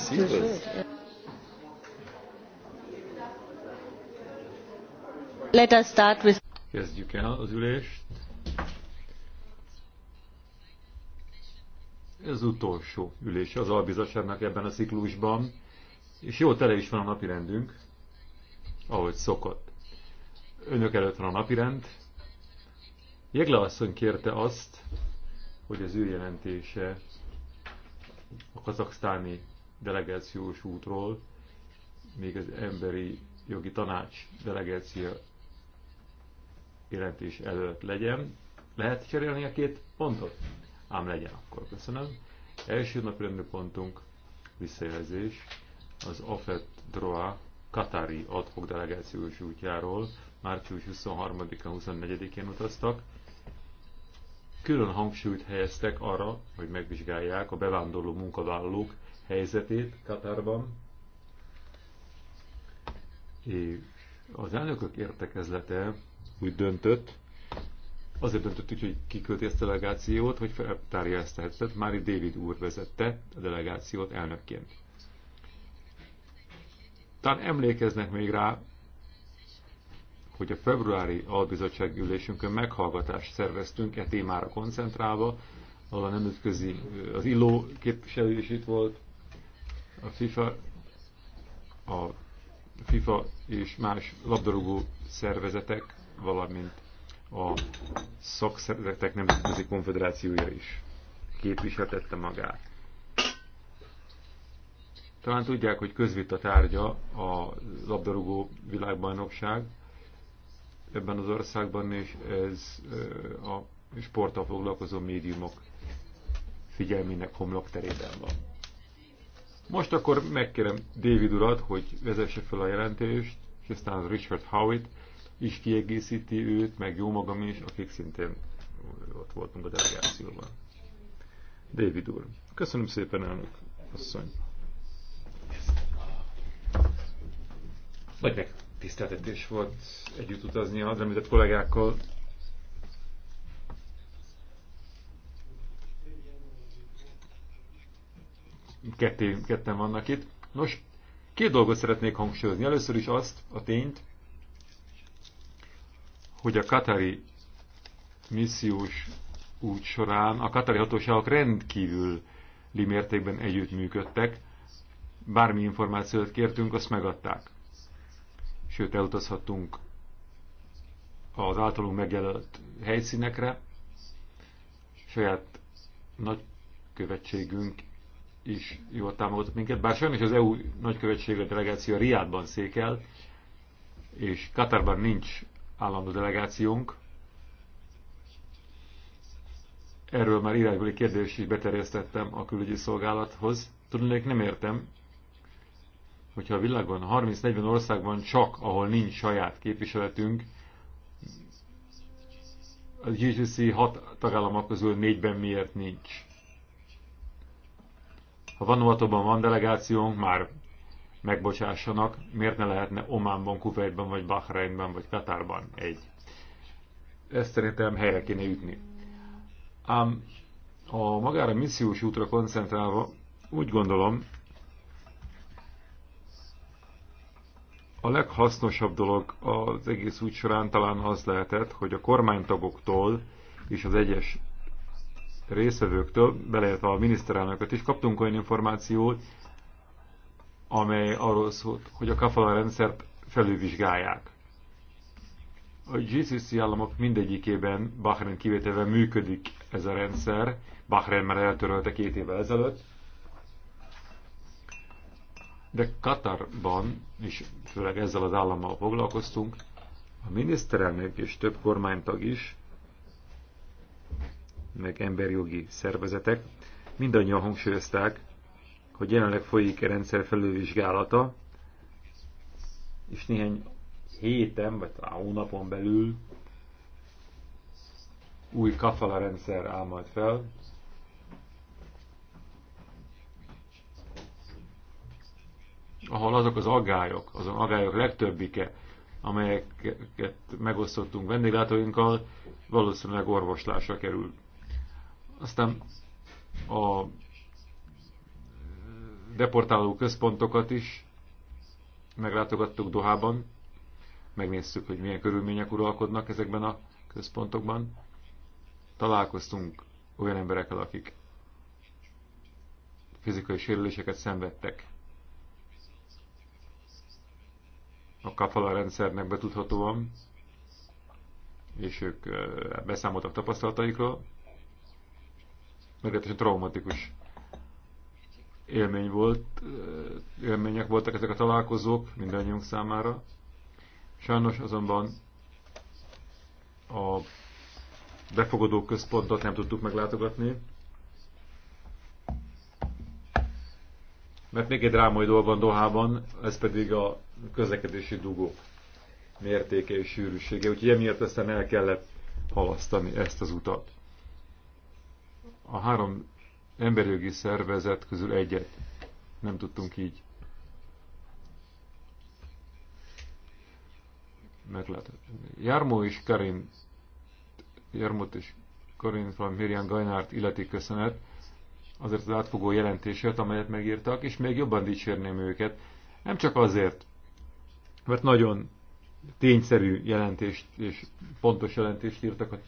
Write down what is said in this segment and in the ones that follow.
decisivos. Let us start with... Kezdjük el az ülést. Ez utolsó ülés az albizottságnak ebben a ciklusban, és jó tele is van a napirendünk, ahogy szokott. Önök előtt van a napirend. Jegle asszony kérte azt, hogy az ő jelentése a kazaksztáni delegációs útról, még az emberi jogi tanács delegáció jelentés előtt legyen. Lehet cserélni a két pontot? Ám legyen akkor, köszönöm. Első napi pontunk visszajelzés az AFET DROA Katari adhok delegációs útjáról. Március 23-24-én utaztak. Külön hangsúlyt helyeztek arra, hogy megvizsgálják a bevándorló munkavállalók helyzetét Katarban, és az elnökök értekezlete úgy döntött, azért döntött úgy, hogy kikölti ezt a delegációt, hogy feltárja ezt a helyzetet. Mári David úr vezette a delegációt elnökként. Talán emlékeznek még rá, hogy a februári albizottság ülésünkön meghallgatást szerveztünk e témára koncentrálva, ahol a nemzetközi, az illó képviselő is itt volt, a FIFA, a FIFA és más labdarúgó szervezetek, valamint a szakszervezetek nemzetközi konfederációja is képviseltette magát. Talán tudják, hogy közvita tárgya a labdarúgó világbajnokság ebben az országban, és ez a sporttal foglalkozó médiumok figyelmének homlokterében van. Most akkor megkérem David urat, hogy vezesse fel a jelentést, és aztán Richard Howitt is kiegészíti őt, meg jó magam is, akik szintén ott voltunk a delegációban. David úr. Köszönöm szépen, elnök asszony. Nagy megtiszteltetés volt együtt utazni az említett kollégákkal ketté, ketten vannak itt. Nos, két dolgot szeretnék hangsúlyozni. Először is azt a tényt, hogy a katari missziós út során a katari hatóságok rendkívüli együtt együttműködtek. Bármi információt kértünk, azt megadták. Sőt, elutazhattunk az általunk megjelölt helyszínekre. Saját nagykövetségünk is jól támogatott minket, bár sajnos az EU nagykövetségre delegáció Riádban székel, és Katarban nincs állandó delegációnk. Erről már írásbeli kérdést is beterjesztettem a külügyi szolgálathoz. Tudnék, nem értem, hogyha a világon 30-40 országban csak, ahol nincs saját képviseletünk, a GCC hat tagállamok közül négyben miért nincs ha Vanuatóban van delegációnk, már megbocsássanak, miért ne lehetne Ománban, Kuwaitban, vagy Bahreinben, vagy Katárban egy. Ezt szerintem helyre kéne ütni. Ám a magára missziós útra koncentrálva úgy gondolom, a leghasznosabb dolog az egész úgy során talán az lehetett, hogy a kormánytagoktól és az egyes részvevőktől, beleértve a miniszterelnököt is, kaptunk olyan információt, amely arról szólt, hogy a kafala rendszert felülvizsgálják. A GCC államok mindegyikében, Bahrein kivételben működik ez a rendszer. Bahrein már eltörölte két évvel ezelőtt. De Katarban, és főleg ezzel az állammal foglalkoztunk, a miniszterelnök és több kormánytag is meg emberjogi szervezetek mindannyian hangsúlyozták, hogy jelenleg folyik a e rendszer felülvizsgálata, és néhány héten, vagy talán hónapon belül új kafala rendszer áll majd fel. ahol azok az agályok, az agályok legtöbbike, amelyeket megosztottunk vendéglátóinkkal, valószínűleg orvoslásra kerül. Aztán a deportáló központokat is meglátogattuk Dohában, megnéztük, hogy milyen körülmények uralkodnak ezekben a központokban. Találkoztunk olyan emberekkel, akik fizikai sérüléseket szenvedtek. A kafala rendszernek betudhatóan, és ők beszámoltak tapasztalataikról meglehetősen traumatikus élmény volt, élmények voltak ezek a találkozók mindannyiunk számára. Sajnos azonban a befogadó központot nem tudtuk meglátogatni, mert még egy drámai dolog van Dohában, ez pedig a közlekedési dugó mértéke és sűrűsége, úgyhogy emiatt aztán el kellett halasztani ezt az utat a három emberjogi szervezet közül egyet. Nem tudtunk így. meglátni. Jármó és Karin, Jármót és Karin van Mirjam Gajnárt illeti köszönet azért az átfogó jelentésért, amelyet megírtak, és még jobban dicsérném őket. Nem csak azért, mert nagyon tényszerű jelentést és pontos jelentést írtak a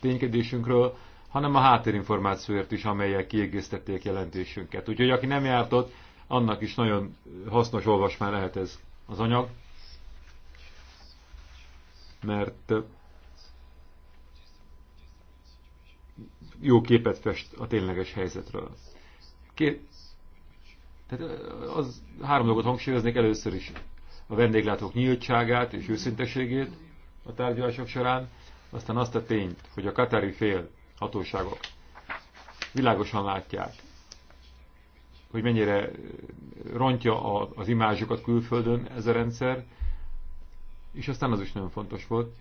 ténykedésünkről, hanem a háttérinformációért is, amelyek kiegészítették jelentésünket. Úgyhogy aki nem járt ott, annak is nagyon hasznos olvasmány lehet ez az anyag, mert uh, jó képet fest a tényleges helyzetről. Két, tehát uh, az három dolgot hangsúlyoznék először is a vendéglátók nyíltságát és őszinteségét a tárgyalások során, aztán azt a tényt, hogy a katári fél hatóságok világosan látják, hogy mennyire rontja az imázsokat külföldön ez a rendszer, és aztán az is nagyon fontos volt,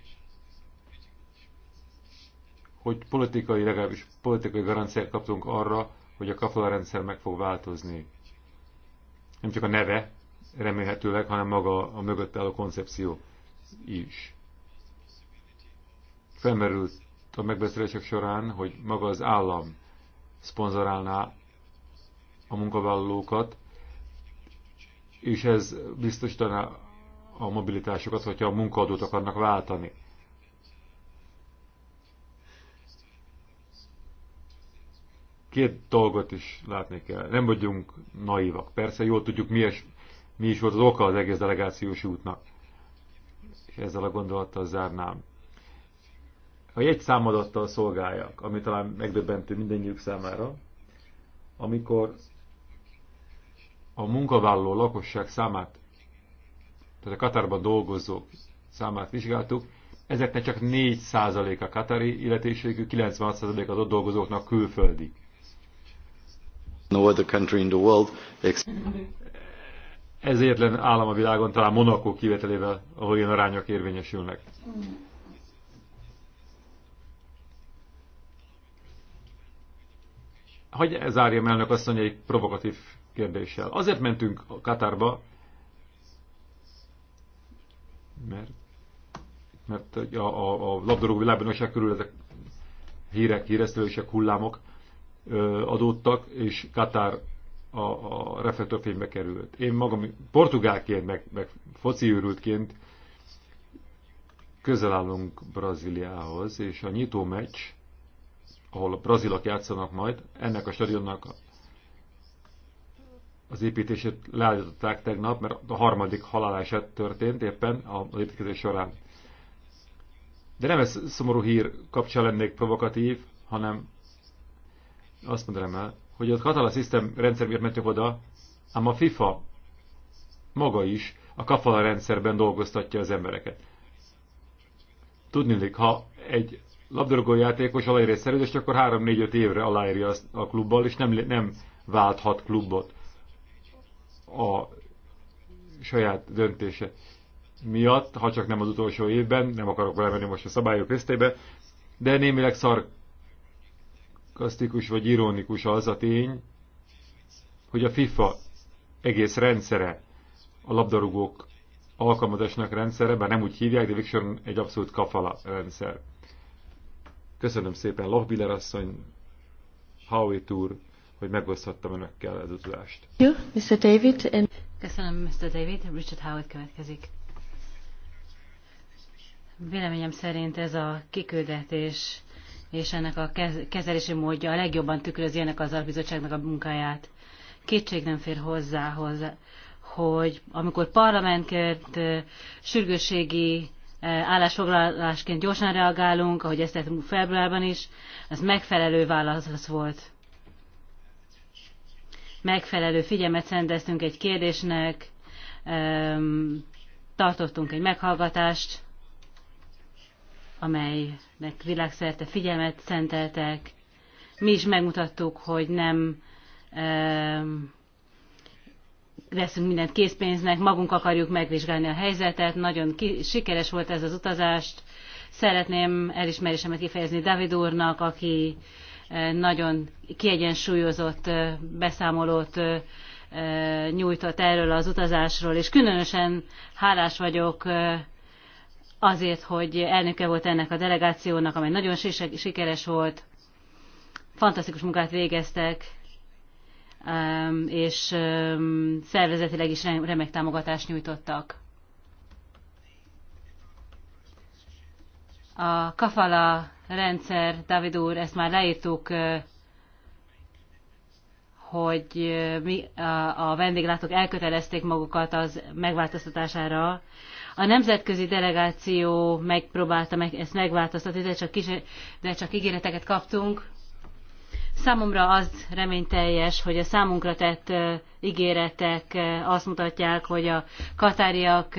hogy politikai, legalábbis politikai garanciát kaptunk arra, hogy a kapola rendszer meg fog változni. Nem csak a neve, remélhetőleg, hanem maga a mögött álló koncepció is. Felmerült a megbeszélések során, hogy maga az állam szponzorálná a munkavállalókat, és ez biztosítaná a mobilitásokat, hogyha a munkaadót akarnak váltani. Két dolgot is látni kell. Nem vagyunk naivak. Persze jól tudjuk, mi is, mi is volt az oka az egész delegációs útnak. És ezzel a gondolattal zárnám a számadattal szolgáljak, ami talán megdöbbentő mindennyiük számára, amikor a munkavállaló lakosság számát, tehát a Katarban dolgozók számát vizsgáltuk, ezeknek csak 4% a katari illetésségű, 96% az ott dolgozóknak külföldi. No other country in the world Ez egyetlen állam a világon, talán Monaco kivételével, ahol ilyen arányok érvényesülnek. Hogy zárjam elnök mondja egy provokatív kérdéssel. Azért mentünk a Katárba, mert, mert a, a, a labdarúgó világbajnokság körül ezek hírek, híresztelések, hullámok ö, adódtak, és Katár a, a reflektorfénybe került. Én magam portugálként, meg, meg foci őrültként közel állunk Brazíliához, és a nyitó meccs ahol a brazilak játszanak majd, ennek a stadionnak az építését leállították tegnap, mert a harmadik haláleset történt éppen a építkezés során. De nem ez szomorú hír kapcsán lennék provokatív, hanem azt mondanám el, hogy a Katala System rendszer miért mentünk oda, ám a FIFA maga is a kafala rendszerben dolgoztatja az embereket. Tudni, ha egy labdarúgó játékos aláírja egy szerződést, akkor 3-4-5 évre aláírja azt a klubbal, és nem, nem válthat klubot a saját döntése miatt, ha csak nem az utolsó évben, nem akarok belemenni most a szabályok résztébe, de némileg szarkasztikus vagy ironikus az a tény, hogy a FIFA egész rendszere a labdarúgók alkalmazásnak rendszere, bár nem úgy hívják, de végsősorban egy abszolút kafala rendszer. Köszönöm szépen Lohbiller asszony, Howitt úr, hogy megoszthattam önökkel az utazást. Mr. David. Köszönöm, Mr. David. Richard Howard következik. Véleményem szerint ez a kiküldetés és ennek a kezelési módja a legjobban tükrözi ennek az alapbizottságnak a munkáját. Kétség nem fér hozzá, hogy amikor parlamentként sürgősségi Eh, állásfoglalásként gyorsan reagálunk, ahogy ezt tettünk februárban is, az megfelelő válasz volt. Megfelelő figyelmet szendeztünk egy kérdésnek, tartottunk egy meghallgatást, amelynek világszerte figyelmet szenteltek. Mi is megmutattuk, hogy nem veszünk mindent készpénznek, magunk akarjuk megvizsgálni a helyzetet, nagyon ki, sikeres volt ez az utazást. Szeretném elismerésemet kifejezni David úrnak, aki eh, nagyon kiegyensúlyozott eh, beszámolót eh, nyújtott erről az utazásról, és különösen hálás vagyok azért, hogy elnöke volt ennek a delegációnak, amely nagyon sikeres volt. Fantasztikus munkát végeztek, és szervezetileg is remek támogatást nyújtottak. A kafala rendszer, David úr, ezt már leírtuk, hogy mi, a vendéglátók elkötelezték magukat az megváltoztatására. A nemzetközi delegáció megpróbálta meg, ezt megváltoztatni, de csak, kis, de csak ígéreteket kaptunk. Számomra az reményteljes, hogy a számunkra tett ígéretek azt mutatják, hogy a katáriak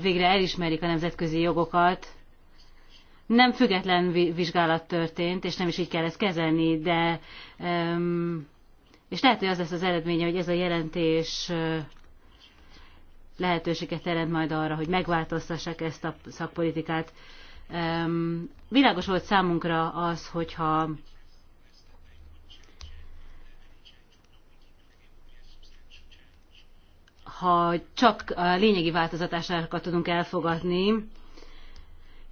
végre elismerik a nemzetközi jogokat. Nem független vizsgálat történt, és nem is így kell ezt kezelni, de és lehet, hogy az lesz az eredménye, hogy ez a jelentés lehetőséget teremt majd arra, hogy megváltoztassák ezt a szakpolitikát. Világos volt számunkra az, hogyha ha csak a lényegi változatásokat tudunk elfogadni.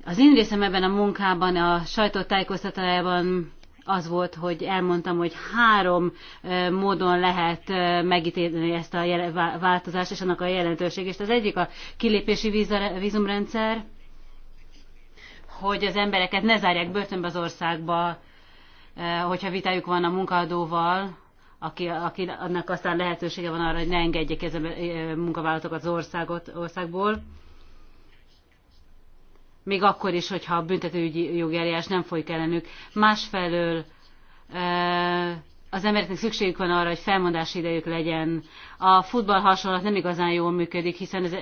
Az én részem ebben a munkában, a sajtótájékoztatájában az volt, hogy elmondtam, hogy három módon lehet megítélni ezt a változást és annak a jelentőségét. Az egyik a kilépési vízumrendszer, hogy az embereket ne zárják börtönbe az országba, hogyha vitájuk van a munkaadóval, aki, akinek aztán lehetősége van arra, hogy ne engedjék ezen munkavállalatokat az országot, országból. Még akkor is, hogyha a büntetőügyi jogeljárás nem folyik ellenük. Másfelől az embereknek szükségük van arra, hogy felmondási idejük legyen. A futball hasonlat nem igazán jól működik, hiszen ez,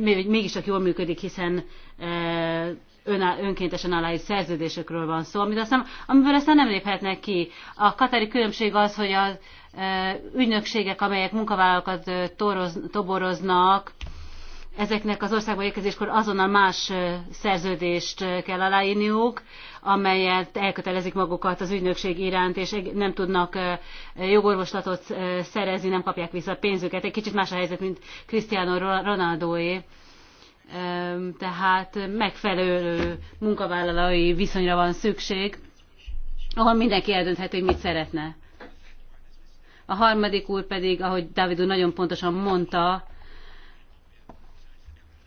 mégiscsak jól működik, hiszen önkéntesen aláírt szerződésekről van szó, amit aztán, amiből aztán nem léphetnek ki. A katari különbség az, hogy az ügynökségek, amelyek munkavállalókat toroz, toboroznak, ezeknek az országba érkezéskor azonnal más szerződést kell aláírniuk, amelyet elkötelezik magukat az ügynökség iránt, és nem tudnak jogorvoslatot szerezni, nem kapják vissza a pénzüket. Egy kicsit más a helyzet, mint Cristiano Ronaldoé tehát megfelelő munkavállalói viszonyra van szükség, ahol mindenki eldönthet hogy mit szeretne. A harmadik úr pedig, ahogy Dávid úr nagyon pontosan mondta,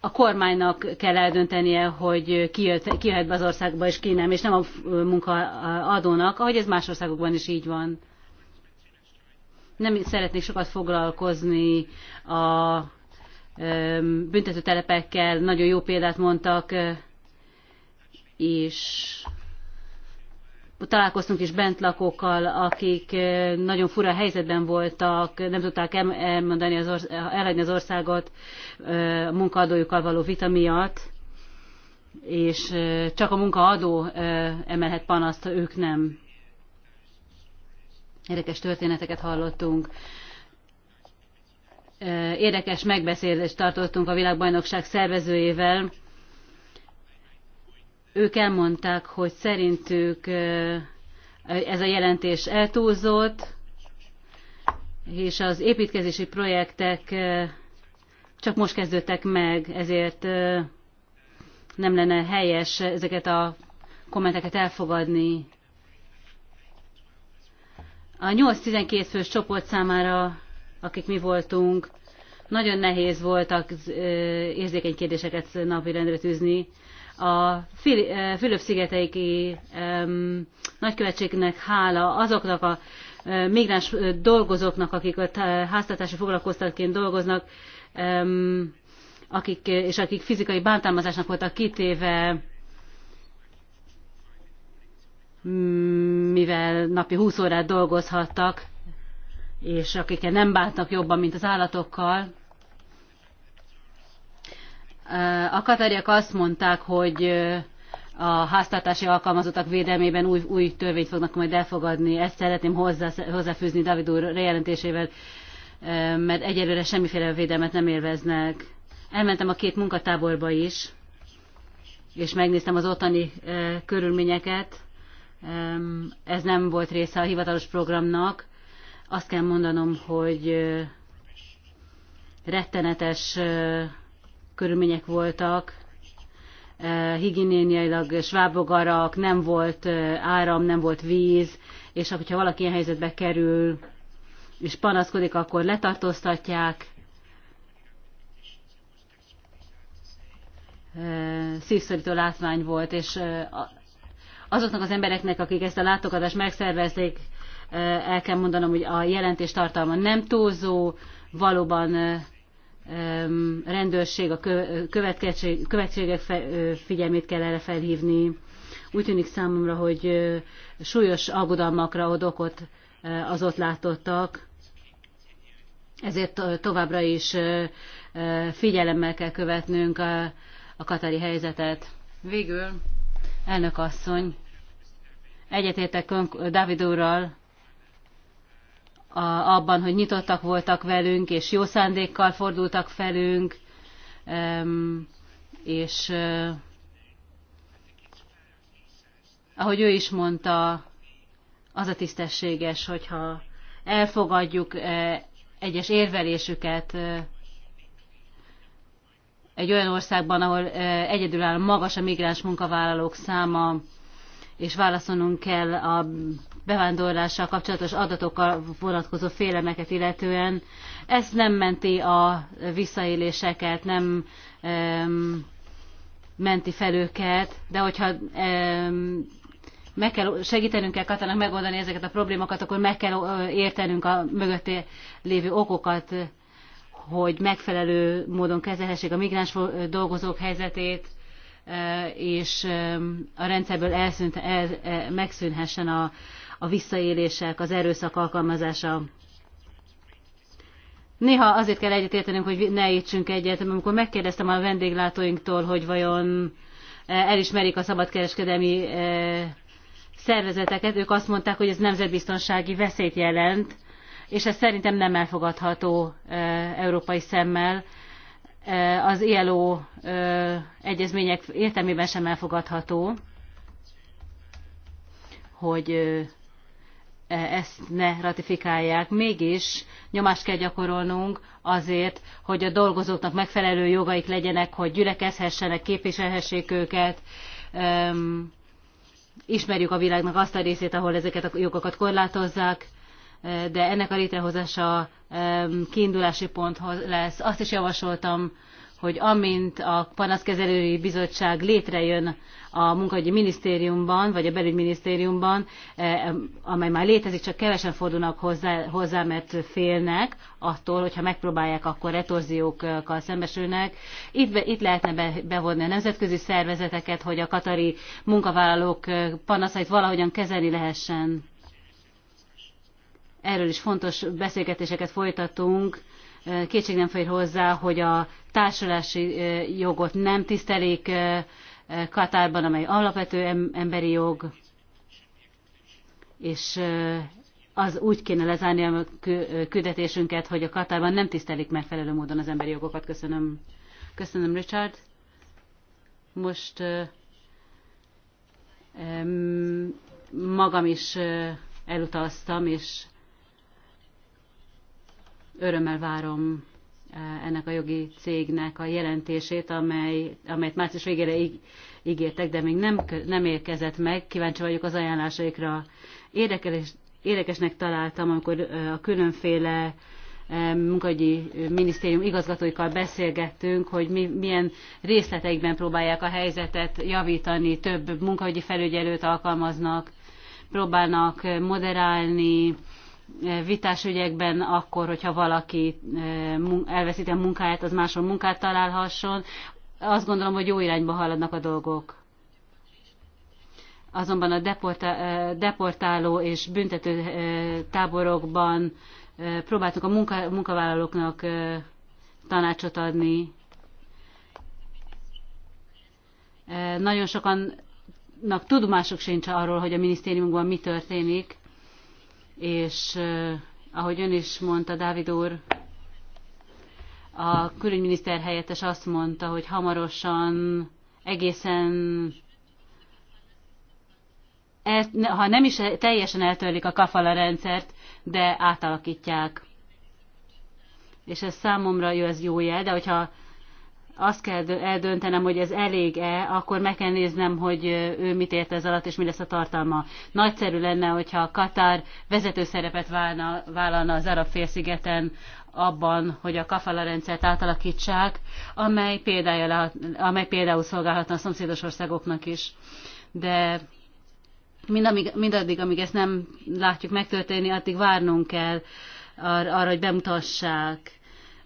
a kormánynak kell eldöntenie, hogy ki, jött, ki jöhet be az országba, és ki nem, és nem a munkaadónak, ahogy ez más országokban is így van. Nem szeretnék sokat foglalkozni a büntetőtelepekkel nagyon jó példát mondtak, és találkoztunk is bentlakókkal, akik nagyon fura helyzetben voltak, nem tudták elmondani az orsz- elhagyni az országot a munkaadójukkal való vita miatt, és csak a munkaadó emelhet panaszt, ők nem. Érdekes történeteket hallottunk Eh, érdekes megbeszélést tartottunk a világbajnokság szervezőjével. Ők elmondták, hogy szerintük eh, ez a jelentés eltúlzott, és az építkezési projektek eh, csak most kezdődtek meg, ezért nem lenne helyes ezeket a kommenteket elfogadni. A 8-12 fős csoport számára akik mi voltunk, nagyon nehéz volt az érzékeny kérdéseket napirendre tűzni. A Fülöp-szigeteiki nagykövetségnek hála azoknak a migráns dolgozóknak, akik a háztartási foglalkoztatként dolgoznak, akik, és akik fizikai bántalmazásnak voltak kitéve, mivel napi 20 órát dolgozhattak, és akikkel nem bántak jobban, mint az állatokkal. A katariak azt mondták, hogy a háztartási alkalmazottak védelmében új, új törvényt fognak majd elfogadni. Ezt szeretném hozzá, hozzáfűzni David úr rejelentésével, mert egyelőre semmiféle védelmet nem élveznek. Elmentem a két munkatáborba is, és megnéztem az ottani eh, körülményeket. Ez nem volt része a hivatalos programnak, azt kell mondanom, hogy rettenetes körülmények voltak, higiéniailag svábogarak, nem volt áram, nem volt víz, és hogyha valaki ilyen helyzetbe kerül, és panaszkodik, akkor letartóztatják. Szívszorító látvány volt, és azoknak az embereknek, akik ezt a látogatást megszervezték, Eh, el kell mondanom, hogy a jelentés tartalma nem túlzó, valóban eh, rendőrség, a követségek figyelmét kell erre felhívni. Úgy tűnik számomra, hogy súlyos aggodalmakra ad okot eh, az ott látottak, ezért továbbra is figyelemmel kell követnünk a, a katari helyzetet. Végül, elnök asszony, egyetértek Dávid úrral, a abban, hogy nyitottak voltak velünk, és jó szándékkal fordultak felünk, és ahogy ő is mondta, az a tisztességes, hogyha elfogadjuk e, egyes érvelésüket e, egy olyan országban, ahol e, egyedülálló magas a migráns munkavállalók száma, és válaszolnunk kell a bevándorlással kapcsolatos adatokkal vonatkozó félemeket illetően. Ez nem menti a visszaéléseket, nem um, menti fel őket, de hogyha um, meg kell, segítenünk kell Katának megoldani ezeket a problémákat, akkor meg kell értenünk a mögötté lévő okokat, hogy megfelelő módon kezelhessék a migráns dolgozók helyzetét, és a rendszerből elszűnt, el, e, megszűnhessen a a visszaélések, az erőszak alkalmazása. Néha azért kell egyetértenünk, hogy ne értsünk egyet, amikor megkérdeztem a vendéglátóinktól, hogy vajon e, elismerik a szabadkereskedelmi e, szervezeteket, ők azt mondták, hogy ez nemzetbiztonsági veszélyt jelent, és ez szerintem nem elfogadható e, európai szemmel. Az ILO egyezmények értelmében sem elfogadható, hogy ezt ne ratifikálják. Mégis nyomást kell gyakorolnunk azért, hogy a dolgozóknak megfelelő jogaik legyenek, hogy gyülekezhessenek, képviselhessék őket. Ismerjük a világnak azt a részét, ahol ezeket a jogokat korlátozzák, de ennek a létrehozása kiindulási pont lesz. Azt is javasoltam, hogy amint a panaszkezelői bizottság létrejön, a munkahogyi minisztériumban, vagy a belügyminisztériumban, eh, amely már létezik, csak kevesen fordulnak hozzá, hozzá mert félnek attól, hogyha megpróbálják, akkor retorziókkal szembesülnek. Itt, be, itt lehetne be, bevonni a nemzetközi szervezeteket, hogy a katari munkavállalók eh, panaszait valahogyan kezelni lehessen. Erről is fontos beszélgetéseket folytatunk eh, kétség nem fér hozzá, hogy a társulási jogot nem tisztelik Katárban, amely alapvető emberi jog, és az úgy kéne lezárni a küldetésünket, hogy a Katárban nem tisztelik megfelelő módon az emberi jogokat. Köszönöm. Köszönöm, Richard. Most magam is elutaztam, és örömmel várom ennek a jogi cégnek a jelentését, amely, amelyet március végére ígértek, de még nem, nem érkezett meg. Kíváncsi vagyok az ajánlásaikra. Érdekes, érdekesnek találtam, amikor a különféle munkahogyi minisztérium igazgatóikkal beszélgettünk, hogy mi, milyen részleteikben próbálják a helyzetet javítani, több munkahogyi felügyelőt alkalmaznak, próbálnak moderálni vitás ügyekben akkor, hogyha valaki eh, elveszíti a munkáját, az máshol munkát találhasson. Azt gondolom, hogy jó irányba haladnak a dolgok. Azonban a eh, deportáló és büntető eh, táborokban próbáltuk a munka, munkavállalóknak tanácsot adni. Nagyon sokannak tudomásuk sincs arról, hogy a minisztériumban mi történik, és ahogy ön is mondta, Dávid úr, a külügyminiszter helyettes azt mondta, hogy hamarosan egészen el, ha nem is teljesen eltörlik a kafala rendszert, de átalakítják. És ez számomra jó, ez jó jel, de hogyha azt kell eldöntenem, hogy ez elég-e, akkor meg kell néznem, hogy ő mit ért ez alatt, és mi lesz a tartalma. Nagyszerű lenne, hogyha a Katar vezető szerepet válna, vállalna az arab félszigeten abban, hogy a kafala rendszert átalakítsák, amely, példája lehet, amely például szolgálhatna a szomszédos országoknak is. De mindamíg, mindaddig, amíg ezt nem látjuk megtörténni, addig várnunk kell ar- arra, hogy bemutassák.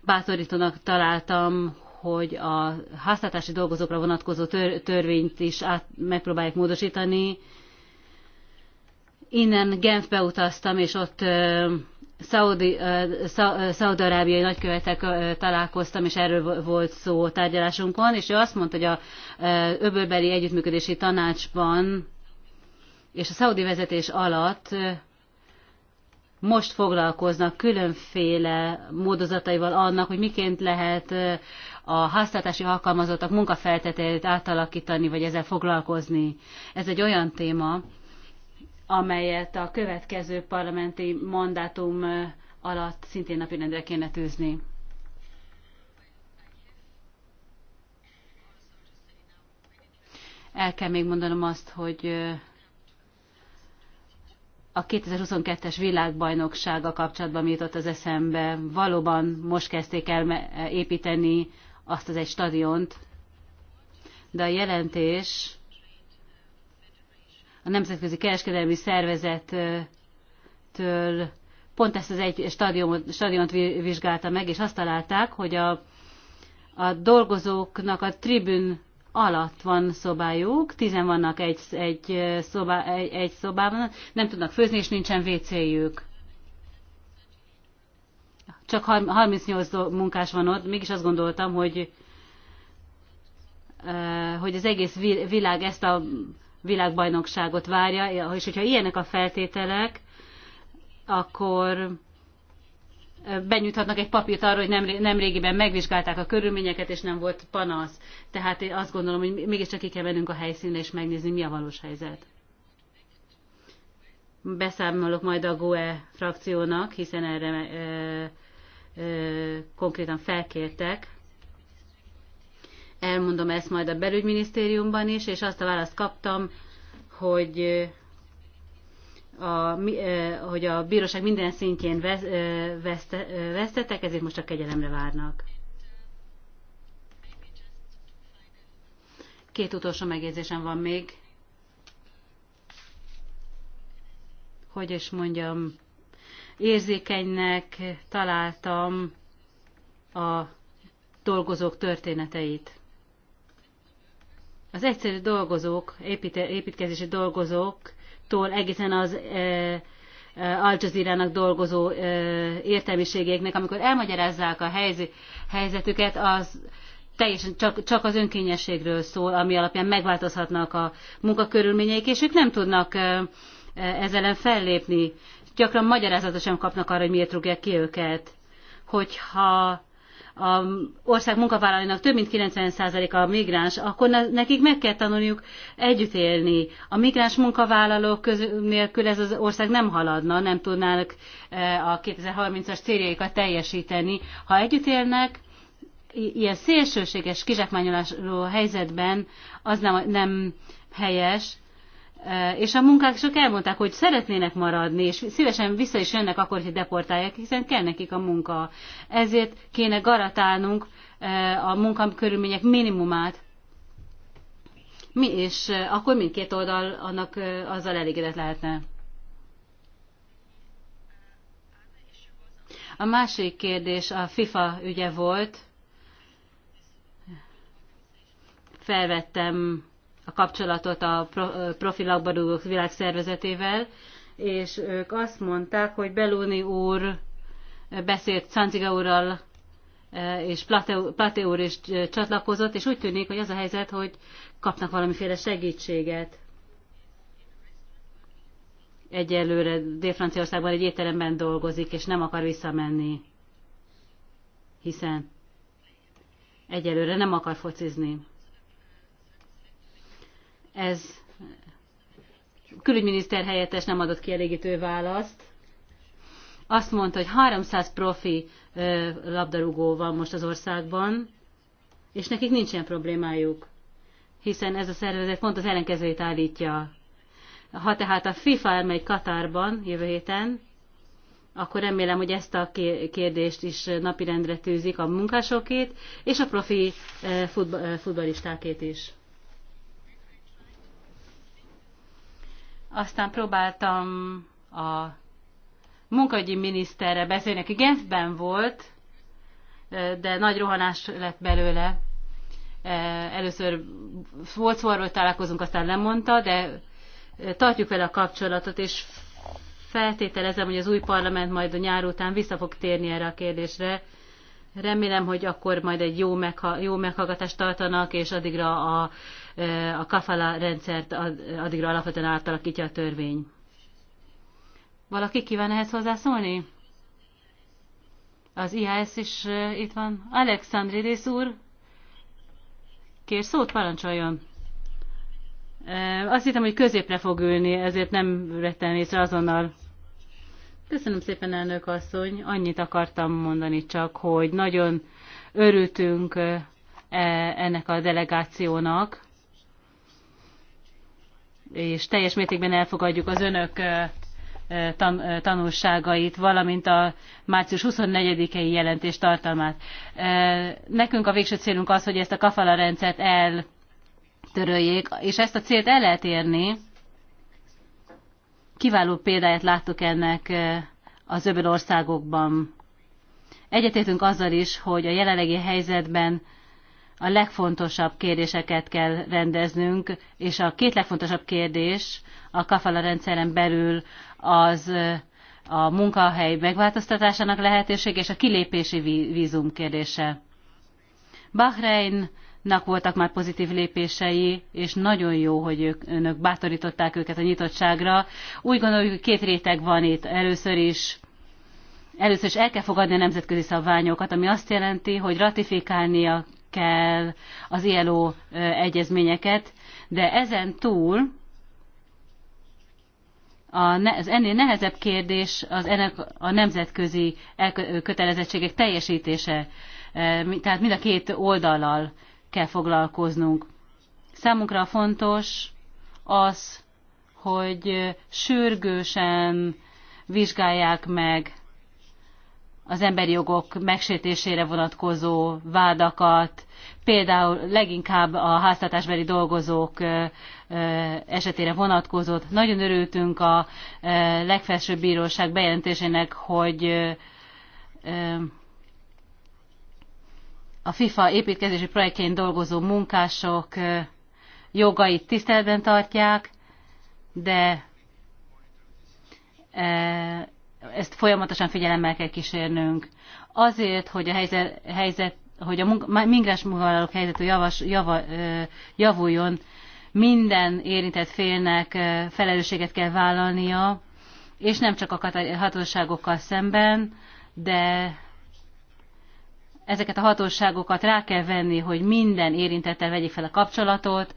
Bátorítónak találtam, hogy a háztartási dolgozókra vonatkozó tör, törvényt is át, megpróbálják módosítani. Innen Genfbe utaztam, és ott uh, uh, nagykövetek uh, találkoztam, és erről volt szó tárgyalásunkon, és ő azt mondta, hogy a öbölbeli együttműködési tanácsban és a szaudi vezetés alatt most foglalkoznak különféle módozataival annak, hogy miként lehet a háztartási alkalmazottak munkafeltételét átalakítani, vagy ezzel foglalkozni. Ez egy olyan téma, amelyet a következő parlamenti mandátum alatt szintén napirendre kéne tűzni. El kell még mondanom azt, hogy a 2022-es világbajnoksága kapcsolatban jutott az eszembe. Valóban most kezdték el építeni azt az egy stadiont, de a jelentés a Nemzetközi Kereskedelmi Szervezettől pont ezt az egy stadiont, stadiont vizsgálta meg, és azt találták, hogy a, a dolgozóknak a tribün alatt van szobájuk, tizen vannak egy, egy, szobá, egy, egy szobában, nem tudnak főzni, és nincsen WC-jük csak 38 munkás van ott, mégis azt gondoltam, hogy, eh, hogy az egész világ ezt a világbajnokságot várja, és hogyha ilyenek a feltételek, akkor eh, benyújthatnak egy papírt arra, hogy nem, nem régiben megvizsgálták a körülményeket, és nem volt panasz. Tehát én azt gondolom, hogy mégiscsak ki kell mennünk a helyszínre, és megnézni, mi a valós helyzet. Beszámolok majd a GOE frakciónak, hiszen erre eh, konkrétan felkértek. Elmondom ezt majd a belügyminisztériumban is, és azt a választ kaptam, hogy a, hogy a bíróság minden szintjén vesztettek, ezért most csak kegyelemre várnak. Két utolsó megjegyzésem van még. Hogy is mondjam, érzékenynek találtam a dolgozók történeteit. Az egyszerű dolgozók, építkezési dolgozóktól egészen az e, e Al Jazeera-nak dolgozó e, értelmiségeknek, amikor elmagyarázzák a helyzetüket, az teljesen csak, csak az önkényességről szól, ami alapján megváltozhatnak a munkakörülményeik, és ők nem tudnak e, ezzel fellépni gyakran magyarázatot sem kapnak arra, hogy miért rúgják ki őket. Hogyha a ország munkavállalóinak több mint 90%-a migráns, akkor nekik meg kell tanulniuk együtt élni. A migráns munkavállalók közül, nélkül ez az ország nem haladna, nem tudnának eh, a 2030-as céljaikat teljesíteni. Ha együtt élnek, ilyen szélsőséges kizsákmányoló helyzetben az nem, nem helyes, Eh, és a munkák csak elmondták, hogy szeretnének maradni, és szívesen vissza is jönnek akkor, hogy deportálják, hiszen kell nekik a munka. Ezért kéne garatálnunk eh, a munkakörülmények minimumát, mi, és eh, akkor mindkét oldal annak azzal elégedett lehetne. A másik kérdés a FIFA ügye volt. Felvettem a kapcsolatot a profi labdarúgók világszervezetével, és ők azt mondták, hogy Belóni úr beszélt Szanciga úrral, és Platé úr is csatlakozott, és úgy tűnik, hogy az a helyzet, hogy kapnak valamiféle segítséget. Egyelőre Dél-Franciaországban egy étteremben dolgozik, és nem akar visszamenni, hiszen egyelőre nem akar focizni ez külügyminiszter helyettes nem adott kielégítő választ. Azt mondta, hogy 300 profi labdarúgó van most az országban, és nekik nincsen problémájuk, hiszen ez a szervezet pont az ellenkezőjét állítja. Ha tehát a FIFA elmegy Katárban jövő héten, akkor remélem, hogy ezt a kérdést is napirendre tűzik a munkásokét, és a profi futballistákét is. Aztán próbáltam a munkahogyi miniszterre beszélni, aki Genfben volt, de nagy rohanás lett belőle. E, először volt szó, arról találkozunk, aztán lemondta, de e, tartjuk vele a kapcsolatot, és feltételezem, hogy az új parlament majd a nyár után vissza fog térni erre a kérdésre. Remélem, hogy akkor majd egy jó, megha- jó meghallgatást tartanak, és addigra a a kafala rendszert addigra alapvetően átalakítja a törvény. Valaki kíván ehhez hozzászólni? Az IHS is itt van. Alexandridis úr, kér szót, parancsoljon. Azt hittem, hogy középre fog ülni, ezért nem vettem észre azonnal. Köszönöm szépen, elnök asszony. Annyit akartam mondani csak, hogy nagyon örültünk e, ennek a delegációnak, és teljes mértékben elfogadjuk az önök tanulságait, valamint a március 24-i jelentés tartalmát. Nekünk a végső célunk az, hogy ezt a kafala rendszert eltöröljék, és ezt a célt el lehet érni. Kiváló példáját láttuk ennek az öböl országokban. Egyetértünk azzal is, hogy a jelenlegi helyzetben a legfontosabb kérdéseket kell rendeznünk, és a két legfontosabb kérdés a kafala rendszeren belül az a munkahely megváltoztatásának lehetőség és a kilépési vízum kérdése. Bahreinnak voltak már pozitív lépései, és nagyon jó, hogy ők, önök bátorították őket a nyitottságra. Úgy gondoljuk, hogy két réteg van itt. Először is Először is el kell fogadni a nemzetközi szabványokat, ami azt jelenti, hogy ratifikálnia kell az ILO egyezményeket, de ezen túl az ennél nehezebb kérdés az ennek a nemzetközi kötelezettségek teljesítése. Tehát mind a két oldallal kell foglalkoznunk. Számunkra fontos az, hogy sürgősen vizsgálják meg az emberi jogok megsértésére vonatkozó vádakat, például leginkább a háztartásbeli dolgozók esetére vonatkozott. Nagyon örültünk a legfelsőbb bíróság bejelentésének, hogy a FIFA építkezési projektjén dolgozó munkások jogait tiszteletben tartják, de ezt folyamatosan figyelemmel kell kísérnünk. Azért, hogy a helyzet, helyzet hogy a migráns munkavállalók helyzetű javas, java, javuljon, minden érintett félnek felelősséget kell vállalnia, és nem csak a hatóságokkal szemben, de ezeket a hatóságokat rá kell venni, hogy minden érintettel vegyék fel a kapcsolatot,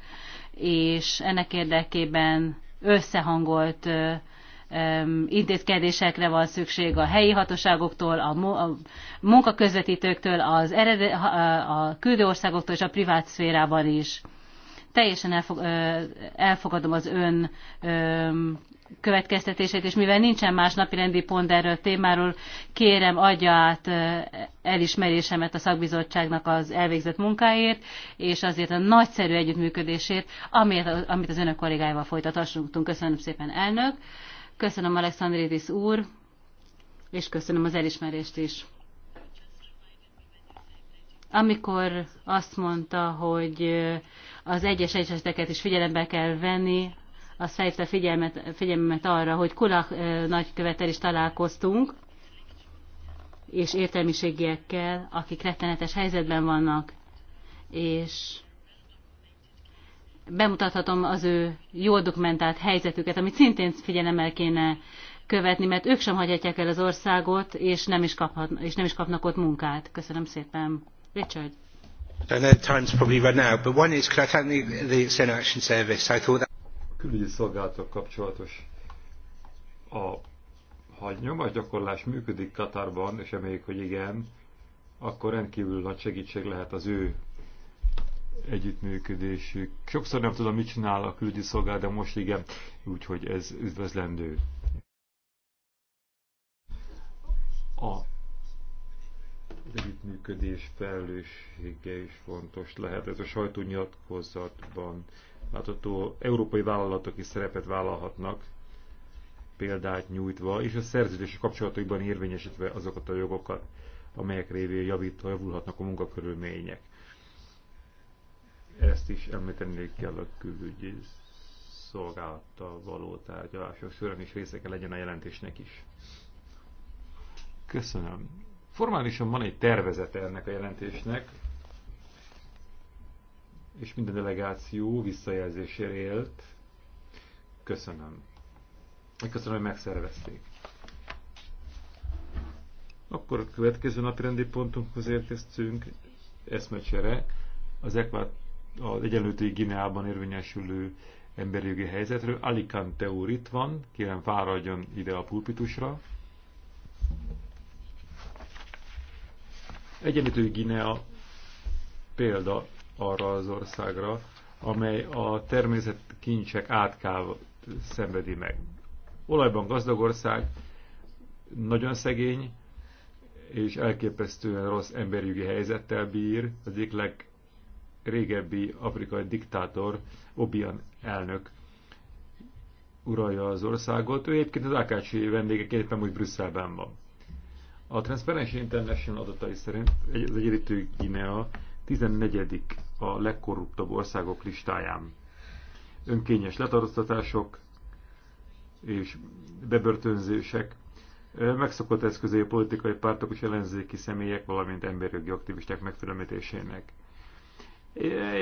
és ennek érdekében összehangolt intézkedésekre van szükség a helyi hatóságoktól, a munkaközvetítőktől, az eredet, a küldő országoktól és a privát szférában is. Teljesen elfogadom az ön következtetését, és mivel nincsen más napirendi pont erről a témáról, kérem adja át elismerésemet a szakbizottságnak az elvégzett munkáért, és azért a nagyszerű együttműködésért, amit az önök kollégáival folytatásunk. Köszönöm szépen, elnök! Köszönöm Alexandridis úr, és köszönöm az elismerést is. Amikor azt mondta, hogy az egyes egyeseteket is figyelembe kell venni, az felhívta figyelmet, figyelmet arra, hogy Kulak eh, nagykövetel is találkoztunk, és értelmiségiekkel, akik rettenetes helyzetben vannak, és bemutathatom az ő jól dokumentált helyzetüket, amit szintén figyelemmel kéne követni, mert ők sem hagyhatják el az országot, és nem is, kaphat, és nem is kapnak ott munkát. Köszönöm szépen. Richard. Külügyi szolgálatok kapcsolatos a ha nyomásgyakorlás működik Katarban, és emeljük, hogy igen, akkor rendkívül nagy segítség lehet az ő együttműködésük. Sokszor nem tudom, mit csinál a külügyi szolgálat, de most igen, úgyhogy ez üdvözlendő. A az együttműködés felelőssége is fontos lehet. Ez a sajtónyilatkozatban látható európai vállalatok is szerepet vállalhatnak, példát nyújtva, és a szerződési kapcsolatokban érvényesítve azokat a jogokat, amelyek révén javít, javulhatnak a munkakörülmények ezt is említeni kell a külügyi szolgálattal való tárgyalások során is része kell legyen a jelentésnek is. Köszönöm. Formálisan van egy tervezete ennek a jelentésnek, és minden delegáció visszajelzésére élt. Köszönöm. Köszönöm, hogy megszervezték. Akkor a következő napi rendi pontunkhoz érkeztünk, eszmecsere, az ekvát az egyenlőtői Gineában érvényesülő emberi jogi helyzetről. Alicante úr itt van, kérem fáradjon ide a pulpitusra. Egyenlőtői Ginea példa arra az országra, amely a természet kincsek átkával szenvedi meg. Olajban gazdag ország, nagyon szegény, és elképesztően rossz jogi helyzettel bír, az egyik leg régebbi afrikai diktátor, Obian elnök uralja az országot. Ő egyébként az AKC vendégek éppen úgy Brüsszelben van. A Transparency International adatai szerint az egyenlítő Guinea 14. a legkorruptabb országok listáján. Önkényes letartóztatások és bebörtönzések megszokott eszközé a politikai pártok és ellenzéki személyek, valamint emberjogi aktivisták megfelelmetésének.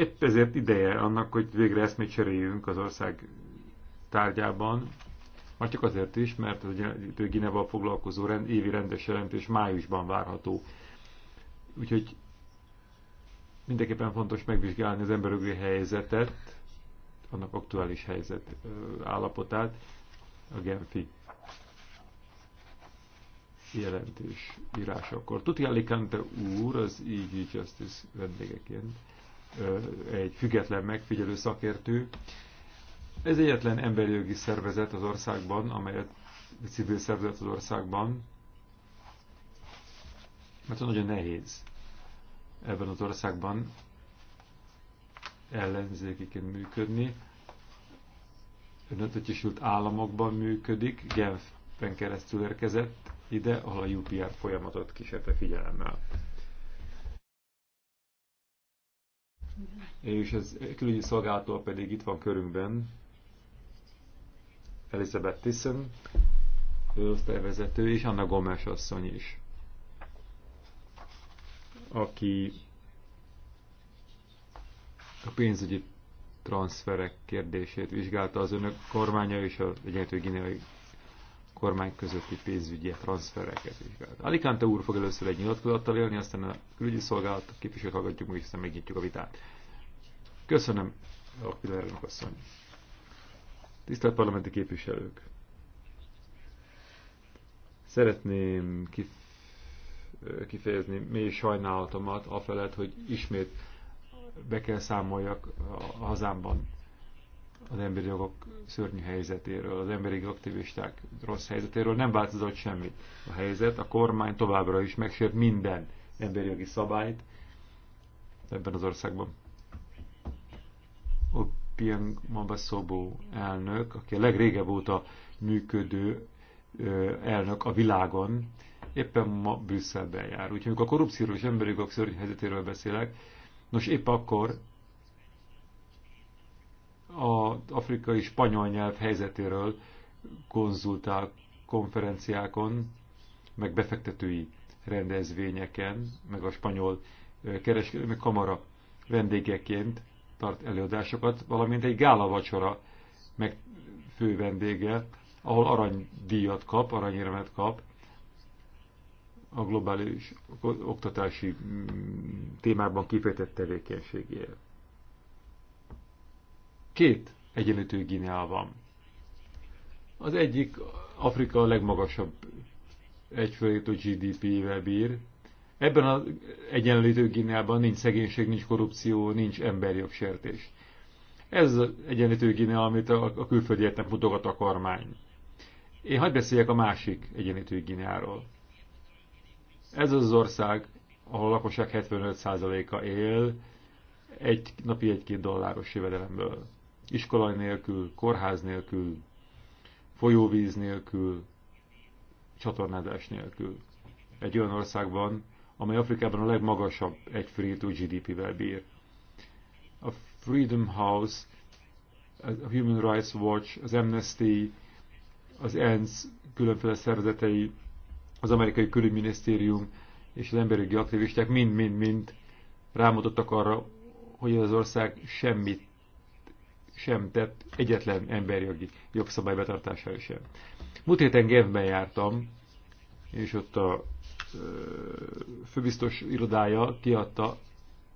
Épp ezért ideje annak, hogy végre eszmét cseréljünk az ország tárgyában, már csak azért is, mert az Gineval foglalkozó rend, évi rendes jelentés májusban várható. Úgyhogy mindenképpen fontos megvizsgálni az emberögi helyzetet, annak aktuális helyzet állapotát, a Genfi jelentés írásakor. Tuti Alicante úr az így e Justice vendégeként egy független megfigyelő szakértő. Ez egyetlen emberi jogi szervezet az országban, amelyet civil szervezet az országban, mert nagyon nehéz ebben az országban ellenzékiként működni. Önötötyesült államokban működik, Genfben keresztül érkezett ide, ahol a UPR folyamatot kísérte figyelemmel. és az külügyi szolgálattól pedig itt van körünkben Elizabeth Tissen, ő osztályvezető, és Anna Gomes asszony is, aki a pénzügyi transferek kérdését vizsgálta az önök kormánya és az egyenlő kormány közötti pénzügyi transzfereket vizsgált. Alicante úr fog először egy nyilatkozattal élni, aztán a külügyi szolgálat képviselőt hallgatjuk, majd aztán megnyitjuk a vitát. Köszönöm, Akpila elnök asszony. Tisztelt parlamenti képviselők! Szeretném kif kifejezni mély sajnálatomat afelett, hogy ismét be kell számoljak a hazámban az emberi jogok szörnyű helyzetéről, az emberi aktivisták rossz helyzetéről nem változott semmit. A helyzet, a kormány továbbra is megsért minden emberi jogi szabályt ebben az országban. Opiang Mabaszobó elnök, aki a legrégebb óta működő elnök a világon, éppen ma Brüsszelben jár. Úgyhogy amikor a korrupcióról és emberi jogok szörnyű helyzetéről beszélek, nos épp akkor az afrikai spanyol nyelv helyzetéről konzultál konferenciákon, meg befektetői rendezvényeken, meg a spanyol kereskedelmi kamara vendégeként tart előadásokat, valamint egy gála vacsora meg fő vendége, ahol aranydíjat kap, aranyérmet kap a globális oktatási mm, témában kifejtett tevékenységéért. Két egyenlítő Guinea van. Az egyik Afrika a legmagasabb egyfőjétő GDP-vel bír. Ebben az egyenlítő Guineában nincs szegénység, nincs korrupció, nincs emberjogsértés. Ez az egyenlítő Guinea, amit a, a külföldieknek mutogat a kormány. Én hagyd beszéljek a másik egyenlítő Guineáról. Ez az ország, ahol a lakosság 75%-a él, egy napi egy-két dolláros jövedelemből iskola nélkül, kórház nélkül, folyóvíz nélkül, csatornázás nélkül. Egy olyan országban, amely Afrikában a legmagasabb egy free GDP-vel bír. A Freedom House, a Human Rights Watch, az Amnesty, az ENSZ különféle szervezetei, az amerikai külügyminisztérium és az emberi aktivisták mind-mind-mind rámutattak arra, hogy az ország semmit sem tett egyetlen emberjogi jogszabály betartására sem. Múlt héten Genfben jártam, és ott a főbiztos irodája kiadta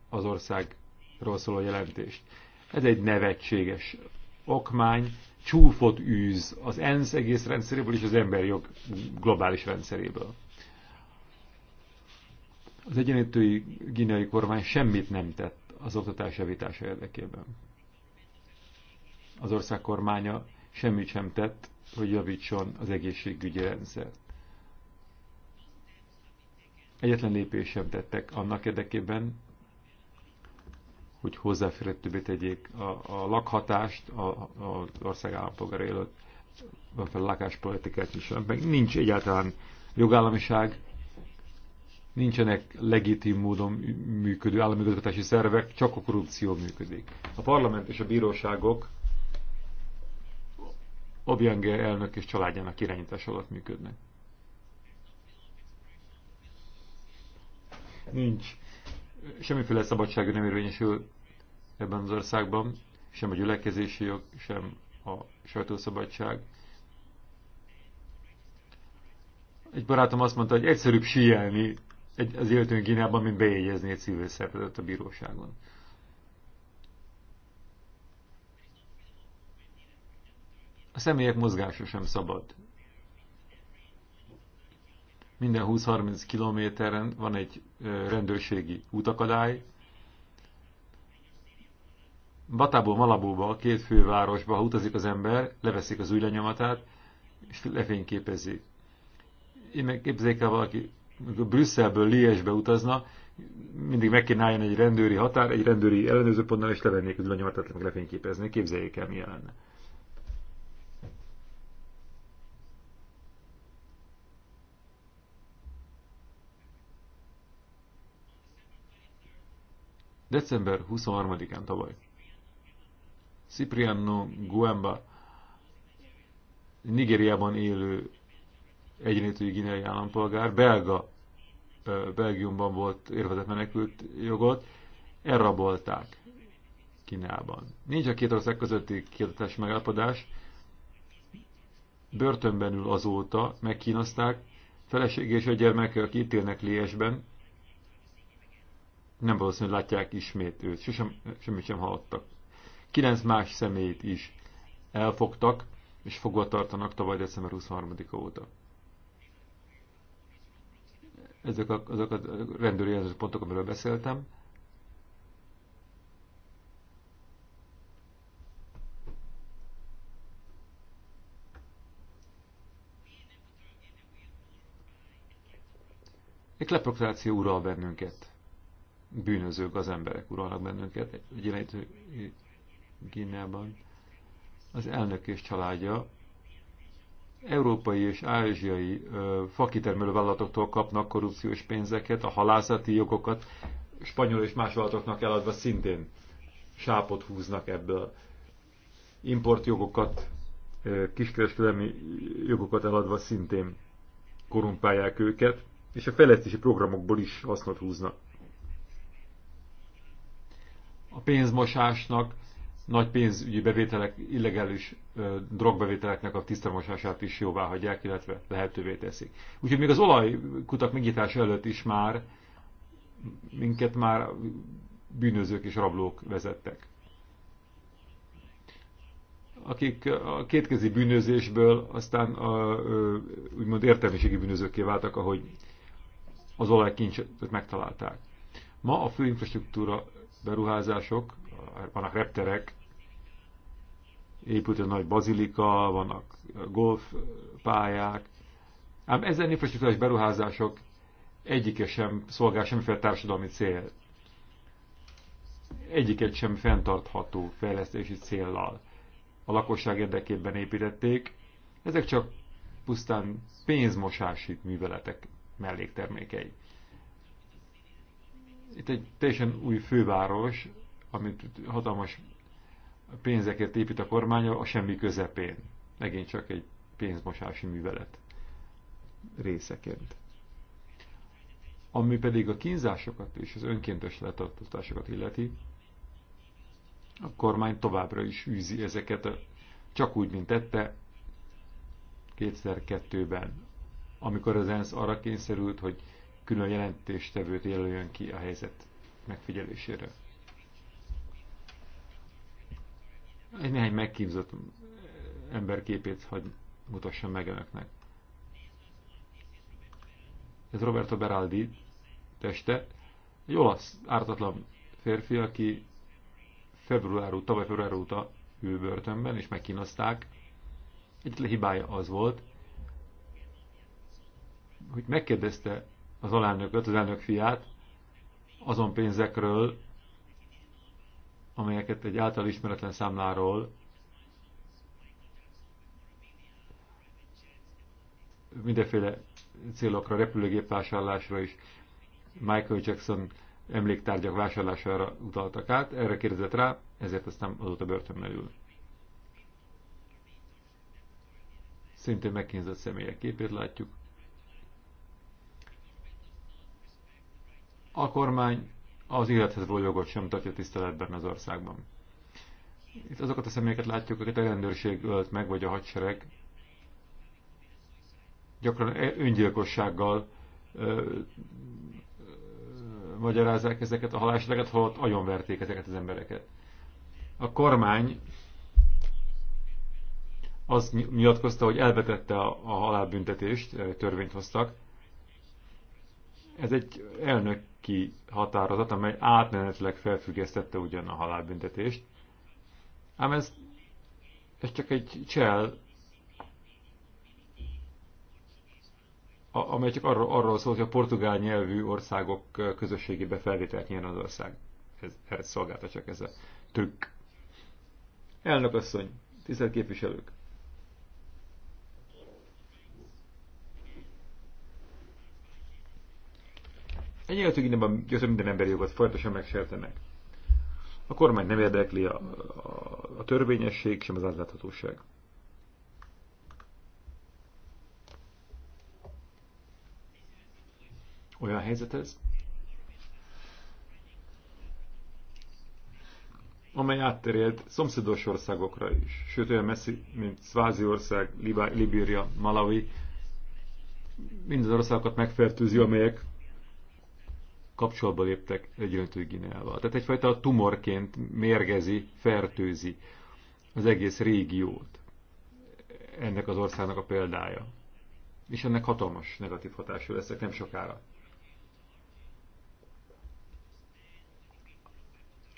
az országról szóló jelentést. Ez egy nevetséges okmány, csúfot űz az ENSZ egész rendszeréből és az emberjog globális rendszeréből. Az egyenlítői gineai kormány semmit nem tett az oktatás javítása érdekében az ország kormánya semmit sem tett, hogy javítson az egészségügyi rendszer. Egyetlen lépés sem tettek annak érdekében, hogy hozzáférhetőbbé tegyék a, a lakhatást az ország állampolgára előtt, vagy a lakáspolitikát is. Meg nincs egyáltalán jogállamiság, nincsenek legitim módon működő államigazgatási szervek, csak a korrupció működik. A parlament és a bíróságok Obiange elnök és családjának irányítás alatt működnek. Nincs semmiféle szabadság nem érvényesül ebben az országban, sem a gyülekezési jog, sem a sajtószabadság. Egy barátom azt mondta, hogy egyszerűbb síelni az életünk Gínában, mint bejegyezni egy civil szervezet a bíróságon. A személyek mozgása sem szabad. Minden 20-30 kilométeren van egy rendőrségi útakadály. Batából Malabóba, két fővárosba, ha utazik az ember, leveszik az új lenyomatát, és lefényképezik. Én meg képzeljék el valaki, Brüsszelből Liesbe utazna, mindig meg kéne álljon egy rendőri határ, egy rendőri ellenőrzőpontnál, és levennék az lenyomatát, meg lefényképezni. Képzeljék el, mi lenne. December 23-án tavaly. Cipriano Guemba, Nigériában élő egyenlítői gineai állampolgár, belga, Belgiumban volt érvezett menekült jogot, elrabolták Kínában. Nincs a két ország közötti kiadatási megállapodás, börtönben ül azóta, megkínozták, felesége és a gyermeke, aki élnek Liesben, nem valószínű, hogy látják ismét őt, sosem, semmit sem hallottak. Kilenc más személyt is elfogtak, és fogva tartanak tavaly december 23-a óta. Ezek a, azok a rendőri pontok, amiről beszéltem. Egy klepokracia ural bennünket bűnözők az emberek uralnak bennünket. Ugye Gineában az elnök és családja európai és ázsiai ö, fakitermelő vállalatoktól kapnak korrupciós pénzeket, a halászati jogokat spanyol és más vállalatoknak eladva szintén sápot húznak ebből. Importjogokat, kiskereskedelmi jogokat eladva szintén korumpálják őket, és a fejlesztési programokból is hasznot húznak a pénzmosásnak, nagy pénzügyi bevételek, illegális ö, drogbevételeknek a tisztamosását is jóvá hagyják, illetve lehetővé teszik. Úgyhogy még az olajkutak megnyitása előtt is már minket már bűnözők és rablók vezettek. Akik a kétkezi bűnözésből aztán a, ö, úgymond értelmiségi bűnözőké váltak, ahogy az olajkincset megtalálták. Ma a fő infrastruktúra beruházások, vannak repterek, épült egy nagy bazilika, vannak golfpályák, ám ezen infrastruktúrás beruházások egyike sem szolgál semmiféle társadalmi cél. Egyiket sem fenntartható fejlesztési céllal. A lakosság érdekében építették, ezek csak pusztán pénzmosási műveletek melléktermékei. Itt egy teljesen új főváros, amit hatalmas pénzekért épít a kormány a semmi közepén. Megint csak egy pénzmosási művelet részeként. Ami pedig a kínzásokat és az önkéntes letartóztatásokat illeti, a kormány továbbra is űzi ezeket, a, csak úgy, mint tette 2002-ben, amikor az ENSZ arra kényszerült, hogy külön jelentéstevőt jelöljön ki a helyzet megfigyelésére. Egy néhány megkínzott emberképét hagy mutassam meg önöknek. Ez Roberto Beraldi teste, egy olasz ártatlan férfi, aki február, tavaly február óta ő börtönben, és megkínozták. Egy hibája az volt, hogy megkérdezte az alelnököt, az elnök fiát azon pénzekről, amelyeket egy által ismeretlen számláról mindenféle célokra, repülőgép vásárlásra is, Michael Jackson emléktárgyak vásárlására utaltak át, erre kérdezett rá, ezért aztán azóta börtönbe ül. Szintén megkínzott személyek képét látjuk. a kormány az élethez való jogot sem tartja tiszteletben az országban. Itt azokat a személyeket látjuk, akiket a rendőrség ölt meg, vagy a hadsereg. Gyakran e- öngyilkossággal ö, ö, magyarázzák ezeket a haláseteket, holott agyonverték ezeket az embereket. A kormány azt nyilatkozta, hogy elvetette a halálbüntetést, törvényt hoztak. Ez egy elnök ki határozat, amely átmenetileg felfüggesztette ugyan a halálbüntetést. Ám ez, ez csak egy csel, amely csak arról, arról szól, hogy a portugál nyelvű országok közösségébe felvételt nyer az ország. Ez, ez szolgálta csak ez a trükk. Elnök asszony, tisztelt képviselők! Egyébként nem győző minden emberi jogot folyamatosan megsértenek. A kormány nem érdekli a, a, a törvényesség, sem az átláthatóság. Olyan helyzet ez, amely átterjed szomszédos országokra is, sőt olyan messzi, mint Sváziország, Libéria, Malawi, mind az országokat megfertőzi, amelyek kapcsolatba léptek Egyönető Gineával. Tehát egyfajta tumorként mérgezi, fertőzi az egész régiót. Ennek az országnak a példája. És ennek hatalmas negatív hatású leszek nem sokára.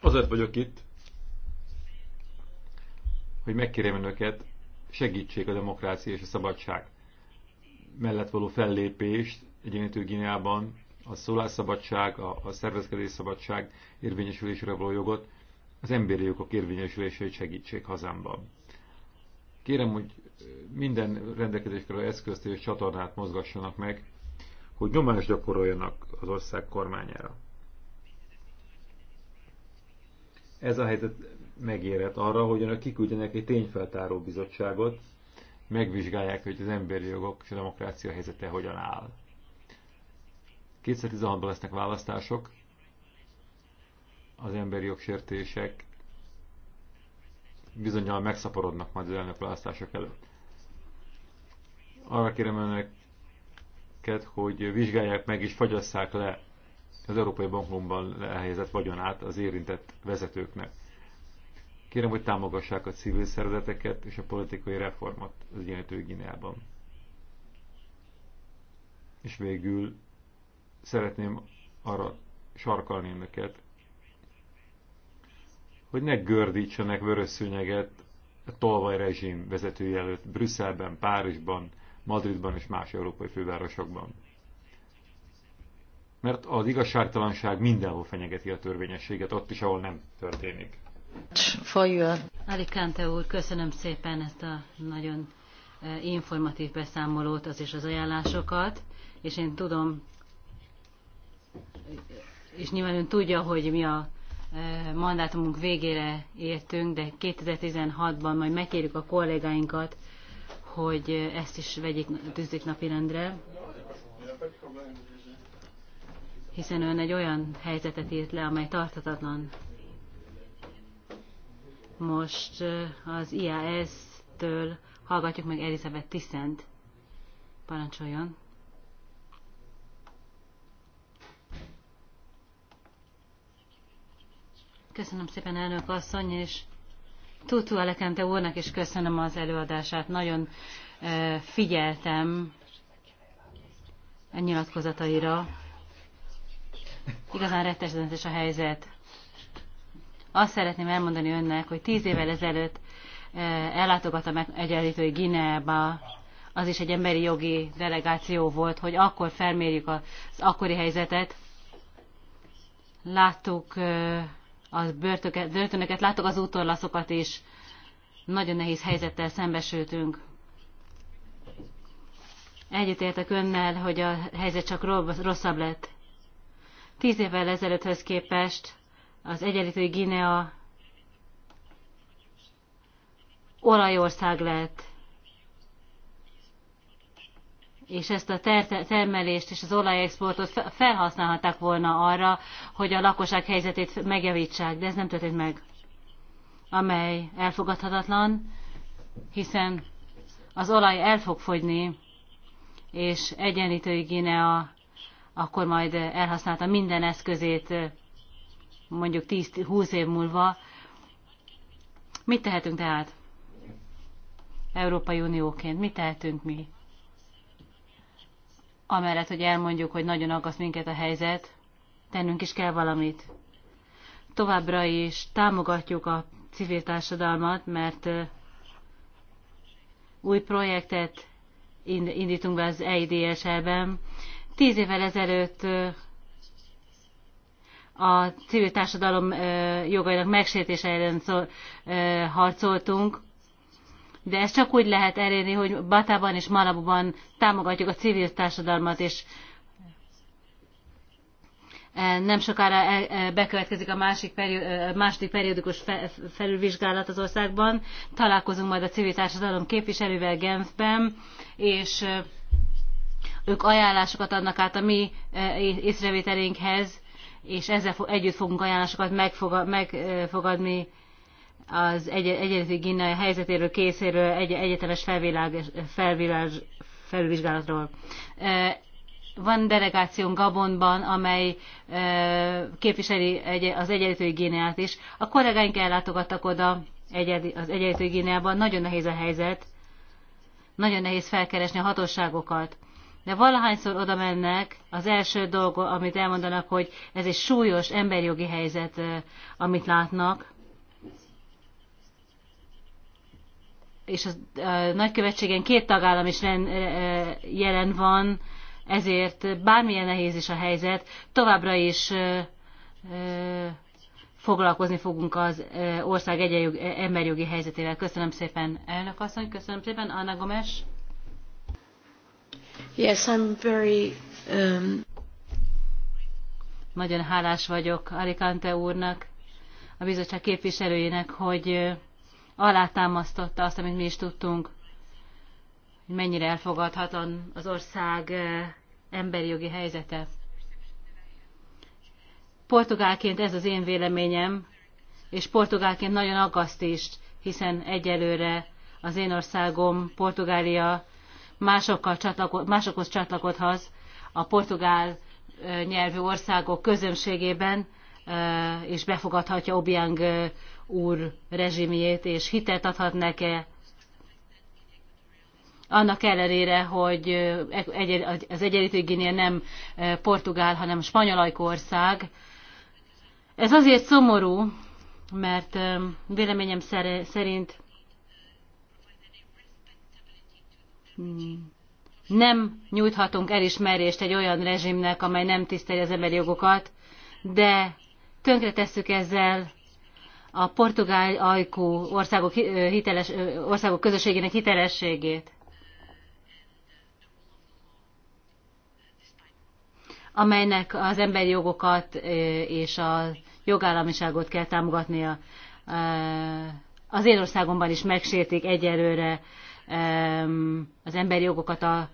Azért vagyok itt, hogy megkérjem önöket, segítsék a demokrácia és a szabadság mellett való fellépést egyenlítő Gineában, a szólásszabadság, a, a szervezkedés szabadság érvényesülésre való jogot, az emberi jogok érvényesülését segítsék hazámban. Kérem, hogy minden rendelkezésre eszközt és csatornát mozgassanak meg, hogy nyomást gyakoroljanak az ország kormányára. Ez a helyzet megérhet arra, hogy önök kiküldjenek egy tényfeltáró bizottságot, megvizsgálják, hogy az emberi jogok és a demokrácia helyzete hogyan áll. 2016-ban lesznek választások, az emberi jogsértések bizonyal megszaporodnak majd az választások előtt. Arra kérem önöket, hogy vizsgálják meg és fagyasszák le az Európai Bankomban elhelyezett vagyonát az érintett vezetőknek. Kérem, hogy támogassák a civil szervezeteket és a politikai reformot az illető Gineában. És végül szeretném arra sarkalni önöket, hogy ne gördítsenek vörös szőnyeget a tolvaj rezsim vezetője előtt Brüsszelben, Párizsban, Madridban és más európai fővárosokban. Mert az igazságtalanság mindenhol fenyegeti a törvényességet, ott is, ahol nem történik. Alicante úr, köszönöm szépen ezt a nagyon eh, informatív beszámolót, az és az ajánlásokat, és én tudom, és nyilván ön tudja, hogy mi a e, mandátumunk végére értünk, de 2016-ban majd megkérjük a kollégáinkat, hogy ezt is vegyék, tűzzék napirendre, hiszen ön egy olyan helyzetet írt le, amely tartatatlan. Most e, az IAS-től hallgatjuk meg Elizabeth Tiszent. Parancsoljon! Köszönöm szépen, elnök asszony, és Tutu Alekente úrnak is köszönöm az előadását. Nagyon figyeltem a e nyilatkozataira. Igazán rettesedetes a helyzet. Azt szeretném elmondani önnek, hogy tíz évvel ezelőtt ellátogattam egyenlítői Gineába, az is egy emberi jogi delegáció volt, hogy akkor felmérjük az akkori helyzetet. Láttuk az börtönöket, láttuk az útorlaszokat is, nagyon nehéz helyzettel szembesültünk. Egyetértek önnel, hogy a helyzet csak rosszabb lett. Tíz évvel ezelőtthöz képest az egyenlítői Ginea olajország lett és ezt a termelést és az olajexportot felhasználhatták volna arra, hogy a lakosság helyzetét megjavítsák, de ez nem történt meg, amely elfogadhatatlan, hiszen az olaj el fog fogyni, és egyenlítői Guinea akkor majd elhasználta minden eszközét mondjuk 10-20 év múlva. Mit tehetünk tehát? Európai Unióként mit tehetünk mi? amellett, hogy elmondjuk, hogy nagyon aggaszt minket a helyzet, tennünk is kell valamit. Továbbra is támogatjuk a civil társadalmat, mert új projektet indítunk be az EIDSL-ben. Tíz évvel ezelőtt a civil társadalom jogainak megsértése ellen harcoltunk, de ezt csak úgy lehet elérni, hogy Batában és Malabuban támogatjuk a civil társadalmat, és e, nem sokára e, e, bekövetkezik a másik periód, második periódikus felülvizsgálat az országban. Találkozunk majd a civil társadalom képviselővel Genfben, és ők ajánlásokat adnak át a mi észrevételénkhez, és ezzel együtt fogunk ajánlásokat megfogadni az egy, egyedi Guinea helyzetéről készülő egy, egyetemes felvilág, felvizsgálatról. Van delegáción Gabonban, amely képviseli az egyenlítői Guineát is. A kollégáink ellátogattak oda az egyenlítői Guineában. Nagyon nehéz a helyzet. Nagyon nehéz felkeresni a hatóságokat. De valahányszor oda mennek, az első dolog, amit elmondanak, hogy ez egy súlyos emberjogi helyzet, amit látnak és a nagykövetségen két tagállam is jelen van, ezért bármilyen nehéz is a helyzet, továbbra is foglalkozni fogunk az ország egyenjog, emberjogi helyzetével. Köszönöm szépen, elnök asszony, köszönöm szépen, Anna Gomes. Yes, I'm very, um... Nagyon hálás vagyok Alicante úrnak, a bizottság képviselőjének, hogy alátámasztotta azt, amit mi is tudtunk, hogy mennyire elfogadhatan az ország emberi jogi helyzete. Portugálként ez az én véleményem, és portugálként nagyon aggaszt is, hiszen egyelőre az én országom, Portugália másokkal csatlako- másokhoz csatlakodhat a portugál nyelvű országok közönségében, és befogadhatja Obiang úr rezsimjét, és hitet adhat neke, annak ellenére, hogy e- az egyenlítő Guinea nem portugál, hanem spanyolajkország. ország. Ez azért szomorú, mert véleményem szerint nem nyújthatunk elismerést egy olyan rezsimnek, amely nem tiszteli az emberi jogokat, de tönkretesszük ezzel a portugál ajkú országok, hiteles, országok közösségének hitelességét, amelynek az emberi jogokat és a jogállamiságot kell támogatnia. Az én országomban is megsértik egyelőre az emberi jogokat a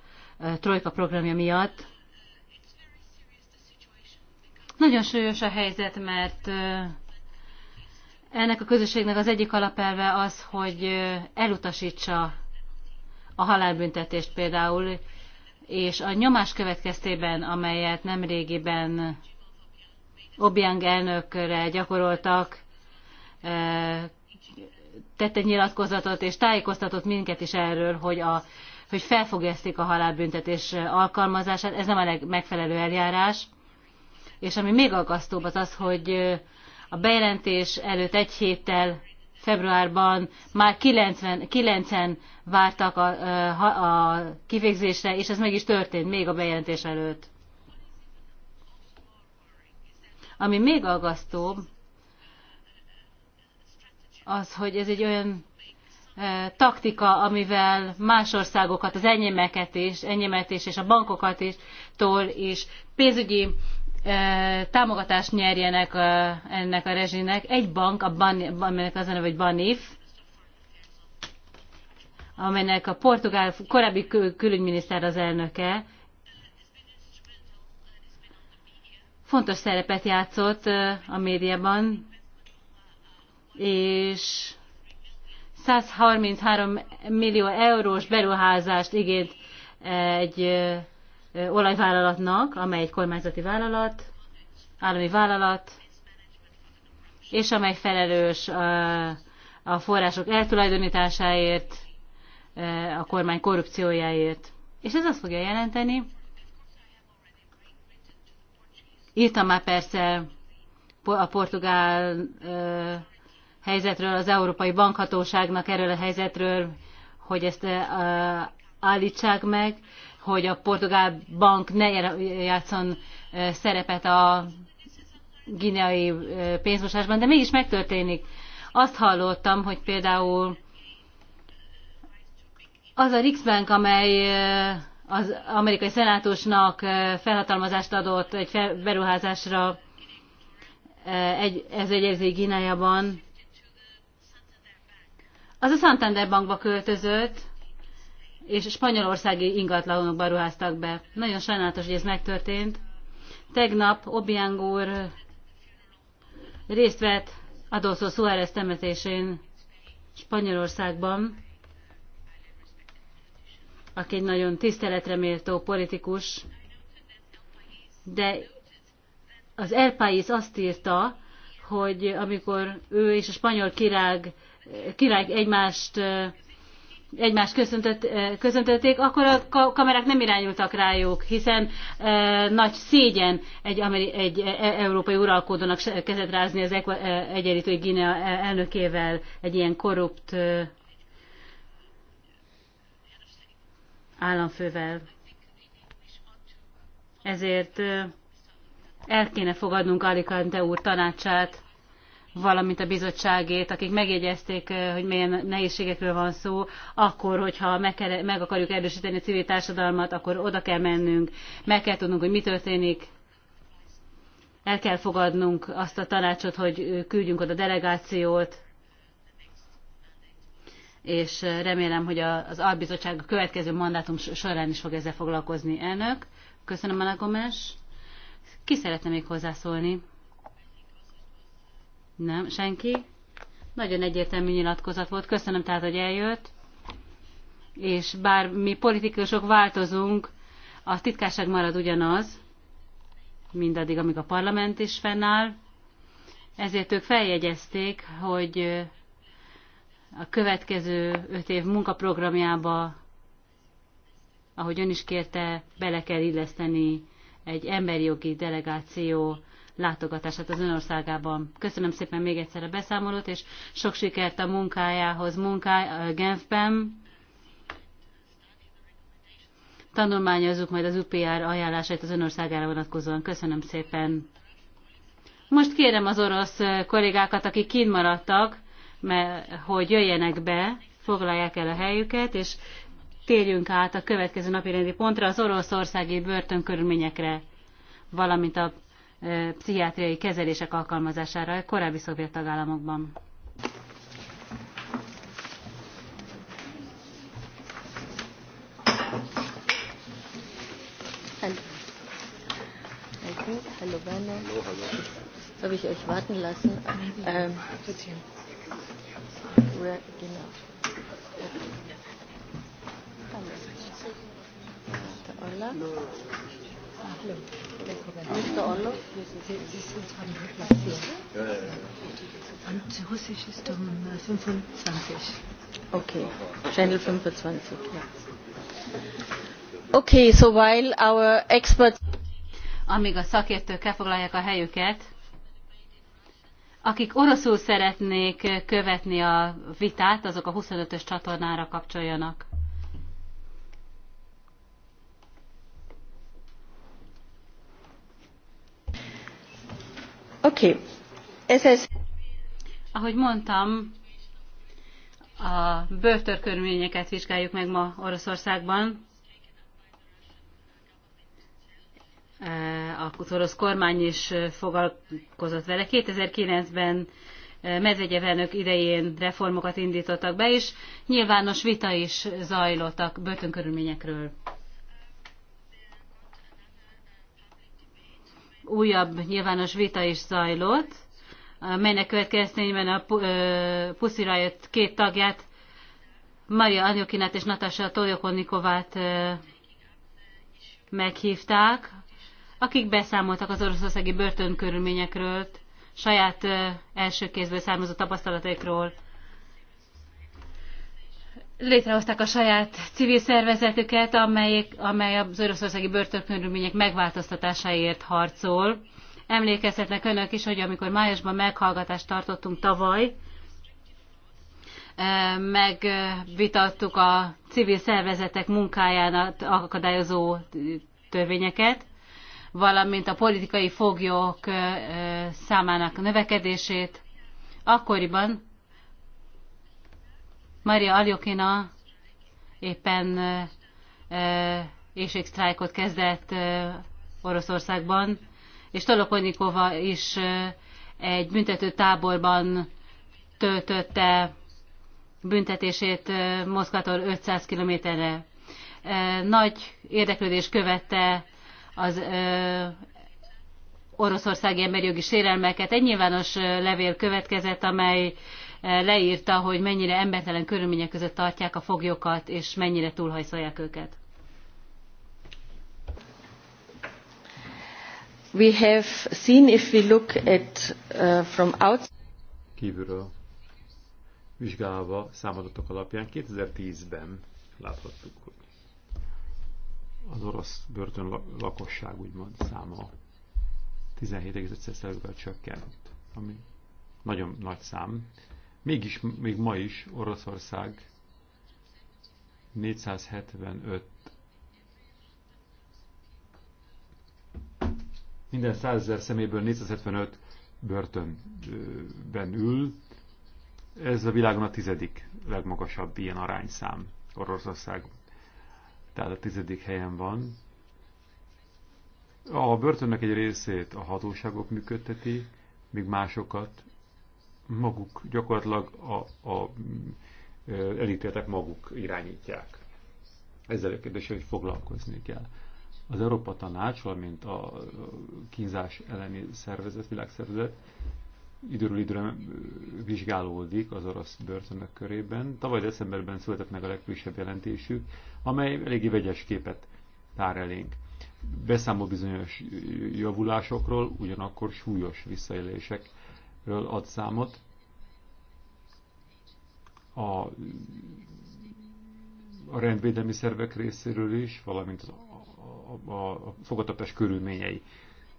Trojka programja miatt. Nagyon súlyos a helyzet, mert ennek a közösségnek az egyik alapelve az, hogy elutasítsa a halálbüntetést például, és a nyomás következtében, amelyet nemrégiben Obiang elnökre gyakoroltak, tette nyilatkozatot, és tájékoztatott minket is erről, hogy, a, hogy felfogjasztik a halálbüntetés alkalmazását. Ez nem a megfelelő eljárás. És ami még aggasztóbb az az, hogy a bejelentés előtt egy héttel februárban már 90, 9-en vártak a, a, a kivégzésre, és ez meg is történt még a bejelentés előtt. Ami még aggasztóbb, az, hogy ez egy olyan e, taktika, amivel más országokat, az enyémeket is, enyémet is, és a bankokat is, tól is pénzügyi támogatást nyerjenek a, ennek a rezsinek. Egy bank, a Ban, aminek az a neve, hogy Banif, amelynek a portugál korábbi kül- külügyminiszter az elnöke, fontos szerepet játszott a médiában, és 133 millió eurós beruházást ígért egy olajvállalatnak, amely egy kormányzati vállalat, állami vállalat, és amely felelős a források eltulajdonításáért, a kormány korrupciójáért. És ez azt fogja jelenteni, írtam már persze a portugál helyzetről, az Európai Bankhatóságnak erről a helyzetről, hogy ezt állítsák meg, hogy a portugál bank ne játszon szerepet a gineai pénzmosásban, de mégis megtörténik. Azt hallottam, hogy például az a Rixbank, amely az amerikai szenátusnak felhatalmazást adott egy beruházásra, egy, ez Gineában, az a Santander bankba költözött, és spanyolországi ingatlanokba ruháztak be. Nagyon sajnálatos, hogy ez megtörtént. Tegnap Obiang úr részt vett Adolfo Suárez temetésén Spanyolországban, aki egy nagyon tiszteletre méltó politikus, de az El País azt írta, hogy amikor ő és a spanyol király, király egymást egymást köszöntött, köszöntötték, akkor a kamerák nem irányultak rájuk, hiszen e, nagy szégyen egy, ameri, egy e, e, európai uralkodónak kezet rázni az egyenlítői Guinea elnökével egy ilyen korrupt e, államfővel. Ezért e, el kéne fogadnunk Alicante úr tanácsát, valamint a bizottságét, akik megjegyezték, eh, hogy milyen nehézségekről van szó, akkor, hogyha meg, kell, meg akarjuk erősíteni a civil társadalmat, akkor oda kell mennünk, meg kell tudnunk, hogy mi történik, el kell fogadnunk azt a tanácsot, hogy eh, küldjünk oda delegációt, és eh, remélem, hogy az albizottság a következő mandátum során is fog ezzel foglalkozni. Elnök, köszönöm, a Gomes. Ki szeretne még hozzászólni? Nem, senki? Nagyon egyértelmű nyilatkozat volt. Köszönöm tehát, hogy eljött. És bár mi politikusok változunk, a titkárság marad ugyanaz, mindaddig, amíg a parlament is fennáll. Ezért ők feljegyezték, hogy a következő öt év munkaprogramjába, ahogy ön is kérte, bele kell illeszteni egy emberjogi delegáció látogatását az önországában. Köszönöm szépen még egyszer a beszámolót, és sok sikert a munkájához munkáj, Genfben. Tanulmányozzuk majd az UPR ajánlásait az önországára vonatkozóan. Köszönöm szépen. Most kérem az orosz kollégákat, akik kint maradtak, mert, hogy jöjjenek be, foglalják el a helyüket, és térjünk át a következő napi rendi pontra, az oroszországi börtönkörülményekre, valamint a pszichiátriai kezelések alkalmazására a korábbi szovjet tagállamokban. Hallo Werner. Hallo, hallo. Habe ich euch warten lassen? Ähm, Und Russisch ist um 25. Okay, Channel 25, ja. Okay, so while our experts... Amíg a szakértők elfoglalják a helyüket, akik oroszul szeretnék követni a vitát, azok a 25-ös csatornára kapcsoljanak. Okay. Ez, Ahogy mondtam, a börtörkörülményeket vizsgáljuk meg ma Oroszországban. E, a orosz kormány is foglalkozott vele. 2009-ben e, Medvegyev elnök idején reformokat indítottak be, és nyilvános vita is zajlott a börtönkörülményekről. újabb nyilvános vita is zajlott, melynek következtében a Pussy Riot két tagját, Maria Anyokinát és Natasha Toljokonikovát meghívták, akik beszámoltak az oroszországi börtönkörülményekről, saját első kézből származó tapasztalataikról létrehozták a saját civil szervezetüket, amelyek, amely az oroszországi börtönkörülmények megváltoztatásáért harcol. Emlékezhetnek önök is, hogy amikor májusban meghallgatást tartottunk tavaly, eh, megvitattuk a civil szervezetek munkájának akadályozó törvényeket, valamint a politikai foglyok eh, eh, számának növekedését. Akkoriban Maria Aljokina éppen éjségsztrájkot kezdett Oroszországban, és Tolokonikova is egy büntető táborban töltötte büntetését Moszkvától 500 kilométerre. Nagy érdeklődés követte az oroszországi emberjogi sérelmeket. Egy nyilvános levél következett, amely leírta, hogy mennyire embertelen körülmények között tartják a foglyokat, és mennyire túlhajszolják őket. We have seen if we look at uh, from out kívülről vizsgálva számadatok alapján 2010-ben láthattuk, hogy az orosz börtön lakosság úgymond száma 17,5%-kal csökkent, ami nagyon nagy szám, Mégis, még ma is Oroszország 475 minden százezer szeméből 475 börtönben ül. Ez a világon a tizedik legmagasabb ilyen arányszám Oroszország. Tehát a tizedik helyen van. A börtönnek egy részét a hatóságok működteti, még másokat maguk gyakorlatilag a, a, elítéltek maguk irányítják. Ezzel a kérdéssel is foglalkozni kell. Az Európa Tanács, valamint a kínzás elleni szervezet, világszervezet időről időre vizsgálódik az orosz börtönök körében. Tavaly decemberben született meg a legfrissebb jelentésük, amely eléggé vegyes képet tár elénk. Beszámol bizonyos javulásokról, ugyanakkor súlyos visszaélések ről ad számot. A, a rendvédelmi szervek részéről is, valamint a, a, a, a fogadtatás körülményei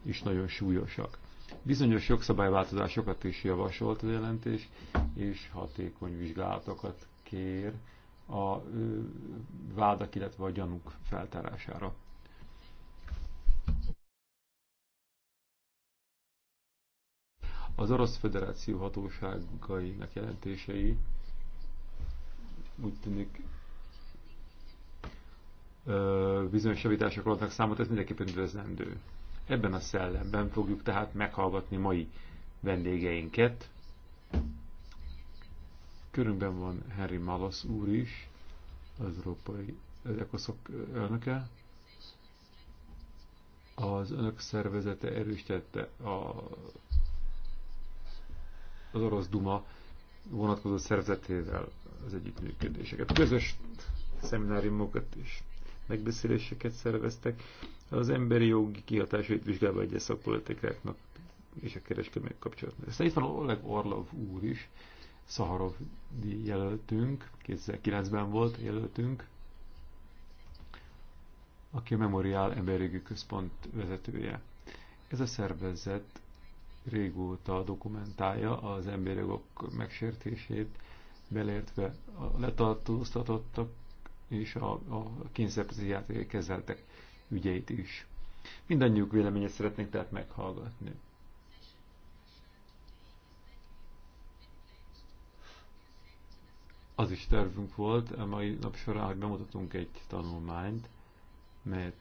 is nagyon súlyosak. Bizonyos jogszabályváltozásokat is javasolt a jelentés, és hatékony vizsgálatokat kér a vádak, illetve a gyanúk feltárására. Az Orosz Föderáció hatóságainak jelentései úgy tűnik bizonyos javításokról adnak számot, ez mindenképpen üdvözlendő. Ebben a szellemben fogjuk tehát meghallgatni mai vendégeinket. Körünkben van Henry Malasz úr is, az Európai Ökoszok elnöke. Az önök szervezete erősítette a az orosz Duma vonatkozó szervezetével az együttműködéseket. Közös szemináriumokat és megbeszéléseket szerveztek, az emberi jogi kihatásait vizsgálva egyes szakpolitikáknak és a kereskedelmi kapcsolatnak. Aztán itt van Oleg Orlov úr is, Szaharov jelöltünk, 2009-ben volt jelöltünk, aki a Memorial emberi Központ vezetője. Ez a szervezet régóta dokumentálja az emberi jogok megsértését, beleértve a letartóztatottak és a, a kényszerpszichiátriai kezeltek ügyeit is. Mindannyiuk véleményét szeretnénk tehát meghallgatni. Az is tervünk volt a mai nap során, hogy bemutatunk egy tanulmányt, mert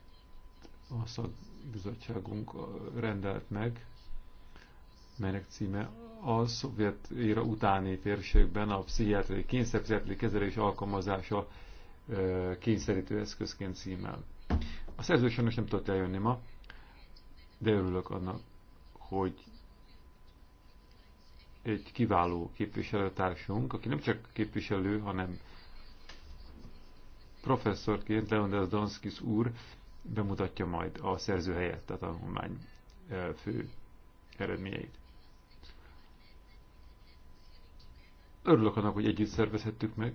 a szakbizottságunk rendelt meg, melynek címe a szovjet éra utáni térségben a pszichiátriai, kényszerpszichiátriai kezelés alkalmazása kényszerítő eszközként címmel. A szerző sajnos nem tudott eljönni ma, de örülök annak, hogy egy kiváló képviselőtársunk, aki nem csak képviselő, hanem professzorként Leonidas Danskis úr bemutatja majd a szerző helyett a tanulmány fő eredményeit. Örülök annak, hogy együtt szervezhettük meg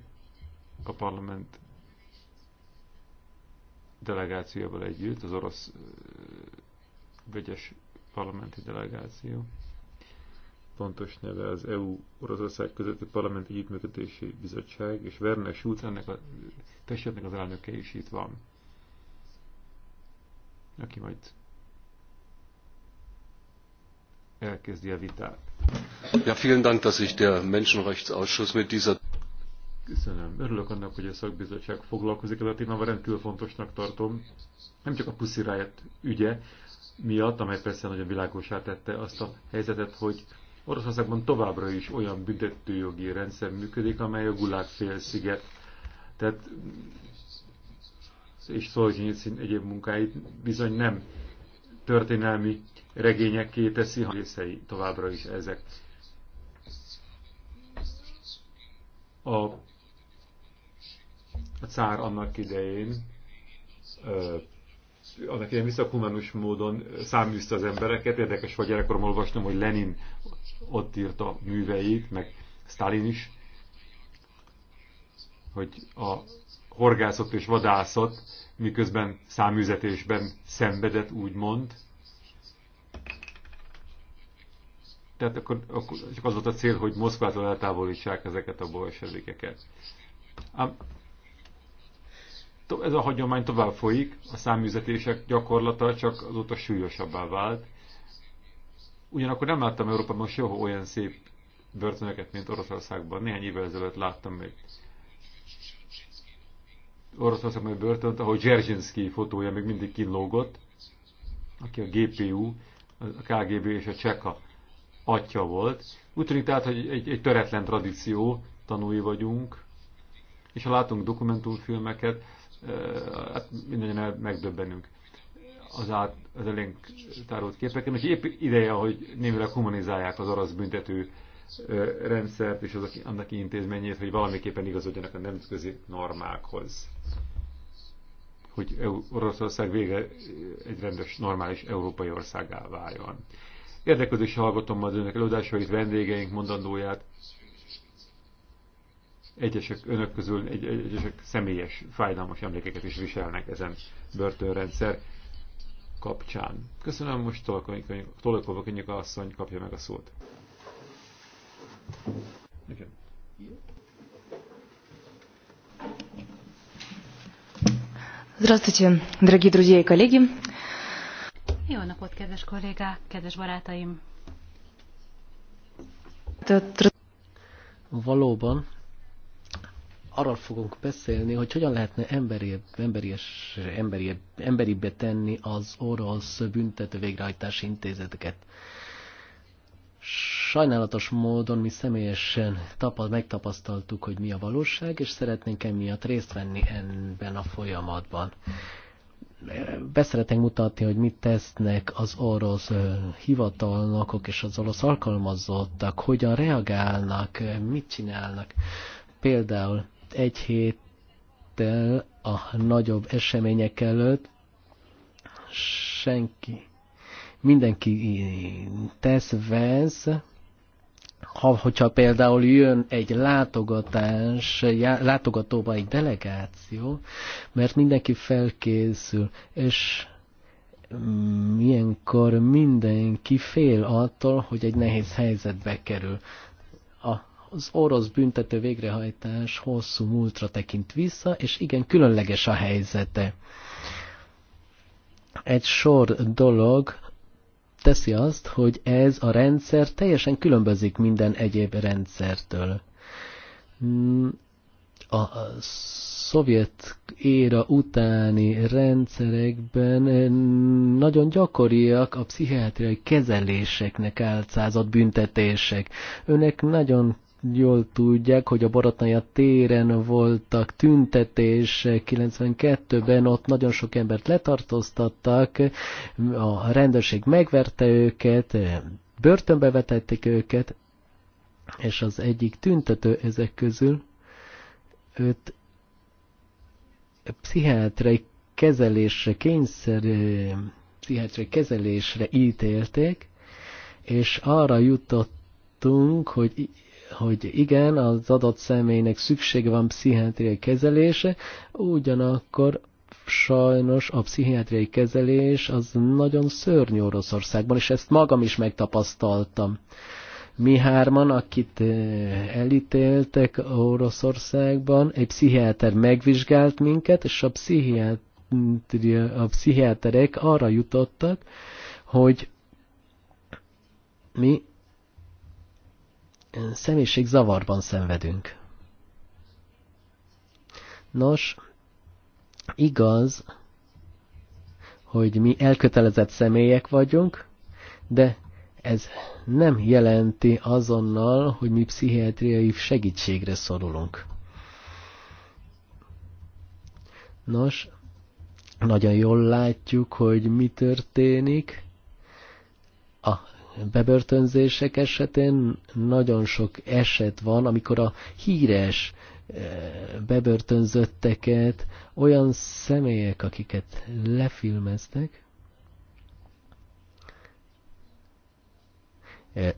a parlament delegációval együtt, az orosz vegyes parlamenti delegáció. Pontos neve az EU-Oroszország közötti parlament együttműködési bizottság, és Werner Schulz, ennek a testületnek az elnöke is itt van, aki majd elkezdi a vitát. Ja, vielen Dank, dass der Menschenrechtsausschuss mit dieser Köszönöm. Örülök annak, hogy a szakbizottság foglalkozik ezzel a témával, rendkívül fontosnak tartom. Nem csak a Pussy Riot ügye miatt, amely persze nagyon világosá tette azt a helyzetet, hogy Oroszországban továbbra is olyan büntetőjogi rendszer működik, amely a Gulag félsziget. Tehát és Szolzsinyi egyéb munkáit bizony nem történelmi regények képeszi részei továbbra is ezek. A, a cár annak idején ö, annak idején visszakumanus módon száműzte az embereket. Érdekes volt gyerekkorom olvastam, hogy Lenin ott írta műveit, meg Stalin is, hogy a horgászott és vadászott, miközben száműzetésben szenvedett, úgymond, Tehát akkor, akkor csak az volt a cél, hogy Moszkvától eltávolítsák ezeket a bolsevikeket. Ám ez a hagyomány tovább folyik, a száműzetések gyakorlata csak azóta súlyosabbá vált. Ugyanakkor nem láttam Európában soha olyan szép börtönöket, mint Oroszországban. Néhány évvel ezelőtt láttam még Oroszországban egy börtönt, ahol Zserzsinszki fotója még mindig kínlógott, aki a GPU, a KGB és a Cseka atya volt. Úgy tűnik tehát, hogy egy, egy töretlen tradíció tanúi vagyunk, és ha látunk dokumentumfilmeket, eh, hát mindannyian megdöbbenünk az, át, az elénk tárolt képeken, és épp ideje, hogy némileg humanizálják az orosz büntető eh, rendszert és az, annak intézményét, hogy valamiképpen igazodjanak a nemzetközi normákhoz. Hogy Oroszország vége egy rendes, normális európai országá váljon. Érdeklődéssel hallgatom az önök előadásait, vendégeink mondandóját. Egyesek önök közül egy, egyesek személyes, fájdalmas emlékeket is viselnek ezen börtönrendszer kapcsán. Köszönöm, most Tolokova Könyöka asszony kapja meg a szót. Здравствуйте, дорогие друзья и коллеги. Jó napot, kedves kollégák, kedves barátaim! Valóban arról fogunk beszélni, hogy hogyan lehetne emberibb, emberies, emberibb, emberibbé tenni az orosz büntető végrehajtási intézeteket. Sajnálatos módon mi személyesen tapad, megtapasztaltuk, hogy mi a valóság, és szeretnénk emiatt részt venni ebben a folyamatban beszeretnénk mutatni, hogy mit tesznek az orosz hivatalnokok és az orosz alkalmazottak, hogyan reagálnak, mit csinálnak. Például egy héttel a nagyobb események előtt senki, mindenki tesz, vesz, ha, hogyha például jön egy látogatás, látogatóba egy delegáció, mert mindenki felkészül, és milyenkor mindenki fél attól, hogy egy nehéz helyzetbe kerül. Az orosz büntető végrehajtás hosszú múltra tekint vissza, és igen, különleges a helyzete. Egy sor dolog teszi azt, hogy ez a rendszer teljesen különbözik minden egyéb rendszertől. Mm, a szovjet éra utáni rendszerekben mm, nagyon gyakoriak a pszichiátriai kezeléseknek álcázott büntetések. Önnek nagyon jól tudják, hogy a Baratnaja téren voltak tüntetés 92-ben, ott nagyon sok embert letartóztattak, a rendőrség megverte őket, börtönbe vetették őket, és az egyik tüntető ezek közül őt pszichiátrai kezelésre, kényszer pszichiátrai kezelésre ítélték, és arra jutottunk, hogy hogy igen, az adott személynek szüksége van pszichiátriai kezelése, ugyanakkor sajnos a pszichiátriai kezelés az nagyon szörnyű Oroszországban, és ezt magam is megtapasztaltam. Mi hárman, akit eh, elítéltek Oroszországban, egy pszichiáter megvizsgált minket, és a, a pszichiáterek arra jutottak, hogy mi személyiség zavarban szenvedünk. Nos, igaz, hogy mi elkötelezett személyek vagyunk, de ez nem jelenti azonnal, hogy mi pszichiátriai segítségre szorulunk. Nos, nagyon jól látjuk, hogy mi történik, bebörtönzések esetén nagyon sok eset van, amikor a híres eh, bebörtönzötteket olyan személyek, akiket lefilmeztek, eh,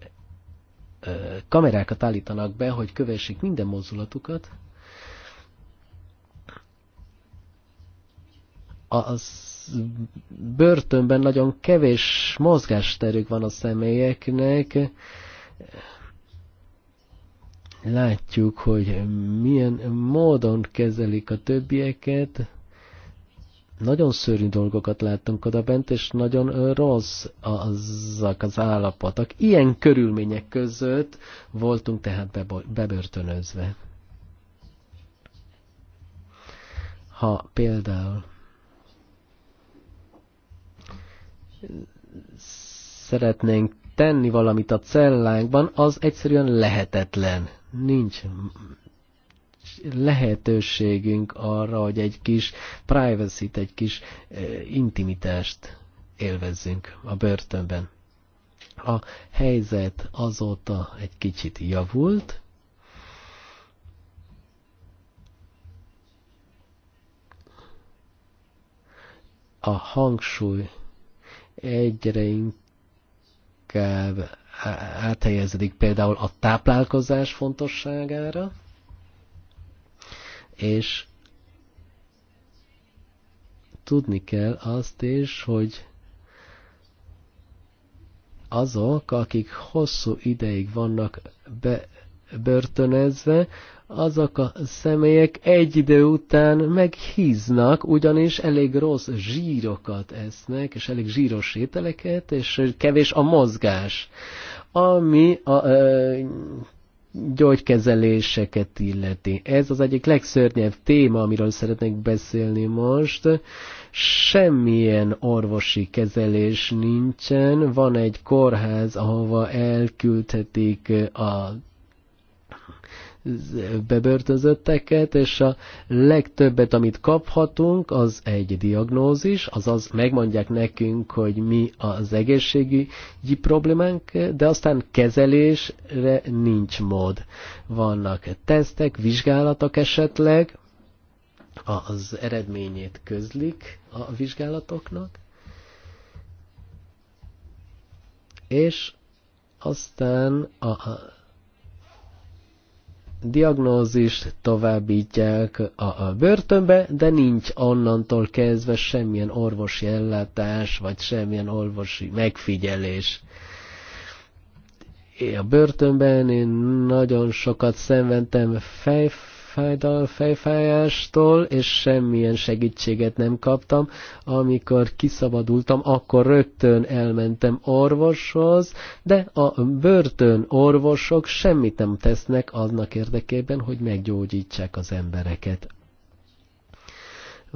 eh, kamerákat állítanak be, hogy kövessék minden mozdulatukat, az börtönben nagyon kevés mozgásterük van a személyeknek. Látjuk, hogy milyen módon kezelik a többieket. Nagyon szörnyű dolgokat láttunk oda bent, és nagyon rossz azok az állapotok. Ilyen körülmények között voltunk tehát bebörtönözve. Ha például szeretnénk tenni valamit a cellánkban, az egyszerűen lehetetlen. Nincs lehetőségünk arra, hogy egy kis privacy egy kis eh, intimitást élvezzünk a börtönben. A helyzet azóta egy kicsit javult, a hangsúly egyre inkább áthelyeződik például a táplálkozás fontosságára, és tudni kell azt is, hogy azok, akik hosszú ideig vannak be, börtönezve, azok a személyek egy idő után meghíznak, ugyanis elég rossz zsírokat esznek, és elég zsíros ételeket, és kevés a mozgás, ami a ö, gyógykezeléseket illeti. Ez az egyik legszörnyebb téma, amiről szeretnék beszélni most. Semmilyen orvosi kezelés nincsen, van egy kórház, ahova elküldhetik a bebörtözötteket, és a legtöbbet, amit kaphatunk, az egy diagnózis, azaz megmondják nekünk, hogy mi az egészségügyi problémánk, de aztán kezelésre nincs mód. Vannak tesztek, vizsgálatok esetleg, az eredményét közlik a vizsgálatoknak, és aztán a, diagnózist továbbítják a, a börtönbe, de nincs onnantól kezdve semmilyen orvosi ellátás, vagy semmilyen orvosi megfigyelés. A börtönben én nagyon sokat szenvedtem fejfájást, fejfájástól, és semmilyen segítséget nem kaptam. Amikor kiszabadultam, akkor rögtön elmentem orvoshoz, de a börtön orvosok semmit nem tesznek annak érdekében, hogy meggyógyítsák az embereket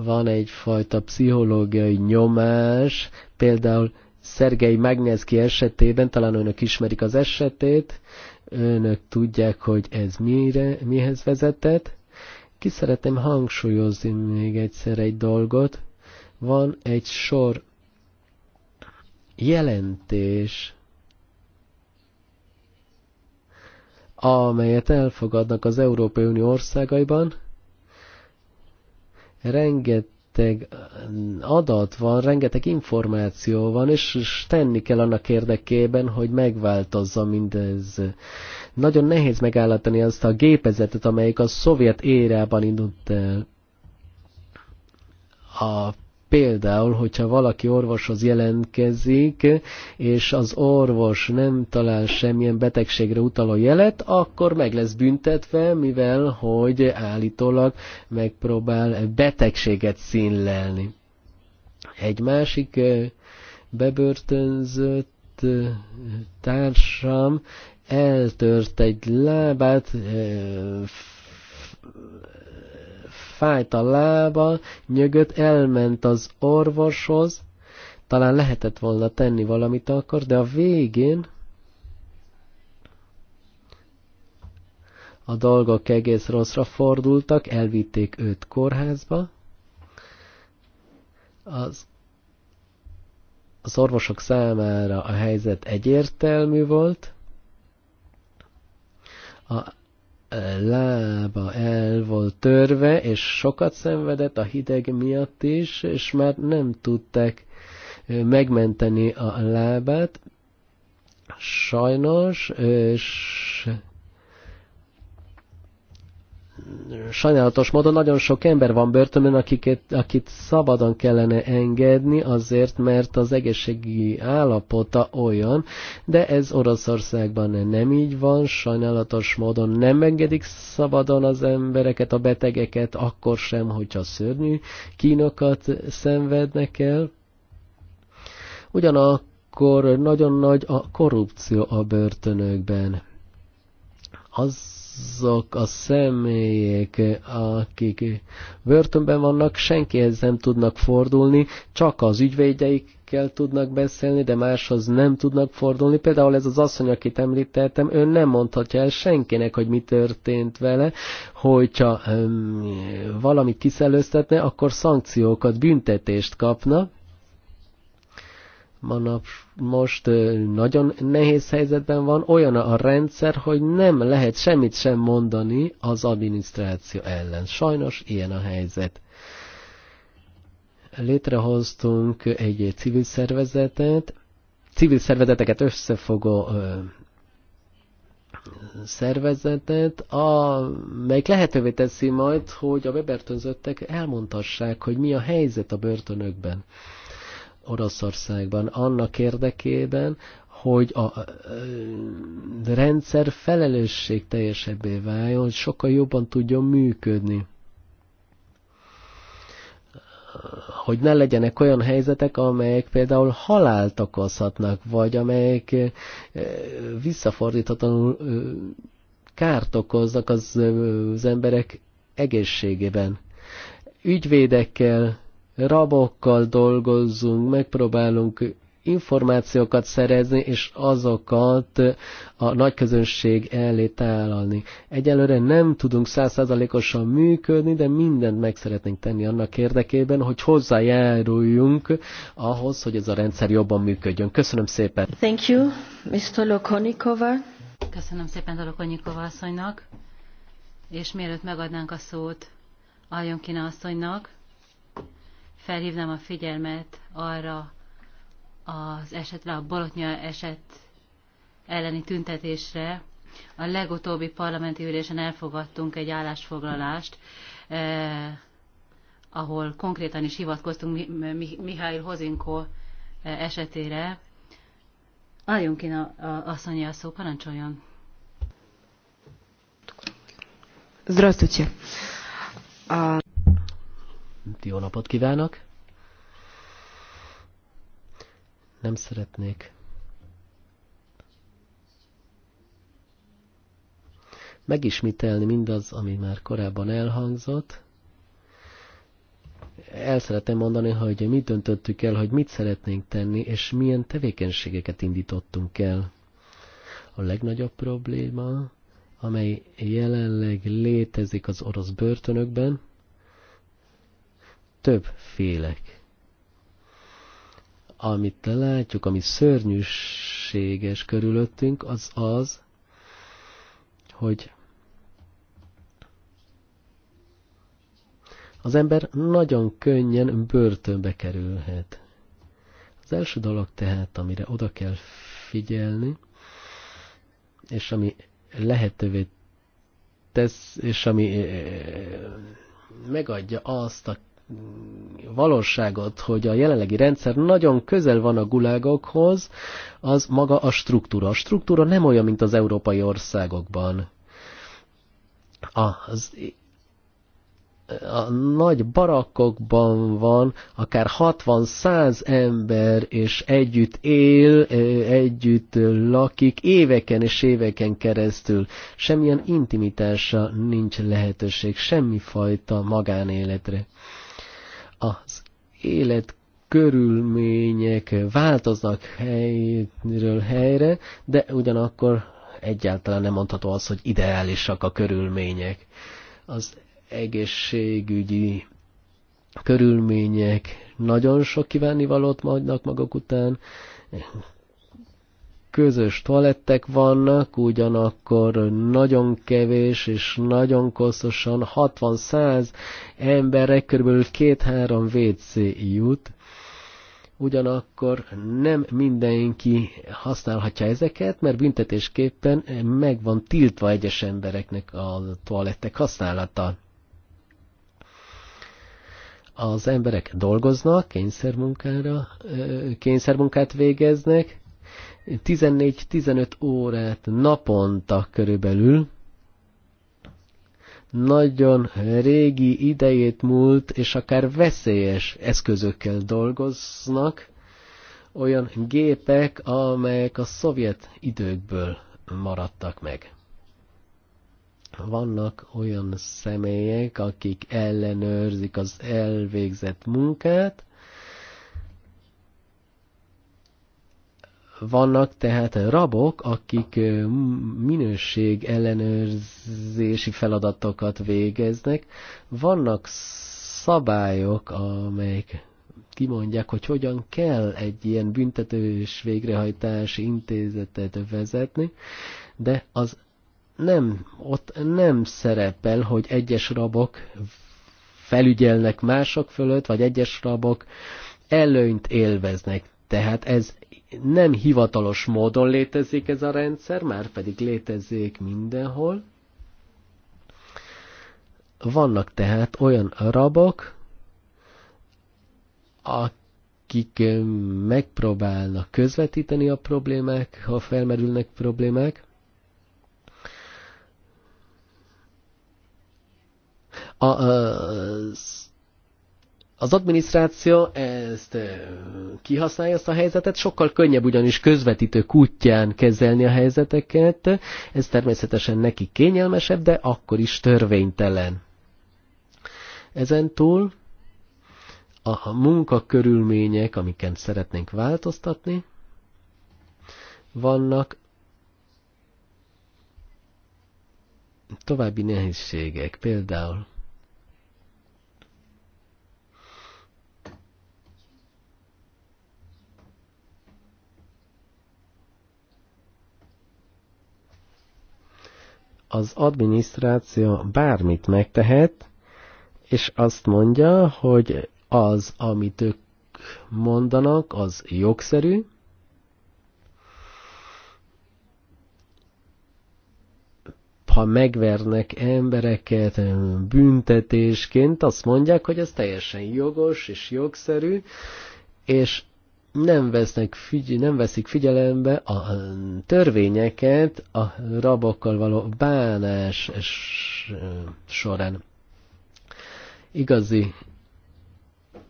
van egyfajta pszichológiai nyomás, például Szergei Magneszki esetében, talán önök ismerik az esetét, önök tudják, hogy ez mire, mihez vezetett. Ki szeretném hangsúlyozni még egyszer egy dolgot. Van egy sor jelentés, amelyet elfogadnak az Európai Unió országaiban, renget rengeteg adat van, rengeteg információ van, és tenni kell annak érdekében, hogy megváltozza mindez. Nagyon nehéz megállítani azt a gépezetet, amelyik a szovjet érában indult el. A Például, hogyha valaki orvoshoz jelentkezik, és az orvos nem talál semmilyen betegségre utaló jelet, akkor meg lesz büntetve, mivel hogy állítólag megpróbál betegséget színlelni. Egy másik bebörtönzött társam eltört egy lábát, fájt a lába, nyögött, elment az orvoshoz, talán lehetett volna tenni valamit akkor, de a végén a dolgok egész rosszra fordultak, elvitték őt kórházba, az, az orvosok számára a helyzet egyértelmű volt, a lába el volt törve, és sokat szenvedett a hideg miatt is, és már nem tudták megmenteni a lábát. Sajnos, és sajnálatos módon nagyon sok ember van börtönben, akiket, akit szabadon kellene engedni azért, mert az egészségi állapota olyan, de ez Oroszországban nem így van, sajnálatos módon nem engedik szabadon az embereket, a betegeket, akkor sem, hogyha szörnyű kínokat szenvednek el. Ugyanakkor nagyon nagy a korrupció a börtönökben. Az azok a személyek, akik börtönben vannak, senkihez nem tudnak fordulni, csak az ügyvédeikkel tudnak beszélni, de máshoz nem tudnak fordulni. Például ez az asszony, akit említettem, ő nem mondhatja el senkinek, hogy mi történt vele, hogyha um, valamit kiszelőztetne, akkor szankciókat, büntetést kapna, manap most nagyon nehéz helyzetben van, olyan a rendszer, hogy nem lehet semmit sem mondani az adminisztráció ellen. Sajnos ilyen a helyzet. Létrehoztunk egy civil szervezetet, civil szervezeteket összefogó szervezetet, amelyik lehetővé teszi majd, hogy a bebörtönzöttek elmondhassák, hogy mi a helyzet a börtönökben. Oroszországban annak érdekében, hogy a rendszer teljesebbé váljon, hogy sokkal jobban tudjon működni. Hogy ne legyenek olyan helyzetek, amelyek például halált okozhatnak, vagy amelyek visszafordíthatóan kárt okoznak az, az emberek egészségében. Ügyvédekkel rabokkal dolgozzunk, megpróbálunk információkat szerezni, és azokat a nagy közönség elé tálalni. Egyelőre nem tudunk százszázalékosan működni, de mindent meg szeretnénk tenni annak érdekében, hogy hozzájáruljunk ahhoz, hogy ez a rendszer jobban működjön. Köszönöm szépen! Thank you, Mr. Lokonikova. Köszönöm szépen Lokonikova asszonynak, és mielőtt megadnánk a szót Aljonkina asszonynak, felhívnám a figyelmet arra az esetre, a Bolotnya eset elleni tüntetésre. A legutóbbi parlamenti ülésen elfogadtunk egy állásfoglalást, eh, ahol konkrétan is hivatkoztunk Mihály Hozinko eh, esetére. Adjon ki a, a, asszonyi a szó, parancsoljon. Здравствуйте. Jó napot kívánok! Nem szeretnék megismételni mindaz, ami már korábban elhangzott. El szeretném mondani, hogy mit döntöttük el, hogy mit szeretnénk tenni, és milyen tevékenységeket indítottunk el. A legnagyobb probléma, amely jelenleg létezik az orosz börtönökben, többfélek. Amit látjuk, ami szörnyűséges körülöttünk, az az, hogy az ember nagyon könnyen börtönbe kerülhet. Az első dolog tehát, amire oda kell figyelni, és ami lehetővé tesz, és ami eh, megadja azt a valóságot, hogy a jelenlegi rendszer nagyon közel van a gulágokhoz, az maga a struktúra. A struktúra nem olyan, mint az európai országokban. Az a nagy barakkokban van, akár 60-100 ember, és együtt él, együtt lakik, éveken és éveken keresztül. Semmilyen intimitása nincs lehetőség, semmifajta magánéletre az élet körülmények változnak helyről helyre, de ugyanakkor egyáltalán nem mondható az, hogy ideálisak a körülmények. Az egészségügyi körülmények nagyon sok kívánivalót magynak maguk után, közös toalettek vannak, ugyanakkor nagyon kevés és nagyon koszosan 60-100 emberek körülbelül 2-3 WC jut, ugyanakkor nem mindenki használhatja ezeket, mert büntetésképpen meg van tiltva egyes embereknek a toalettek használata. Az emberek dolgoznak, kényszermunkára, kényszermunkát végeznek, 14-15 órát naponta körülbelül, nagyon régi idejét múlt és akár veszélyes eszközökkel dolgoznak, olyan gépek, amelyek a szovjet időkből maradtak meg. Vannak olyan személyek, akik ellenőrzik az elvégzett munkát, vannak tehát rabok, akik minőség ellenőrzési feladatokat végeznek. Vannak szabályok, amelyek kimondják, hogy hogyan kell egy ilyen büntetős végrehajtási intézetet vezetni, de az nem, ott nem szerepel, hogy egyes rabok felügyelnek mások fölött, vagy egyes rabok előnyt élveznek. Tehát ez nem hivatalos módon létezik ez a rendszer, már pedig létezik mindenhol. Vannak tehát olyan rabok, akik megpróbálnak közvetíteni a problémák, ha felmerülnek problémák, a, az az adminisztráció ezt kihasználja ezt a helyzetet, sokkal könnyebb ugyanis közvetítő kutyán kezelni a helyzeteket, ez természetesen neki kényelmesebb, de akkor is törvénytelen. Ezen túl a munkakörülmények, amiket szeretnénk változtatni, vannak további nehézségek, például az adminisztráció bármit megtehet, és azt mondja, hogy az, amit ők mondanak, az jogszerű, ha megvernek embereket büntetésként, azt mondják, hogy ez teljesen jogos és jogszerű, és nem, vesznek figy- nem veszik figyelembe a törvényeket a rabokkal való bánás során. Igazi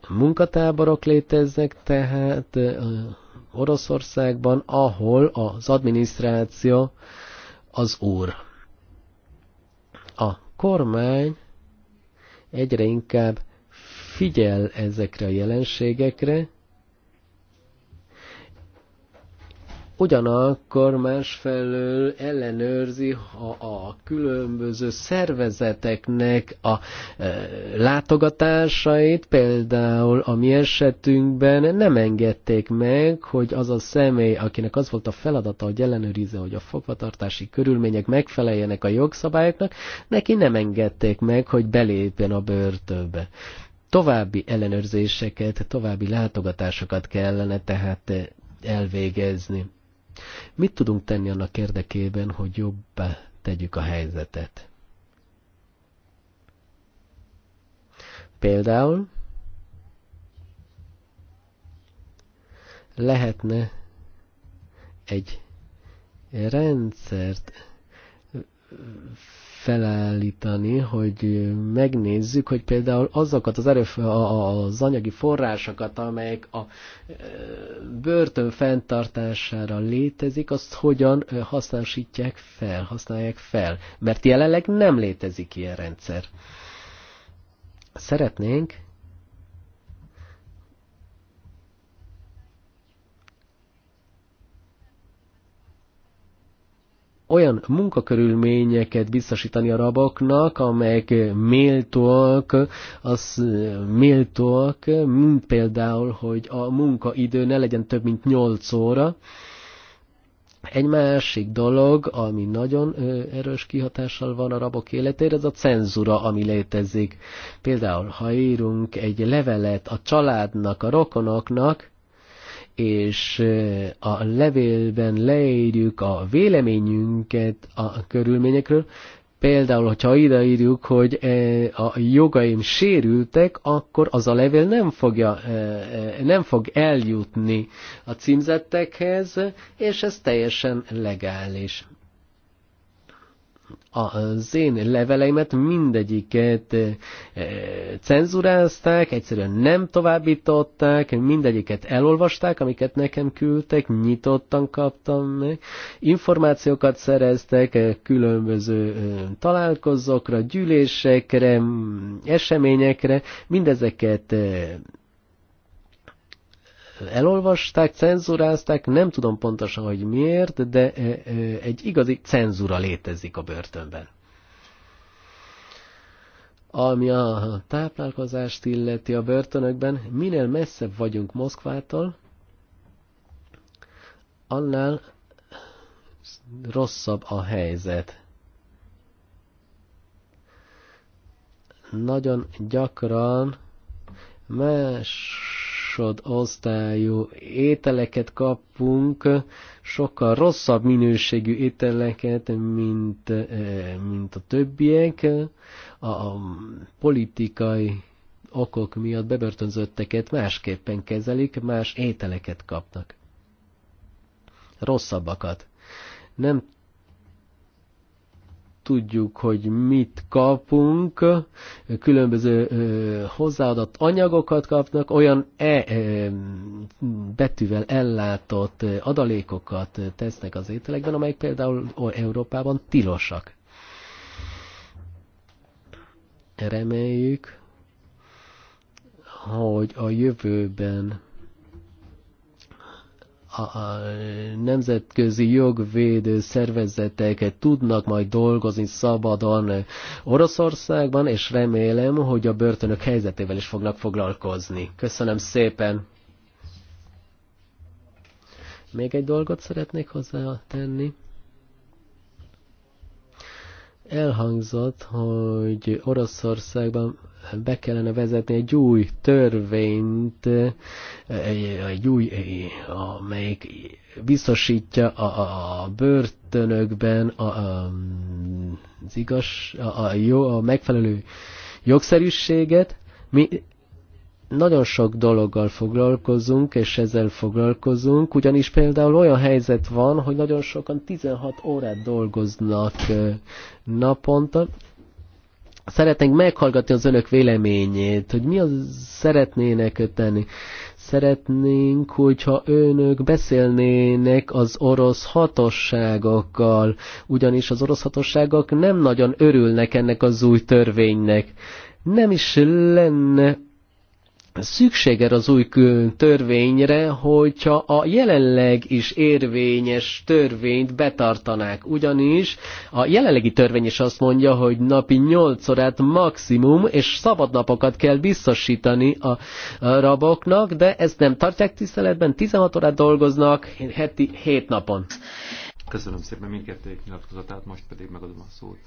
munkatáborok léteznek, tehát Oroszországban, ahol az adminisztráció az úr. A kormány egyre inkább figyel ezekre a jelenségekre, ugyanakkor másfelől ellenőrzi a, a különböző szervezeteknek a e, látogatásait, például a mi esetünkben nem engedték meg, hogy az a személy, akinek az volt a feladata, hogy ellenőrizze, hogy a fogvatartási körülmények megfeleljenek a jogszabályoknak, neki nem engedték meg, hogy belépjen a börtönbe további ellenőrzéseket, további látogatásokat kellene tehát e, elvégezni. Mit tudunk tenni annak érdekében, hogy jobbá tegyük a helyzetet? Például lehetne egy rendszert felállítani, hogy megnézzük, hogy például azokat az, erőf, az anyagi forrásokat, amelyek a e, börtön fenntartására létezik, azt hogyan e, hasznosítják fel, használják fel. Mert jelenleg nem létezik ilyen rendszer. Szeretnénk olyan munkakörülményeket biztosítani a raboknak, amelyek méltóak, az eh, méltóak, mint például, hogy a munkaidő ne legyen több, mint 8 óra. Egy másik dolog, ami nagyon eh, erős kihatással van a rabok életére, ez a cenzura, ami létezik. Például, ha írunk egy levelet a családnak, a rokonoknak, és a levélben leírjuk a véleményünket a körülményekről, Például, ha ideírjuk, hogy a jogaim sérültek, akkor az a levél nem, fogja, nem fog eljutni a címzettekhez, és ez teljesen legális az én leveleimet mindegyiket eh, cenzurázták, egyszerűen nem továbbították, mindegyiket elolvasták, amiket nekem küldtek, nyitottan kaptam meg, információkat szereztek eh, különböző eh, találkozókra, gyűlésekre, mm, eseményekre, mindezeket elolvasták, cenzurázták, nem tudom pontosan, hogy miért, de egy igazi cenzura létezik a börtönben. Ami a táplálkozást illeti a börtönökben, minél messzebb vagyunk Moszkvától, annál rosszabb a helyzet. Nagyon gyakran más osztályú ételeket kapunk, sokkal rosszabb minőségű ételeket, mint, eh, mint a többiek. A politikai okok miatt bebörtönzötteket másképpen kezelik, más ételeket kapnak rosszabbakat. Nem tudjuk, hogy mit kapunk, különböző hozzáadott anyagokat kapnak, olyan e betűvel ellátott adalékokat tesznek az ételekben, amelyek például Európában tilosak. Reméljük, hogy a jövőben a nemzetközi jogvédő szervezetek tudnak majd dolgozni szabadon Oroszországban, és remélem, hogy a börtönök helyzetével is fognak foglalkozni. Köszönöm szépen! Még egy dolgot szeretnék hozzátenni. Elhangzott, hogy Oroszországban be kellene vezetni egy új törvényt, eh, egy új, eh, amelyik biztosítja a, a börtönökben a, a, az igaz, a, a, jó, a megfelelő jogszerűséget. Mi nagyon sok dologgal foglalkozunk, és ezzel foglalkozunk, ugyanis például olyan helyzet van, hogy nagyon sokan 16 órát dolgoznak eh, naponta, Szeretnénk meghallgatni az önök véleményét, hogy mi az szeretnének tenni. Szeretnénk, hogyha önök beszélnének az orosz hatosságokkal, ugyanis az orosz hatosságok nem nagyon örülnek ennek az új törvénynek. Nem is lenne Szüksége az új törvényre, hogyha a jelenleg is érvényes törvényt betartanák. Ugyanis a jelenlegi törvény is azt mondja, hogy napi 8 órát maximum, és szabadnapokat kell biztosítani a raboknak, de ezt nem tartják tiszteletben, 16 órát dolgoznak heti 7 napon. Köszönöm szépen mindkettőjük nyilatkozatát, most pedig megadom a szót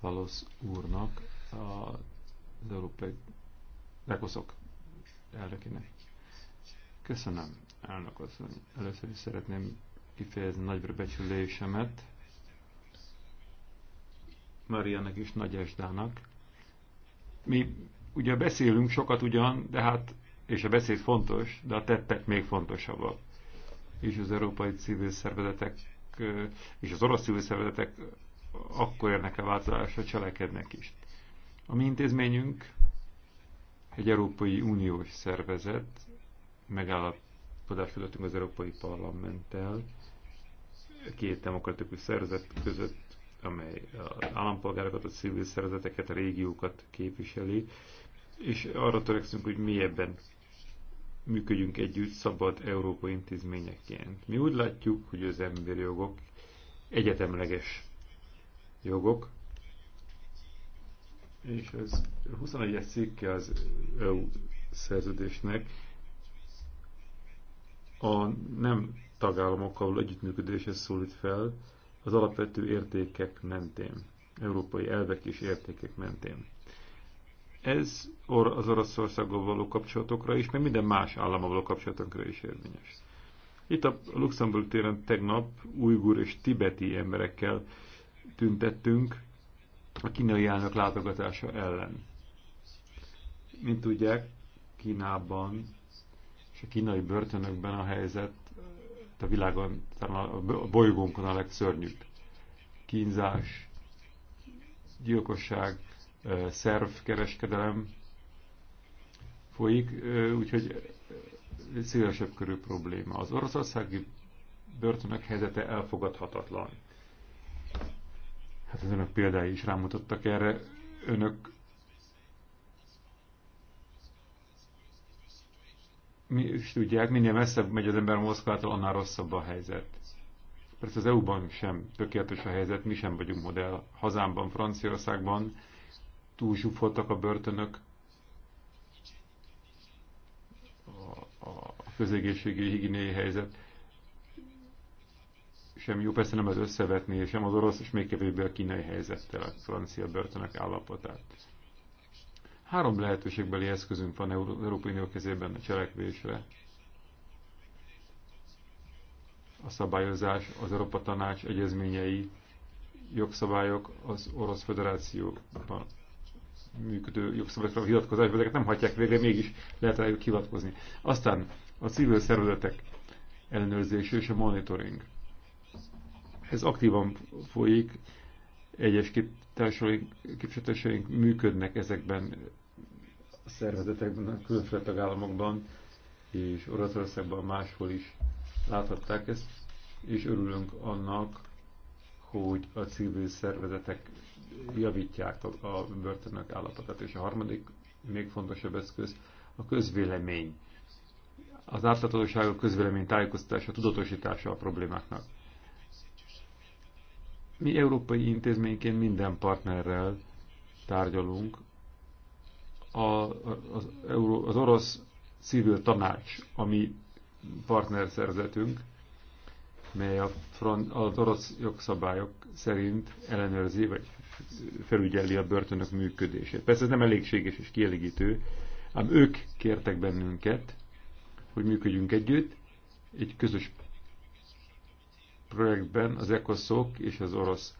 Valosz úrnak, az Európai Rekoszok elnökének. Köszönöm, elnök asszony. Először is szeretném kifejezni nagyra becsülésemet Mariannek és Nagy Esdának. Mi ugye beszélünk sokat ugyan, de hát, és a beszéd fontos, de a tettek még fontosabbak. És az európai civil szervezetek és az orosz civil szervezetek akkor érnek a változásra, cselekednek is. A mi intézményünk egy Európai Uniós szervezet, megállapodást kötöttünk az Európai Parlamenttel, két demokratikus szervezet között, amely az állampolgárokat, a civil szervezeteket, a régiókat képviseli, és arra törekszünk, hogy mélyebben működjünk együtt szabad európai intézményeként. Mi úgy látjuk, hogy az emberi jogok egyetemleges jogok, és ez 21-es cikke az EU szerződésnek a nem tagállamokkal együttműködéshez szólít fel az alapvető értékek mentén, európai elvek és értékek mentén. Ez az Oroszországgal való kapcsolatokra is, meg minden más állammal való kapcsolatokra is érvényes. Itt a Luxemburg téren tegnap ujgur és tibeti emberekkel tüntettünk, a kínai elnök látogatása ellen. Mint tudják, Kínában és a kínai börtönökben a helyzet a világon, a bolygónkon a legszörnyűbb. Kínzás, gyilkosság, szervkereskedelem folyik, úgyhogy szélesebb körű probléma. Az oroszországi börtönök helyzete elfogadhatatlan. Hát az önök példái is rámutattak erre. Önök mi is tudják, minél messzebb megy az ember Moszkvától, annál rosszabb a helyzet. Persze az EU-ban sem tökéletes a helyzet, mi sem vagyunk modell. Hazámban, Franciaországban túl zsúfoltak a börtönök, a, a közegészségi higiéniai helyzet sem jó, persze nem az összevetni, sem az orosz, és még kevésbé a kínai helyzettel a francia börtönök állapotát. Három lehetőségbeli eszközünk van az Európai Unió kezében a cselekvésre. A szabályozás, az Európa Tanács egyezményei, jogszabályok az Orosz Föderációban működő jogszabályokra hivatkozás, ezeket nem hagyják végre, mégis lehet rájuk hivatkozni. Aztán a civil szervezetek ellenőrzése és a monitoring ez aktívan folyik, egyes képviselőseink működnek ezekben a szervezetekben, a különféle tagállamokban, és Oroszországban máshol is láthatták ezt, és örülünk annak, hogy a civil szervezetek javítják a, a börtönök állapotát. És a harmadik, még fontosabb eszköz a közvélemény. Az átláthatóság a közvélemény tájékoztatása, tudatosítása a problémáknak. Mi európai intézményként minden partnerrel tárgyalunk. A, az, az orosz civil tanács, ami partnerszerzetünk, mely a front, az orosz jogszabályok szerint ellenőrzi, vagy felügyeli a börtönök működését. Persze ez nem elégséges és kielégítő, ám ők kértek bennünket, hogy működjünk együtt, egy közös projektben az ECOSZOK és az orosz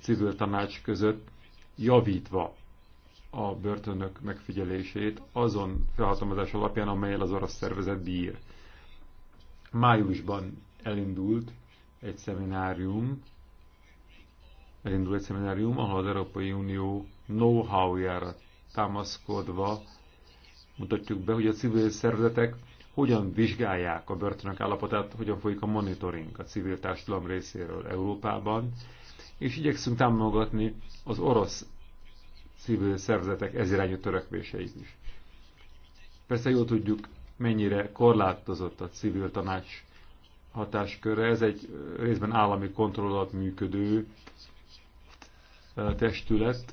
civil tanács között javítva a börtönök megfigyelését azon felhatalmazás alapján, amelyel az orosz szervezet bír. Májusban elindult egy szeminárium, elindult egy szeminárium, ahol az Európai Unió know-how-jára támaszkodva mutatjuk be, hogy a civil szervezetek hogyan vizsgálják a börtönök állapotát, hogyan folyik a monitoring a civil társadalom részéről Európában, és igyekszünk támogatni az orosz civil szervezetek ezirányú törekvéseit is. Persze jól tudjuk, mennyire korlátozott a civil tanács hatásköre. Ez egy részben állami kontroll alatt működő testület,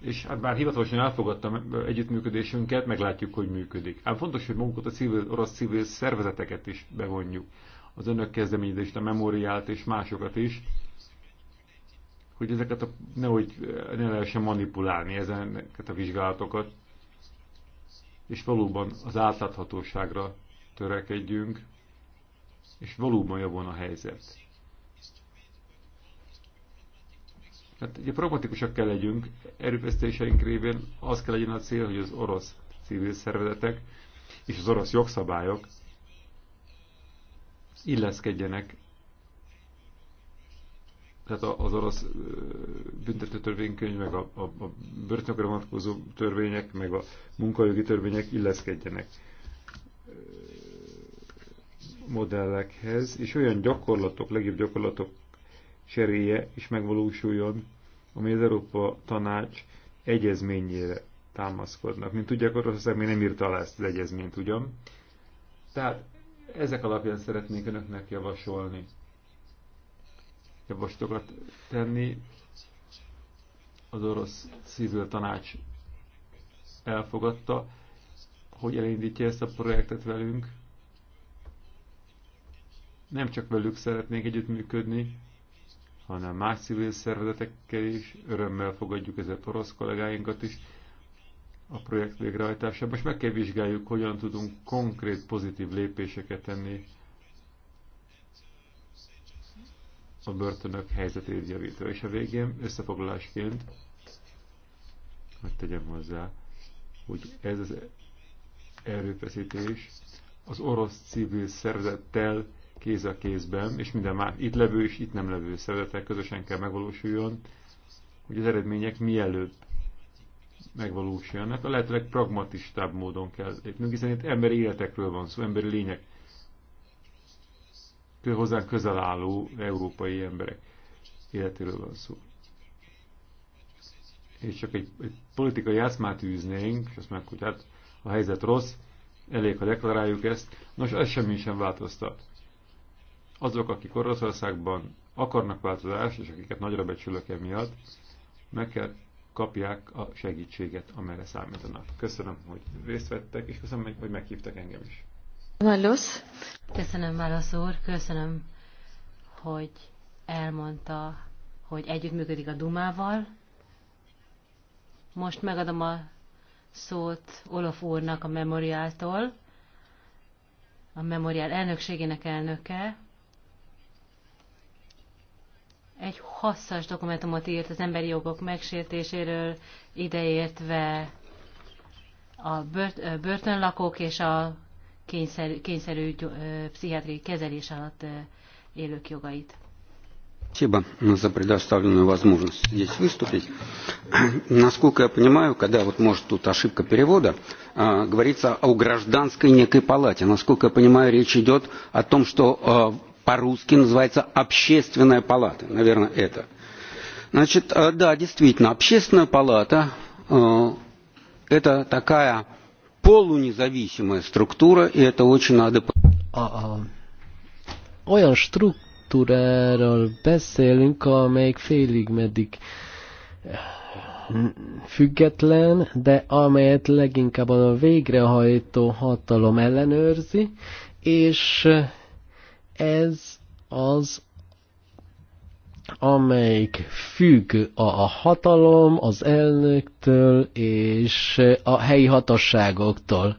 és hát bár hivatalosan elfogadtam együttműködésünket, meglátjuk, hogy működik. Ám fontos, hogy magunkat a civil, orosz civil szervezeteket is bevonjuk. Az önök kezdeményezést, a memóriát és másokat is, hogy ezeket a, nehogy ne lehessen manipulálni ezeket a vizsgálatokat, és valóban az átláthatóságra törekedjünk, és valóban javon a helyzet. Tehát ugye pragmatikusak kell legyünk, erőfeszítéseink révén az kell legyen a cél, hogy az orosz civil szervezetek és az orosz jogszabályok illeszkedjenek tehát az orosz büntető törvénykönyv, meg a, a, a börtönökre vonatkozó törvények, meg a munkajogi törvények illeszkedjenek modellekhez, és olyan gyakorlatok, legjobb gyakorlatok cseréje is megvalósuljon, ami az Európa Tanács egyezményére támaszkodnak. Mint tudják, Oroszország még nem írta alá ezt az egyezményt, ugyan? Tehát ezek alapján szeretnék önöknek javasolni, javaslatokat tenni. Az orosz civil tanács elfogadta, hogy elindítja ezt a projektet velünk. Nem csak velük szeretnénk együttműködni, hanem más civil szervezetekkel is. Örömmel fogadjuk ezért orosz kollégáinkat is a projekt végrehajtásában. Most meg kell vizsgáljuk, hogyan tudunk konkrét pozitív lépéseket tenni a börtönök helyzetét javítva. És a végén összefoglalásként, hogy tegyem hozzá, hogy ez az erőfeszítés az orosz civil szervezettel kéz a kézben, és minden már itt levő és itt nem levő szervezetek közösen kell megvalósuljon, hogy az eredmények mielőbb megvalósuljanak. A lehető legpragmatistább módon kell lépnünk, hiszen itt emberi életekről van szó, emberi lények, hozzánk közel álló európai emberek életéről van szó. És csak egy, egy politikai játszmát űznénk, és azt meg, hogy hát a helyzet rossz, elég, ha deklaráljuk ezt, nos, ez semmi sem változtat. Azok, akik Oroszországban akarnak változást, és akiket nagyra becsülök emiatt, meg kell kapják a segítséget, amelyre számítanak. Köszönöm, hogy részt vettek, és köszönöm, hogy meghívtak engem is. Válasz. Köszönöm, Válasz úr. Köszönöm, hogy elmondta, hogy együttműködik a Dumával. Most megadom a szót Olaf úrnak a memoriáltól, a memoriál elnökségének elnöke egy hosszas dokumentumot írt az emberi jogok megsértéséről, ideértve a börtönlakók és a kényszerű, kényszerű pszichiátriai kezelés alatt élők jogait. Спасибо за предоставленную возможность здесь выступить. Насколько я понимаю, когда вот может тут ошибка перевода, а, говорится о гражданской некой палате. Насколько я понимаю, речь идет о том, что по-русски называется общественная палата. Наверное, это. Значит, да, действительно, общественная палата – э, это такая полунезависимая структура, и это очень надо... Olyan struktúráról beszélünk, amelyik félig meddig független, de amelyet leginkább a végrehajtó hatalom ellenőrzi, és ez az amelyik függ a, hatalom az elnöktől és a helyi hatosságoktól.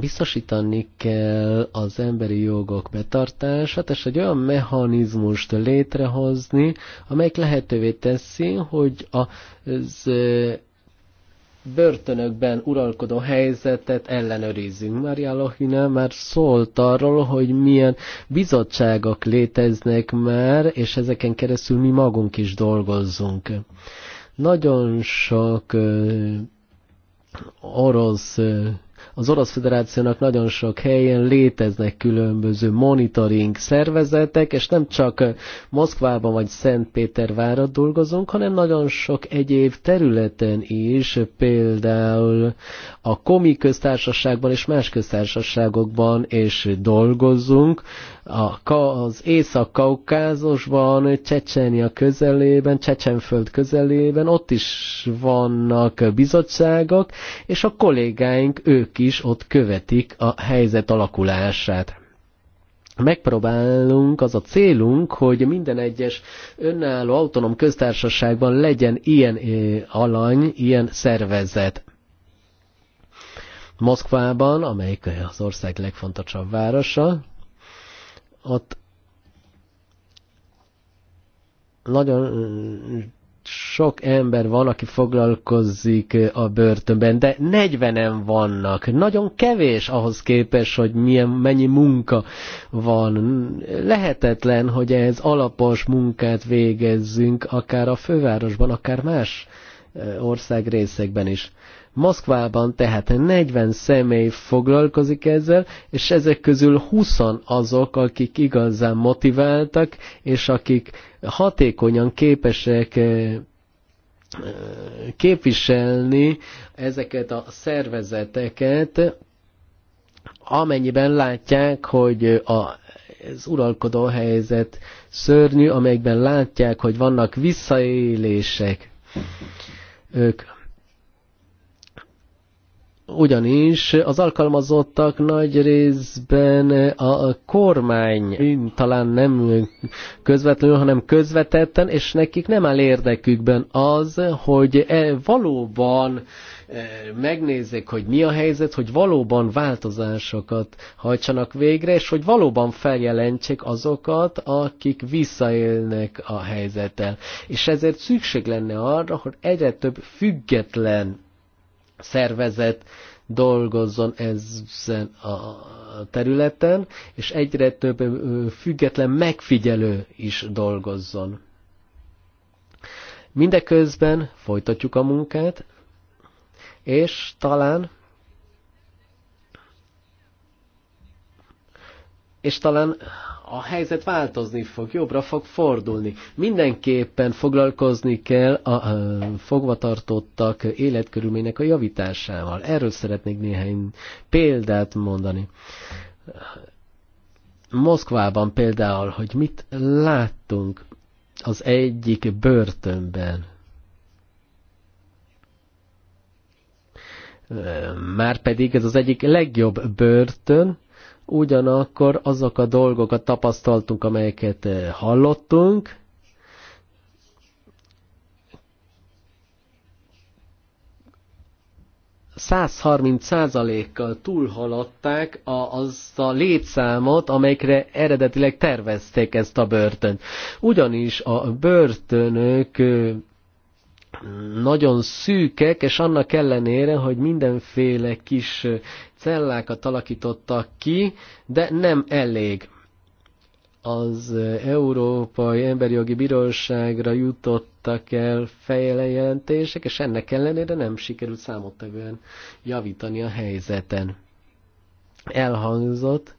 Biztosítani kell az emberi jogok betartását, és egy olyan mechanizmust létrehozni, amelyik lehetővé teszi, hogy az börtönökben uralkodó helyzetet ellenőrizzünk. Mária Lohina már szólt arról, hogy milyen bizottságok léteznek már, és ezeken keresztül mi magunk is dolgozzunk. Nagyon sok orosz az Orosz Federációnak nagyon sok helyen léteznek különböző monitoring szervezetek, és nem csak Moszkvában vagy Szentpétervárat dolgozunk, hanem nagyon sok egyéb területen is, például a Komi köztársaságban és más köztársaságokban is dolgozunk, az Észak-Kaukázusban, Csecsenia közelében, Csecsenföld közelében, ott is vannak bizottságok, és a kollégáink ők ők is ott követik a helyzet alakulását. Megpróbálunk, az a célunk, hogy minden egyes önálló autonóm köztársaságban legyen ilyen alany, ilyen szervezet. Moszkvában, amelyik az ország legfontosabb városa, ott nagyon sok ember van, aki foglalkozik a börtönben, de 40-en vannak. Nagyon kevés ahhoz képest, hogy milyen, mennyi munka van. Lehetetlen, hogy ez alapos munkát végezzünk, akár a fővárosban, akár más ország részekben is. Moszkvában tehát 40 személy foglalkozik ezzel, és ezek közül 20 azok, akik igazán motiváltak, és akik hatékonyan képesek eh, eh, képviselni ezeket a szervezeteket, amennyiben látják, hogy a, ez uralkodó helyzet szörnyű, amelyekben látják, hogy vannak visszaélések. Ők ugyanis az alkalmazottak nagy részben a kormány talán nem közvetlenül, hanem közvetetten, és nekik nem áll érdekükben az, hogy e, valóban e, megnézzék, hogy mi a helyzet, hogy valóban változásokat hajtsanak végre, és hogy valóban feljelentsék azokat, akik visszaélnek a helyzettel. És ezért szükség lenne arra, hogy egyre több független szervezet dolgozzon ezen a területen, és egyre több független megfigyelő is dolgozzon. Mindeközben folytatjuk a munkát, és talán és talán a helyzet változni fog, jobbra fog fordulni. Mindenképpen foglalkozni kell a, a fogvatartottak életkörülmények a javításával. Erről szeretnék néhány példát mondani. Moszkvában például, hogy mit láttunk az egyik börtönben. Márpedig ez az egyik legjobb börtön, ugyanakkor azok a dolgokat tapasztaltunk, amelyeket eh, hallottunk, kal túlhaladták a, azt a létszámot, amelyikre eredetileg tervezték ezt a börtönt. Ugyanis a börtönök eh, nagyon szűkek, és annak ellenére, hogy mindenféle kis cellákat alakítottak ki, de nem elég. Az Európai Emberi Jogi Bíróságra jutottak el feljelentések, és ennek ellenére nem sikerült számottevően javítani a helyzeten. Elhangzott,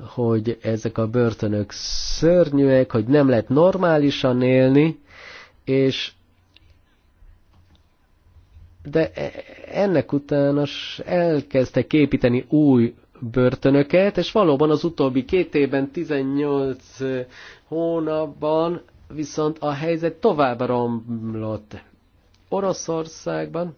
hogy ezek a börtönök szörnyűek, hogy nem lehet normálisan élni, és de ennek után elkezdtek építeni új börtönöket, és valóban az utóbbi két évben, 18 hónapban viszont a helyzet tovább romlott. Oroszországban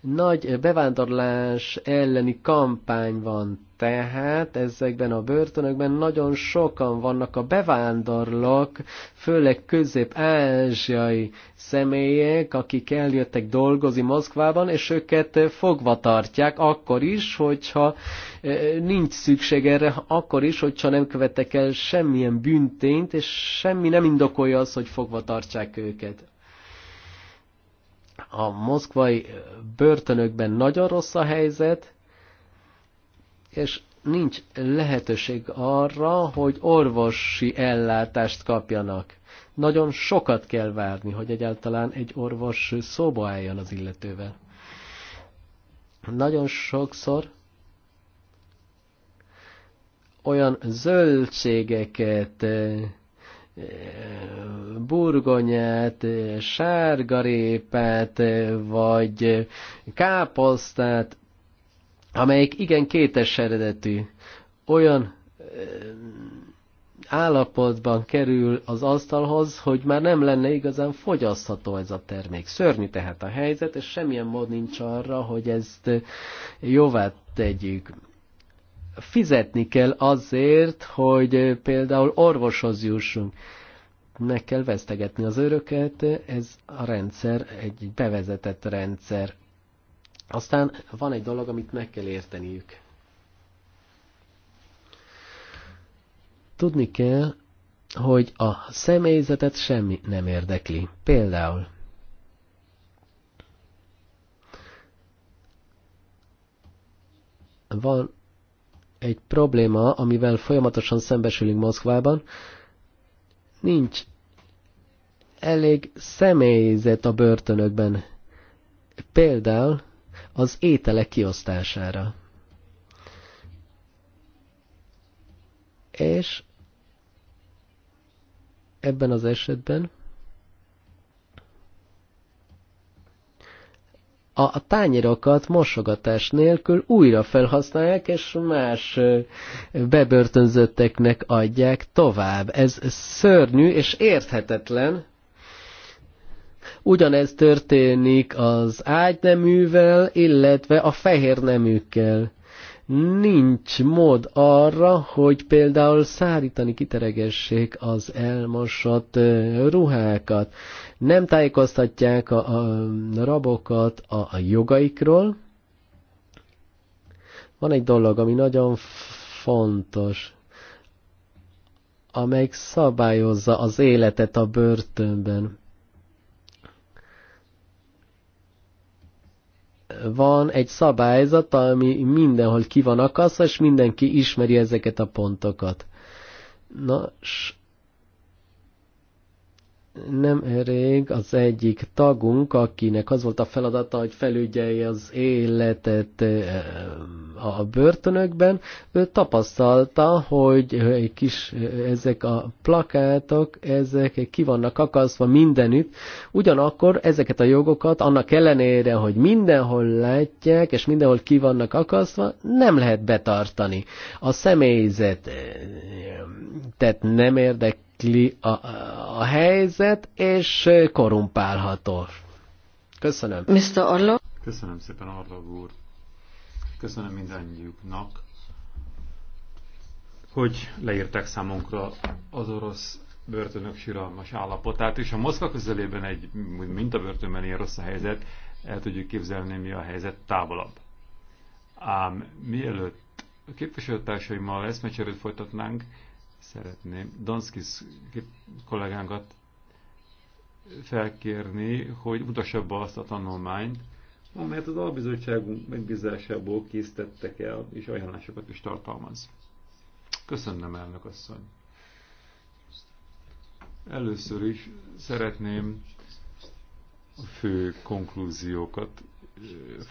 nagy bevándorlás elleni kampány van tehát ezekben a börtönökben nagyon sokan vannak a bevándorlók, főleg közép-ázsiai személyek, akik eljöttek dolgozni Moszkvában, és őket fogva tartják akkor is, hogyha e, nincs szükség erre, akkor is, hogyha nem követtek el semmilyen büntényt, és semmi nem indokolja az, hogy fogva tartsák őket. A moszkvai börtönökben nagyon rossz a helyzet, és nincs lehetőség arra, hogy orvosi ellátást kapjanak. Nagyon sokat kell várni, hogy egyáltalán egy orvos szóba álljon az illetővel. Nagyon sokszor olyan zöldségeket eh, burgonyát, sárgarépát, vagy káposztát, amelyik igen kétes eredetű. Olyan eh, állapotban kerül az asztalhoz, hogy már nem lenne igazán fogyasztható ez a termék. Szörnyű tehát a helyzet, és semmilyen mód nincs arra, hogy ezt eh, jóvá tegyük fizetni kell azért, hogy például orvoshoz jussunk. Meg kell vesztegetni az öröket, ez a rendszer, egy bevezetett rendszer. Aztán van egy dolog, amit meg kell érteniük. Tudni kell, hogy a személyzetet semmi nem érdekli. Például van egy probléma, amivel folyamatosan szembesülünk Moszkvában. Nincs elég személyzet a börtönökben. Például az ételek kiosztására. És ebben az esetben a tányérokat mosogatás nélkül újra felhasználják, és más bebörtönzötteknek adják tovább. Ez szörnyű és érthetetlen. Ugyanez történik az ágyneművel, illetve a fehér neműkkel nincs mód arra, hogy például szárítani kiteregessék az elmosott ruhákat. Nem tájékoztatják a, a rabokat a, a jogaikról. Van egy dolog, ami nagyon fontos, amelyik szabályozza az életet a börtönben. van egy szabályzat, ami mindenhol ki van akasz, és mindenki ismeri ezeket a pontokat. Nos, nem rég az egyik tagunk, akinek az volt a feladata, hogy felügyelje az életet a börtönökben, ő tapasztalta, hogy egy kis, ezek a plakátok, ezek ki vannak akasztva mindenütt, ugyanakkor ezeket a jogokat, annak ellenére, hogy mindenhol látják, és mindenhol ki vannak akasztva, nem lehet betartani. A személyzet tehát nem érdek ismétli a, a helyzet, és korumpálható. Köszönöm. Mr. Arlo. Köszönöm szépen, Arlo úr. Köszönöm mindannyiuknak, hogy leírták számunkra az orosz börtönök síralmas állapotát, és a Moszkva közelében egy börtönben ilyen rossz a helyzet, el tudjuk képzelni, mi a helyzet távolabb. Ám mielőtt a képviselőtársaimmal eszmecserét folytatnánk, Szeretném Donskis kollégánkat felkérni, hogy mutassa be azt a tanulmányt, amelyet az albizottságunk megbízásából készítettek el, és ajánlásokat is tartalmaz. Köszönöm, elnök asszony! Először is szeretném a fő konklúziókat,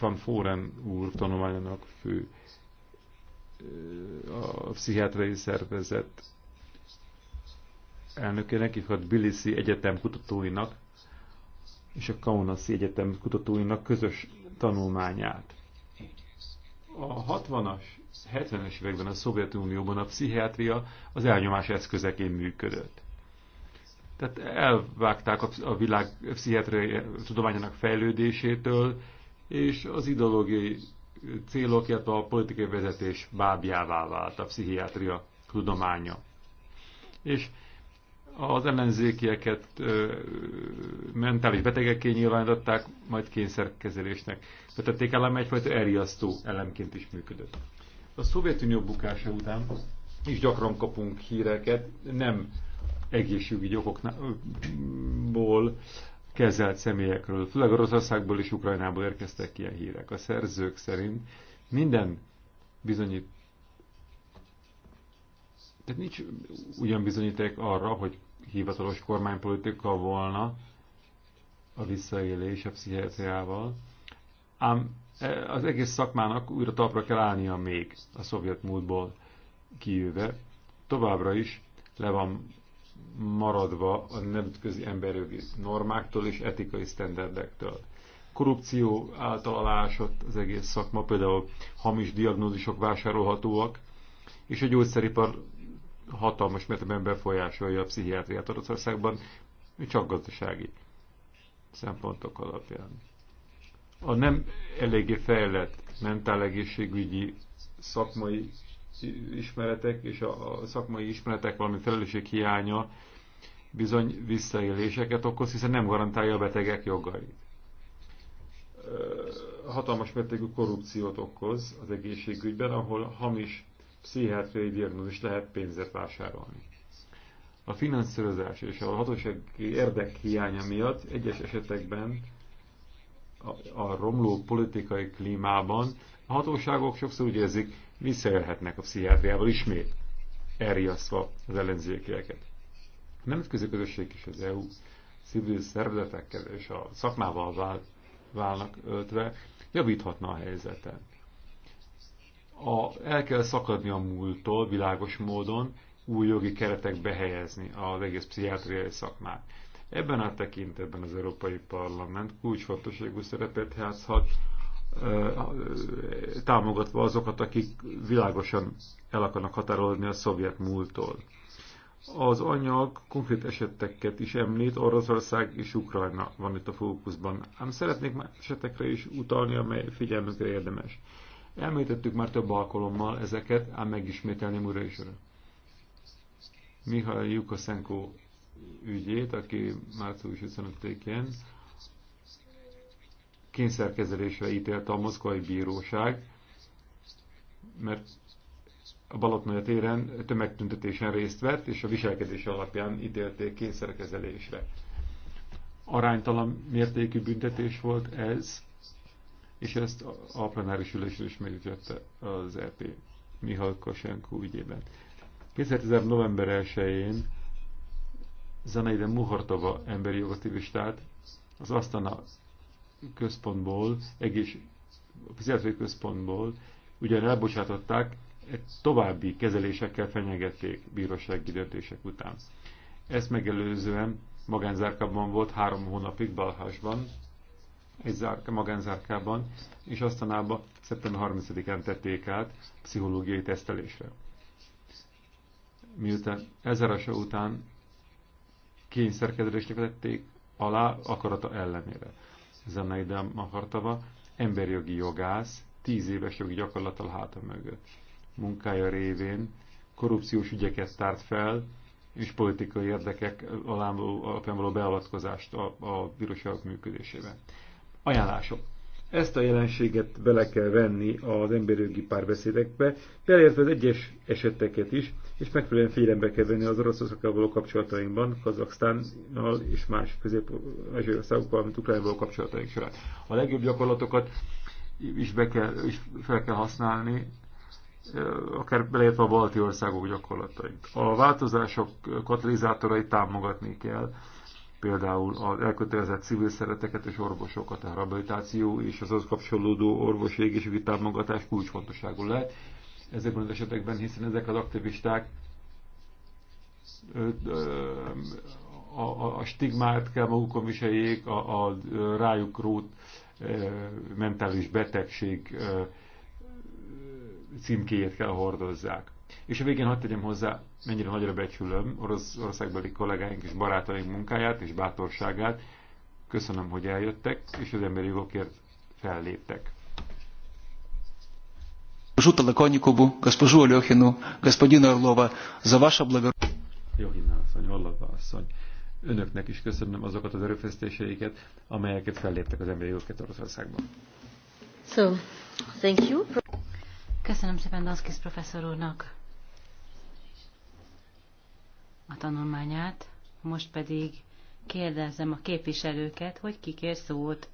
Van Foren úr tanulmányának fő a pszichiátriai szervezet elnökének, illetve a Tbilisi Egyetem kutatóinak és a Kaunasi Egyetem kutatóinak közös tanulmányát. A 60-as, 70-es években a Szovjetunióban a pszichiátria az elnyomás eszközeként működött. Tehát elvágták a világ pszichiátriai eh, tudományának fejlődésétől, és az ideológiai célok, illetve a politikai vezetés bábjává vált a pszichiátria tudománya. És az ellenzékieket ö, mentális betegekké nyilvánították, majd kényszerkezelésnek vetették el, amely egyfajta elriasztó elemként is működött. A Szovjetunió bukása után is gyakran kapunk híreket, nem egészségügyi okokból kezelt személyekről, főleg Oroszországból és Ukrajnából érkeztek ilyen hírek. A szerzők szerint minden bizonyít tehát nincs ugyan bizonyíték arra, hogy hivatalos kormánypolitika volna a visszaélés a pszichiátriával, ám e, az egész szakmának újra talpra kell állnia még a szovjet múltból kijöve. Továbbra is le van maradva a nemzetközi emberjogi normáktól és etikai sztenderdektől. Korrupció által alásott az egész szakma, például hamis diagnózisok vásárolhatóak, és a gyógyszeripar hatalmas mértékben befolyásolja a pszichiátriát Oroszországban, csak gazdasági szempontok alapján. A nem eléggé fejlett mentálegészségügyi szakmai ismeretek és a szakmai ismeretek valami felelősség hiánya bizony visszaéléseket okoz, hiszen nem garantálja a betegek jogait. Hatalmas mértékű korrupciót okoz az egészségügyben, ahol hamis pszichiátriai diagnózis lehet pénzért vásárolni. A finanszírozás és a hatósági érdek hiánya miatt egyes esetekben a, a romló politikai klímában a hatóságok sokszor úgy érzik, visszaérhetnek a pszichiátriával ismét, elriasztva az ellenzékieket. A nemzetközi közösség és az EU civil szervezetekkel és a szakmával vál, válnak öltve, javíthatna a helyzeten a, el kell szakadni a múltól világos módon, új jogi keretek behelyezni az egész pszichiátriai szakmát. Ebben a tekintetben az Európai Parlament kulcsfontosságú szerepet játszhat, támogatva azokat, akik világosan el akarnak határolni a szovjet múlttól. Az anyag konkrét eseteket is említ, Oroszország és Ukrajna van itt a fókuszban, ám szeretnék más esetekre is utalni, amely figyelmükre érdemes. Elmétettük már több alkalommal ezeket, ám megismételném újra is öre. Mihály Jukaszenko ügyét, aki március 25-én kényszerkezelésre ítélte a moszkvai bíróság, mert a Balotnaja téren tömegtüntetésen részt vett, és a viselkedés alapján ítélték kényszerkezelésre. Aránytalan mértékű büntetés volt ez, és ezt a plenáris ülésre is megütötte az EP Mihal Kosenko ügyében. 2010. november 1-én Zeneide Muhartova emberi jogativistát az Asztana központból, egész fizetői központból ugyan elbocsátották, további kezelésekkel fenyegették bírósági döntések után. Ezt megelőzően magánzárkában volt három hónapig Balhásban, egy zárka, magánzárkában, és aztánában szeptember 30-án tették át pszichológiai tesztelésre. Miután elzárása után kényszerkedésre tették alá akarata ellenére. Zenaida Mahartava, emberjogi jogász, tíz éves jogi gyakorlattal háta mögött. Munkája révén korrupciós ügyeket tárt fel, és politikai érdekek alapján való beavatkozást a, a bíróságok működésében ajánlások. Ezt a jelenséget bele kell venni az emberőgi párbeszédekbe, beleértve az egyes eseteket is, és megfelelően félembe kell venni az oroszokkal való kapcsolatainkban, Kazaksztánnal és más közép országokkal, mint Ukrajnával kapcsolataink során. A legjobb gyakorlatokat is, be kell, is fel kell használni, eh, akár beleértve a balti országok gyakorlatait. A változások katalizátorait támogatni kell, például az elkötelezett civil szereteket és orvosokat, a rehabilitáció és az az kapcsolódó orvosi egészségügyi támogatás kulcsfontosságú lehet ezekben az esetekben, hiszen ezek az aktivisták a, a, a stigmát kell magukon viseljék, a, a rájuk rót mentális betegség címkéjét kell hordozzák. És a végén hadd tegyem hozzá, mennyire nagyra becsülöm orosz, országbeli kollégáink és barátaink munkáját és bátorságát. Köszönöm, hogy eljöttek, és az emberi jogokért felléptek. Госпожу Толоконникову, госпожу Алехину, господина Орлова, за ваше благодарность. Johina asszony, Orlova asszony, önöknek is köszönöm azokat az erőfeszítéseiket, amelyeket felléptek az emberi jogokat Oroszországban. So, thank you. Köszönöm szépen Danskis professzor úrnak a tanulmányát, most pedig kérdezem a képviselőket, hogy kér szót.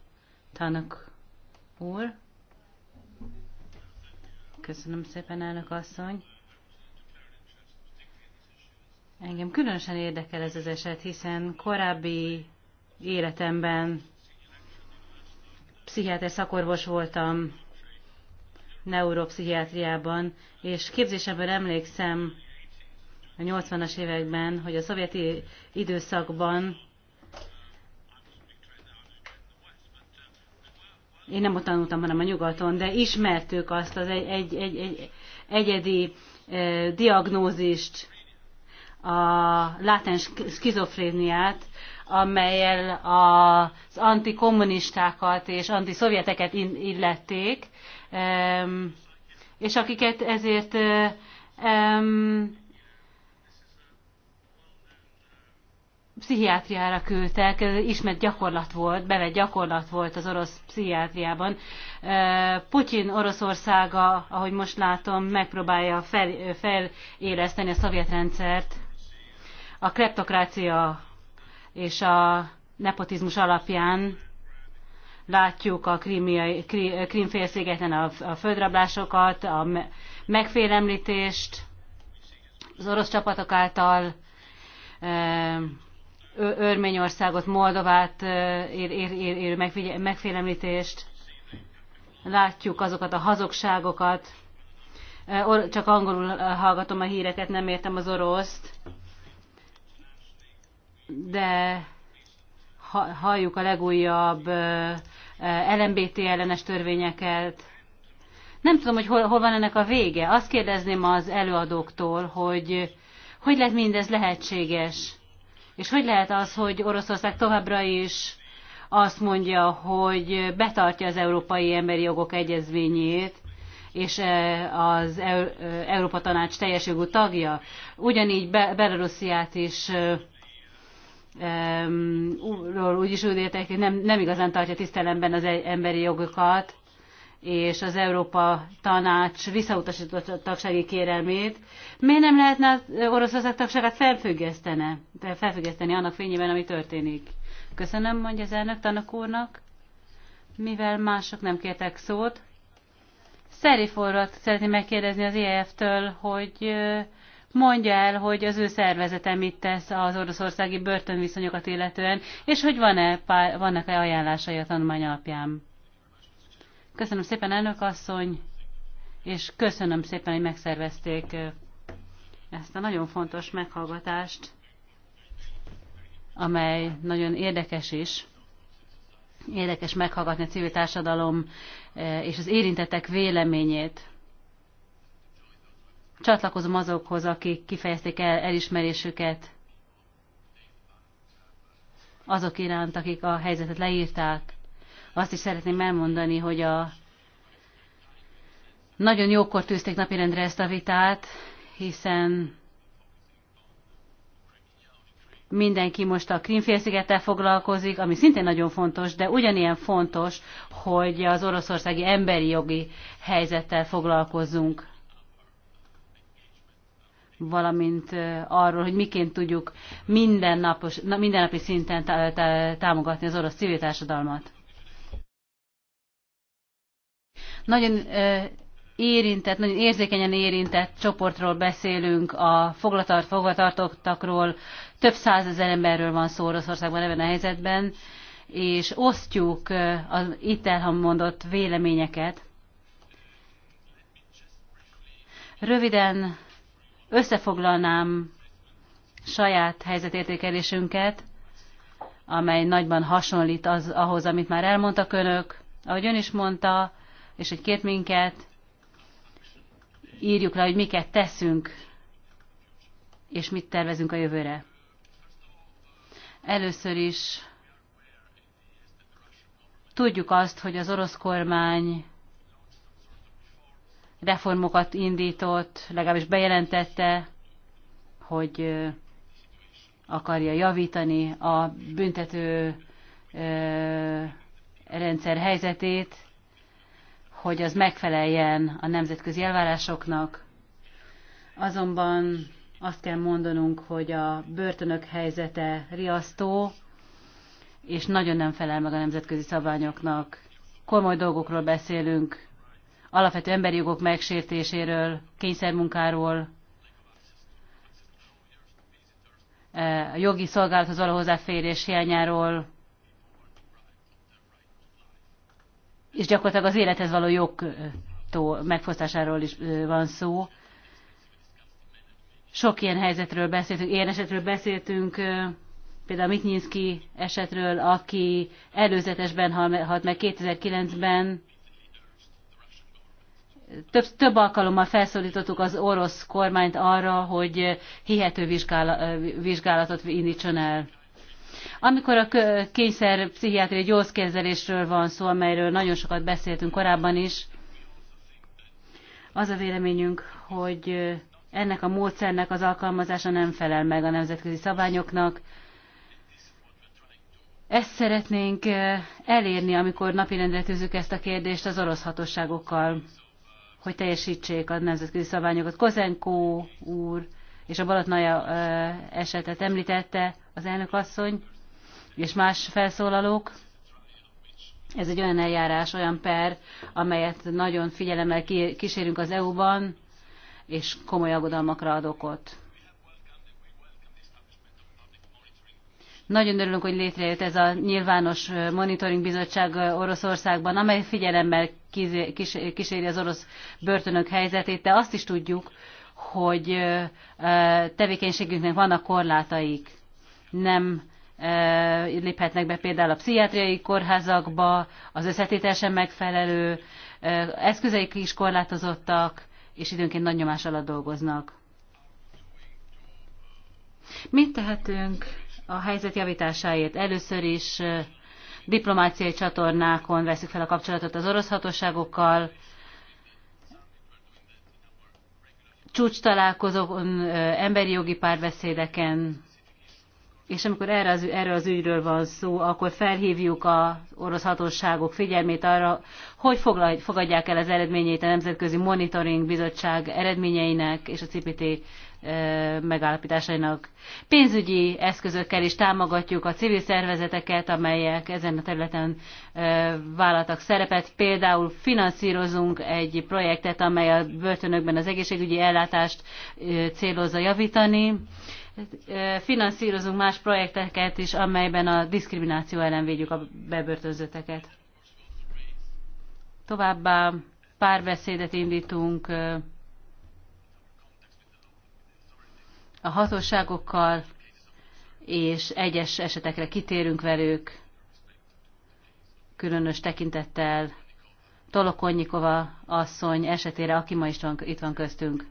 Tanak úr. Köszönöm szépen, elnök asszony. Engem különösen érdekel ez az eset, hiszen korábbi életemben pszichiáter szakorvos voltam neuropszichiátriában, és képzésemből emlékszem a 80-as években, hogy a szovjeti időszakban én nem ott tanultam, hanem a nyugaton, de ismertük azt az egy, egy, egy, egy egyedi eh, diagnózist, a látens skizofréniát, amelyel az antikommunistákat és antiszovjeteket illették, és akiket ezért pszichiátriára küldtek, ismert gyakorlat volt, bevett gyakorlat volt az orosz pszichiátriában. Putyin Oroszországa, ahogy most látom, megpróbálja fel, feléleszteni a szovjet rendszert. A kleptokrácia és a nepotizmus alapján látjuk a Krímfélszigeten a, a földrablásokat, a megfélemlítést az orosz csapatok által Örményországot, Moldovát ér, megfélemlítést. Látjuk azokat a hazugságokat. Csak angolul hallgatom a híreket, nem értem az oroszt. De halljuk a legújabb LMBT ellenes törvényeket. Nem tudom, hogy hol, hol van ennek a vége. Azt kérdezném az előadóktól, hogy hogy lehet mindez lehetséges és hogy lehet az, hogy Oroszország továbbra is azt mondja, hogy betartja az Európai Emberi Jogok Egyezményét, és e, az e, Európa Tanács teljes jogú tagja. Ugyanígy Belarusziát is um, e, úgyis úgy értek, hogy nem, nem igazán tartja tisztelemben az emberi jogokat, és az Európa Tanács visszautasította a tagsági kérelmét, miért nem lehetne az Oroszország tagságát felfüggesztene, felfüggeszteni annak fényében, ami történik? Köszönöm, mondja az elnök tanak úrnak. Mivel mások nem kértek szót, forrat szeretném megkérdezni az IEF-től, hogy mondja el, hogy az ő szervezete mit tesz az oroszországi börtönviszonyokat illetően, és hogy van-e, vannak-e ajánlásai a tanulmány alapján. Köszönöm szépen, elnök asszony, és köszönöm szépen, hogy megszervezték ezt a nagyon fontos meghallgatást, amely nagyon érdekes is. Érdekes meghallgatni a civil társadalom és az érintettek véleményét. Csatlakozom azokhoz, akik kifejezték el elismerésüket azok iránt, akik a helyzetet leírták. Azt is szeretném elmondani, hogy a nagyon jókor tűzték napirendre ezt a vitát, hiszen mindenki most a Krímfélszigettel foglalkozik, ami szintén nagyon fontos, de ugyanilyen fontos, hogy az oroszországi emberi jogi helyzettel foglalkozzunk valamint arról, hogy miként tudjuk mindennapos, mindennapi szinten támogatni az orosz civil társadalmat. Nagyon érintett, nagyon érzékenyen érintett csoportról beszélünk, a foglatart, fogvatartottakról, több százezer emberről van szó Oroszországban ebben a helyzetben, és osztjuk az itt elmondott véleményeket. Röviden összefoglalnám saját helyzetértékelésünket, amely nagyban hasonlít az, ahhoz, amit már elmondtak önök. Ahogy ön is mondta, és hogy kért minket, írjuk le, hogy miket teszünk, és mit tervezünk a jövőre. Először is tudjuk azt, hogy az orosz kormány reformokat indított, legalábbis bejelentette, hogy akarja javítani a büntető rendszer helyzetét, hogy az megfeleljen a nemzetközi elvárásoknak. Azonban azt kell mondanunk, hogy a börtönök helyzete riasztó, és nagyon nem felel meg a nemzetközi szabványoknak. Komoly dolgokról beszélünk, alapvető emberi jogok megsértéséről, kényszermunkáról, eh, a jogi szolgálathoz való hozzáférés hiányáról, és gyakorlatilag az élethez való jogtól megfosztásáról is van szó. Sok ilyen helyzetről beszéltünk, ilyen esetről beszéltünk, például Mitnyinszki esetről, aki előzetesben halt meg 2009-ben, több, több alkalommal felszólítottuk az orosz kormányt arra, hogy hihető vizsgálatot indítson el. Amikor a kényszer pszichiátriai gyógyszerkezelésről van szó, amelyről nagyon sokat beszéltünk korábban is, az a véleményünk, hogy ennek a módszernek az alkalmazása nem felel meg a nemzetközi szabályoknak. Ezt szeretnénk elérni, amikor napirendre tűzük ezt a kérdést az orosz hatóságokkal, hogy teljesítsék a nemzetközi szabályokat. Kozenkó úr és a Balatnaja esetet említette az elnök asszony és más felszólalók. Ez egy olyan eljárás, olyan per, amelyet nagyon figyelemmel kísérünk az EU-ban, és komoly aggodalmakra ad okot. Nagyon örülünk, hogy létrejött ez a nyilvános monitoring bizottság Oroszországban, amely figyelemmel kíséri az orosz börtönök helyzetét, de azt is tudjuk, hogy tevékenységünknek vannak korlátaik. Nem E, léphetnek be például a pszichiátriai kórházakba, az összetételesen megfelelő, e, eszközeik is korlátozottak, és időnként nagy nyomás alatt dolgoznak. Mit tehetünk a helyzet javításáért? Először is e, diplomáciai csatornákon veszük fel a kapcsolatot az orosz hatóságokkal, csúcs találkozókon, emberi jogi párbeszédeken, és amikor erre az, erről az ügyről van szó, akkor felhívjuk az orosz hatóságok figyelmét arra, hogy foglalj, fogadják el az eredményeit a Nemzetközi Monitoring Bizottság eredményeinek és a CPT megállapításainak. Pénzügyi eszközökkel is támogatjuk a civil szervezeteket, amelyek ezen a területen vállaltak szerepet. Például finanszírozunk egy projektet, amely a börtönökben az egészségügyi ellátást célozza javítani finanszírozunk más projekteket is, amelyben a diszkrimináció ellen védjük a bebörtözötteket. Továbbá párbeszédet indítunk a hatóságokkal, és egyes esetekre kitérünk velük, különös tekintettel Tolokonyikova asszony esetére, aki ma is van, itt van köztünk.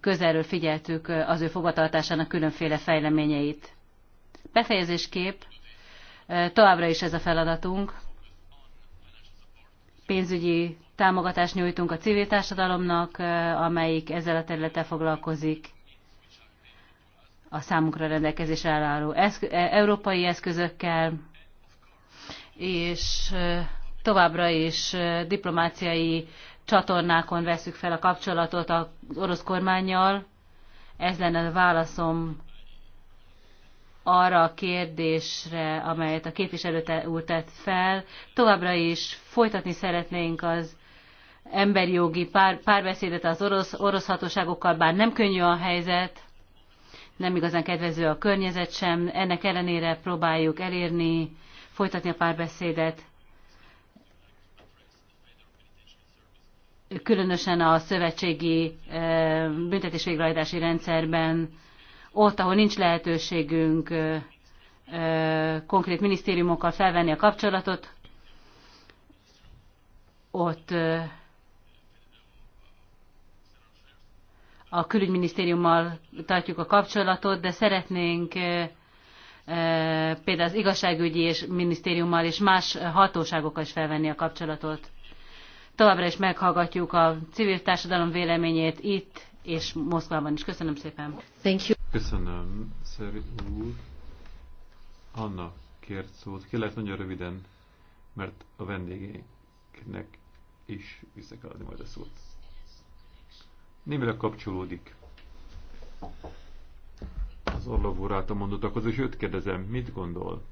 közelről figyeltük az ő fogvatartásának különféle fejleményeit. Befejezésképp továbbra is ez a feladatunk. Pénzügyi támogatást nyújtunk a civil társadalomnak, amelyik ezzel a területtel foglalkozik a számukra rendelkezésre álló e, európai eszközökkel, és továbbra is diplomáciai csatornákon veszük fel a kapcsolatot az orosz kormányjal. Ez lenne a válaszom arra a kérdésre, amelyet a képviselő úr tett fel. Továbbra is folytatni szeretnénk az emberi jogi pár, párbeszédet az orosz, orosz hatóságokkal, bár nem könnyű a helyzet, nem igazán kedvező a környezet sem, ennek ellenére próbáljuk elérni, folytatni a párbeszédet különösen a szövetségi e, büntetésvégrehajtási rendszerben, ott, ahol nincs lehetőségünk e, e, konkrét minisztériumokkal felvenni a kapcsolatot, ott a külügyminisztériummal tartjuk a kapcsolatot, de szeretnénk például az igazságügyi és minisztériummal és más hatóságokkal is felvenni a kapcsolatot. Továbbra is meghallgatjuk a civil társadalom véleményét itt és Moszkvában is. Köszönöm szépen. Thank you. Köszönöm, Szeri úr. Anna kért szót. Kérlek nagyon röviden, mert a vendégeknek is vissza kell adni majd a szót. Némileg kapcsolódik az Orlov úr által mondottakhoz, és őt kérdezem, mit gondol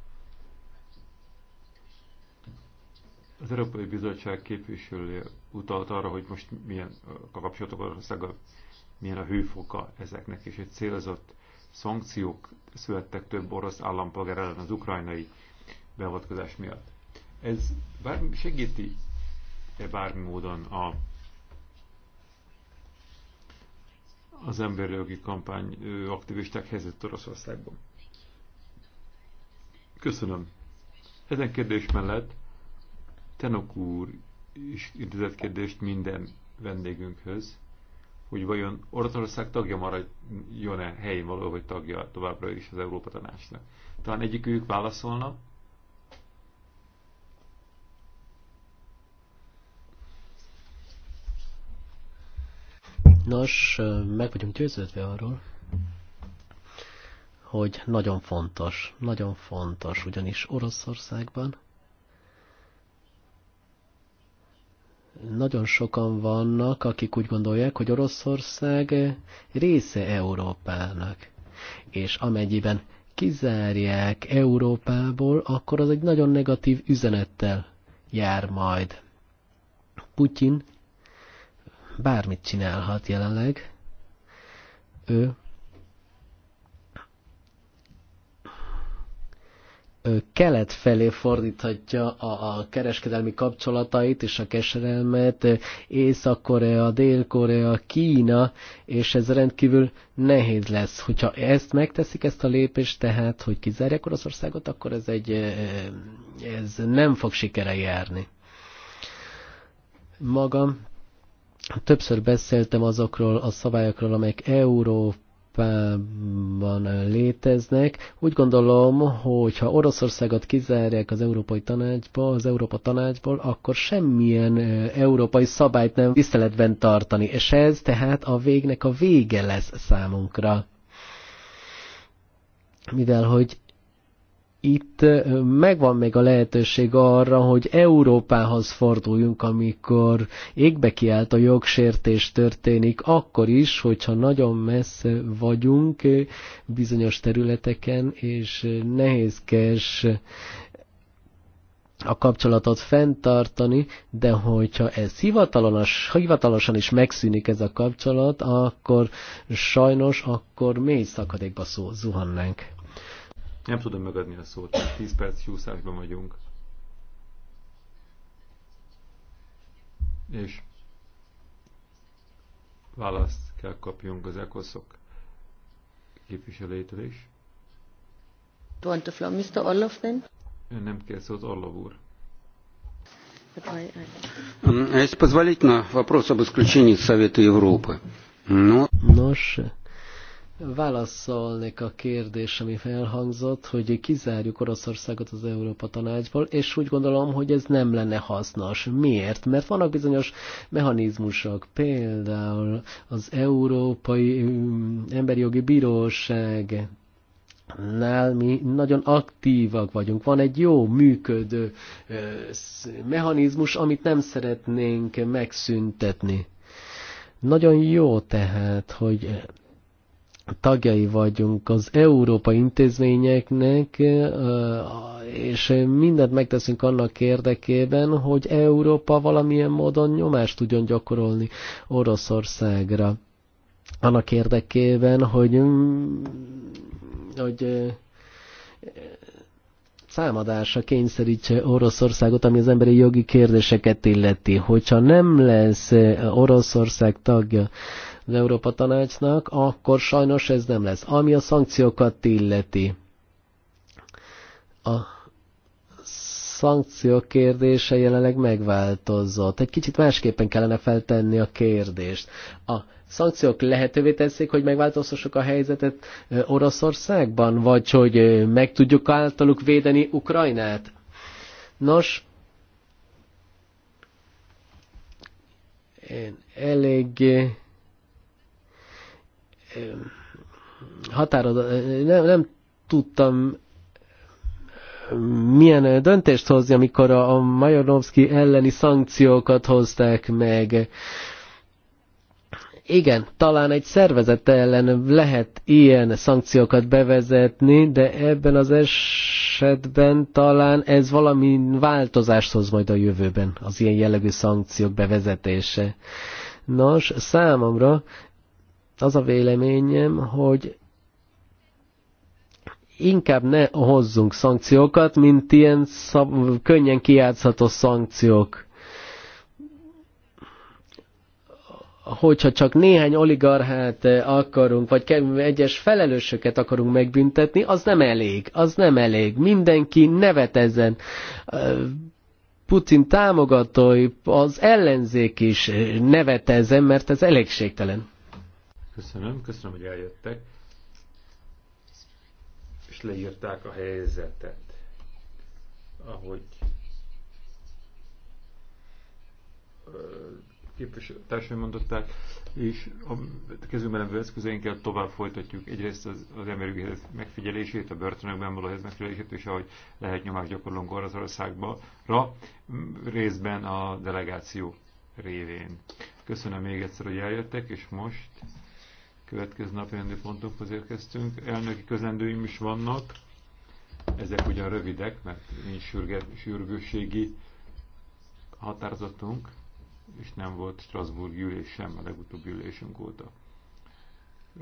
Az Európai Bizottság képviselője utalt arra, hogy most milyen a kapcsolatok Oroszággal, milyen a hőfoka ezeknek, és egy célzott szankciók születtek több orosz állampolgár ellen az ukrajnai beavatkozás miatt. Ez bármi, segíti -e bármi módon a, az jogi kampány aktivisták helyzet Oroszországban? Köszönöm. Ezen kérdés mellett Tenok úr is intézett kérdést minden vendégünkhöz, hogy vajon Oroszország tagja maradjon-e helyén való, hogy tagja továbbra is az Európa Tanácsnak. Talán egyikük válaszolna. Nos, meg vagyunk győződve arról, hogy nagyon fontos, nagyon fontos, ugyanis Oroszországban nagyon sokan vannak, akik úgy gondolják, hogy Oroszország része Európának. És amennyiben kizárják Európából, akkor az egy nagyon negatív üzenettel jár majd. Putyin bármit csinálhat jelenleg. Ő kelet felé fordíthatja a, a kereskedelmi kapcsolatait és a keserelmet Észak-Korea, Dél-Korea, Kína, és ez rendkívül nehéz lesz. Hogyha ezt megteszik, ezt a lépést, tehát, hogy kizárják Oroszországot, akkor ez, egy, ez nem fog sikere járni. Magam többször beszéltem azokról a szabályokról, amelyek Európa Európában léteznek. Úgy gondolom, hogy ha Oroszországot kizárják az Európai Tanácsba, az Európa Tanácsból, akkor semmilyen európai szabályt nem tiszteletben tartani, és ez tehát a végnek a vége lesz számunkra. Mivel, hogy itt megvan még a lehetőség arra, hogy Európához forduljunk, amikor égbe kiállt a jogsértés történik, akkor is, hogyha nagyon messze vagyunk bizonyos területeken, és nehézkes a kapcsolatot fenntartani, de hogyha ez hivatalos, hivatalosan is megszűnik ez a kapcsolat, akkor sajnos, akkor mély szakadékba szó, zuhannánk. Nem tudom megadni a szót, 10 perc 20 vagyunk. És választ kell kapjunk az ekoszok képviselőjétől is. want to Mr. Orlov then? Ön nem kér szót, Orlov úr. Если позволительно, вопрос об исключении Совета Европы. Но... Nos, Válaszolnék a kérdés, ami felhangzott, hogy kizárjuk Oroszországot az Európa Tanácsból, és úgy gondolom, hogy ez nem lenne hasznos. Miért? Mert vannak bizonyos mechanizmusok, például az Európai um, Emberi Jogi Bíróság nál mi nagyon aktívak vagyunk. Van egy jó működő mechanizmus, amit nem szeretnénk megszüntetni. Nagyon jó tehát, hogy tagjai vagyunk az európai intézményeknek, és mindent megteszünk annak érdekében, hogy Európa valamilyen módon nyomást tudjon gyakorolni Oroszországra. Annak érdekében, hogy, mm, hogy számadásra kényszerítse Oroszországot, ami az emberi jogi kérdéseket illeti. Hogyha nem lesz Oroszország tagja az Európa Tanácsnak, akkor sajnos ez nem lesz. Ami a szankciókat illeti. A szankciók kérdése jelenleg megváltozott. Egy kicsit másképpen kellene feltenni a kérdést. A szankciók lehetővé teszik, hogy megváltoztassuk a helyzetet Oroszországban, vagy hogy meg tudjuk általuk védeni Ukrajnát? Nos, én eléggé határod, nem, nem tudtam milyen döntést hozni, amikor a, a Majornovszki elleni szankciókat hozták meg. Igen, talán egy szervezet ellen lehet ilyen szankciókat bevezetni, de ebben az esetben talán ez valami változást hoz majd a jövőben, az ilyen jellegű szankciók bevezetése. Nos, számomra az a véleményem, hogy inkább ne hozzunk szankciókat, mint ilyen szab- könnyen kiátszható szankciók. Hogyha csak néhány oligarchát eh, akarunk, vagy egyes felelősöket akarunk megbüntetni, az nem elég. Az nem elég. Mindenki nevet ezen. Eh, Putin támogatói, az ellenzék is eh, nevet ezen, mert ez elégségtelen. Köszönöm, köszönöm, hogy eljöttek. És leírták a helyzetet, ahogy képviselőtársai mondották, és a kezünkben levő eszközeinkkel tovább folytatjuk egyrészt az, az emberi megfigyelését, a börtönökben való megfigyelését, és ahogy lehet nyomást gyakorlunk Oroszországba, részben a delegáció révén. Köszönöm még egyszer, hogy eljöttek, és most következő napi pontokhoz érkeztünk. Elnöki közlendőim is vannak. Ezek ugyan rövidek, mert nincs sürgősségi határozatunk, és nem volt Strasbourg ülés sem a legutóbbi ülésünk óta.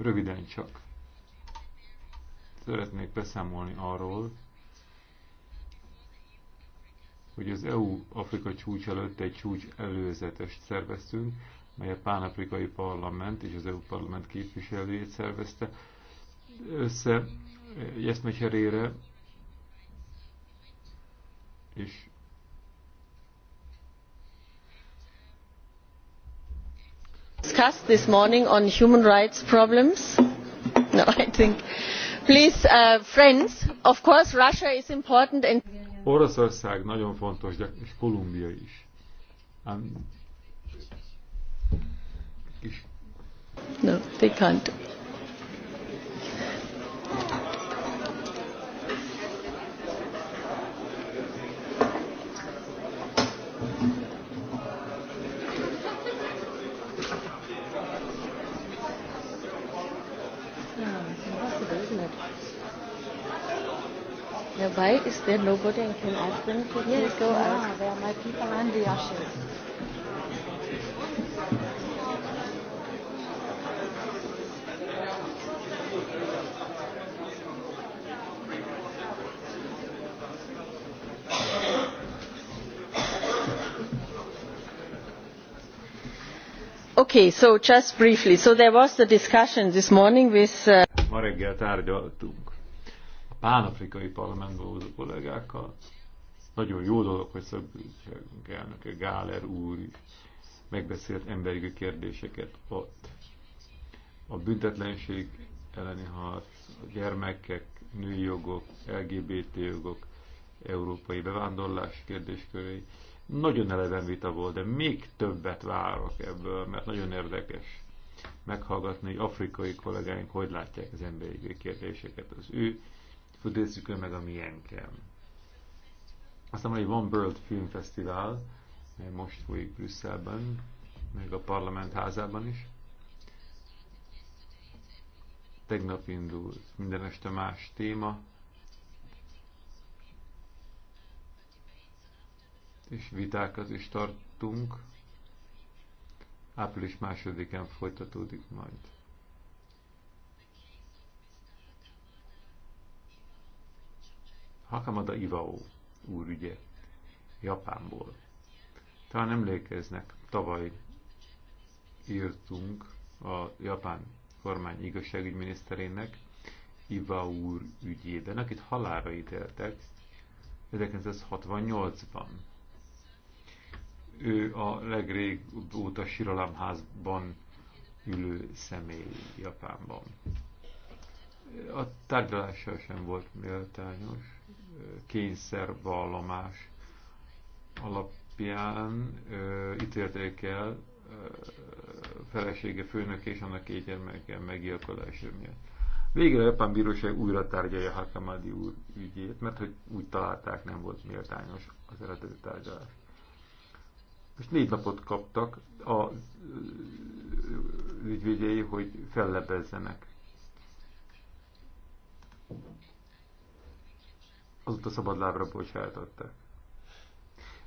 Röviden csak. Szeretnék beszámolni arról, hogy az EU-Afrika csúcs előtt egy csúcs előzetest szerveztünk, mely a Pánafrikai Parlament és az EU Parlament képviselőjét szervezte össze eszmecserére, és discussed this morning on human rights problems. No, I think. Please, uh, friends, of course Russia is important and... Oroszország nagyon fontos, de és Kolumbia is. Ám No, they can't. Why is there nobody and can ask them to yes, go out? Yes, they are my people and the ushers. Ma reggel tárgyaltunk a pánafrikai parlamentben a kollégákkal. Nagyon jó dolog, hogy szakbizottságunk elnöke Gáler úr is megbeszélt emberi kérdéseket ott. A büntetlenség elleni harc, a gyermekek, női jogok, LGBT jogok, európai bevándorlás kérdéskörei, nagyon eleven vita volt, de még többet várok ebből, mert nagyon érdekes meghallgatni, hogy afrikai kollégáink hogy látják az emberi kérdéseket. Az ő fudészükön meg a miénken. Aztán van egy One World Film mely most folyik Brüsszelben, meg a parlament házában is. Tegnap indult minden este más téma, és vitákat is tartunk. Április másodikán folytatódik majd. Hakamada Ivao úr ügye, Japánból. Talán emlékeznek, tavaly írtunk a japán kormány igazságügyminiszterének Iva úr ügyében, akit halára ítéltek 1968-ban ő a legrégóta síralámházban ülő személy Japánban. A tárgyalással sem volt méltányos, kényszervallomás alapján ö, ítélték el ö, felesége főnök és annak két gyermeke meggyilkolása miatt. Végre a japán bíróság újra tárgyalja Hakamadi úr ügyét, mert hogy úgy találták, nem volt méltányos az eredeti tárgyalás. Most négy napot kaptak a ügyvédjei, hogy fellebezzenek. Azóta szabadlábra bocsátották.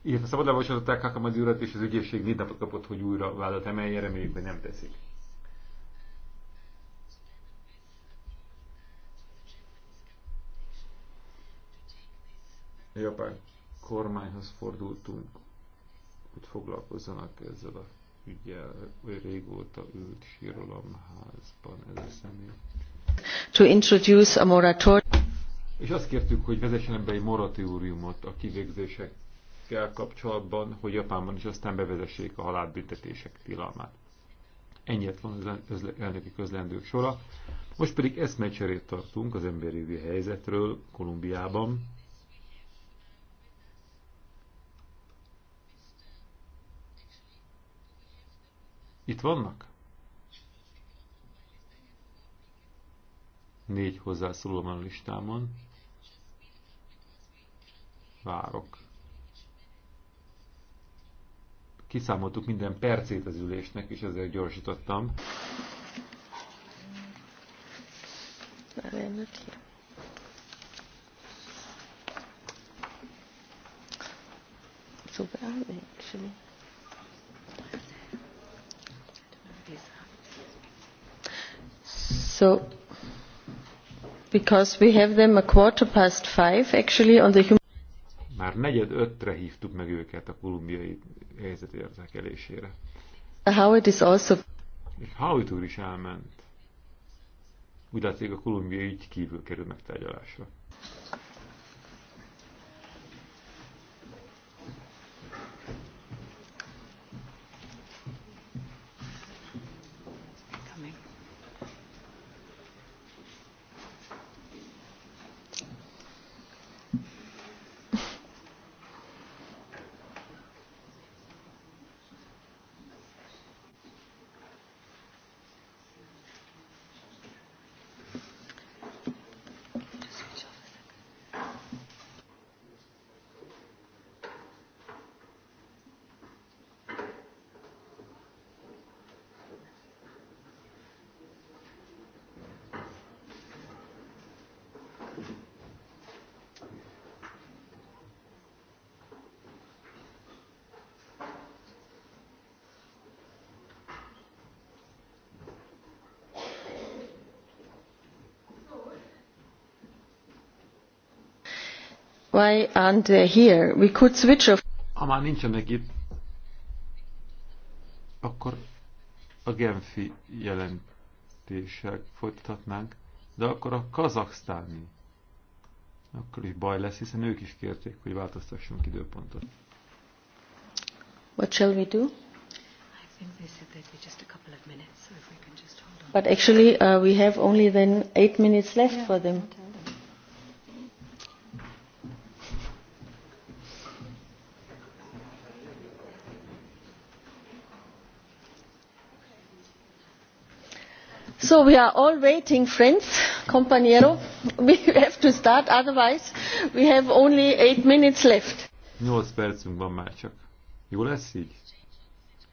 Illetve szabadlábra bocsátották Hakamadi urat, és az ügyészség négy napot kapott, hogy újra vállalt emeljen, reméljük, hogy nem teszik. japán kormányhoz fordultunk, hogy foglalkozzanak ezzel a ügyel, régóta ült sírolomházban ez a személy. To introduce a moratorium. És azt kértük, hogy vezessen be egy moratóriumot a kivégzésekkel kapcsolatban, hogy Japánban is aztán bevezessék a halálbüntetések tilalmát. Ennyit van az elnöki közlendők sora. Most pedig eszmecserét tartunk az emberi helyzetről Kolumbiában Itt vannak? Négy hozzászóló van a listámon. Várok. Kiszámoltuk minden percét az ülésnek, és ezért gyorsítottam. Szóval, még semmi. So, because we have them a quarter past five, actually, on the human... Már negyed ötre hívtuk meg őket a kolumbiai helyzet érdekelésére. Howard is also... Howard úr is elment. Úgy látszik, a kolumbiai ügy kívül kerül megtárgyalásra. Why aren't they here? We could switch off. Ha már nincsenek itt, akkor a Genfi jelentéssel folytatnánk, de akkor a kazaksztáni. Akkor is baj lesz, hiszen ők is kérték, hogy változtassunk időpontot. What shall we do? I think they said there'd be just a couple of minutes, so if we can just hold on. But actually, uh, we have only then eight minutes left yeah, for them. Okay. so we are all waiting friends compañero we have to start otherwise we have only eight minutes left. Nyolc percünk van már csak. Jó lesz így?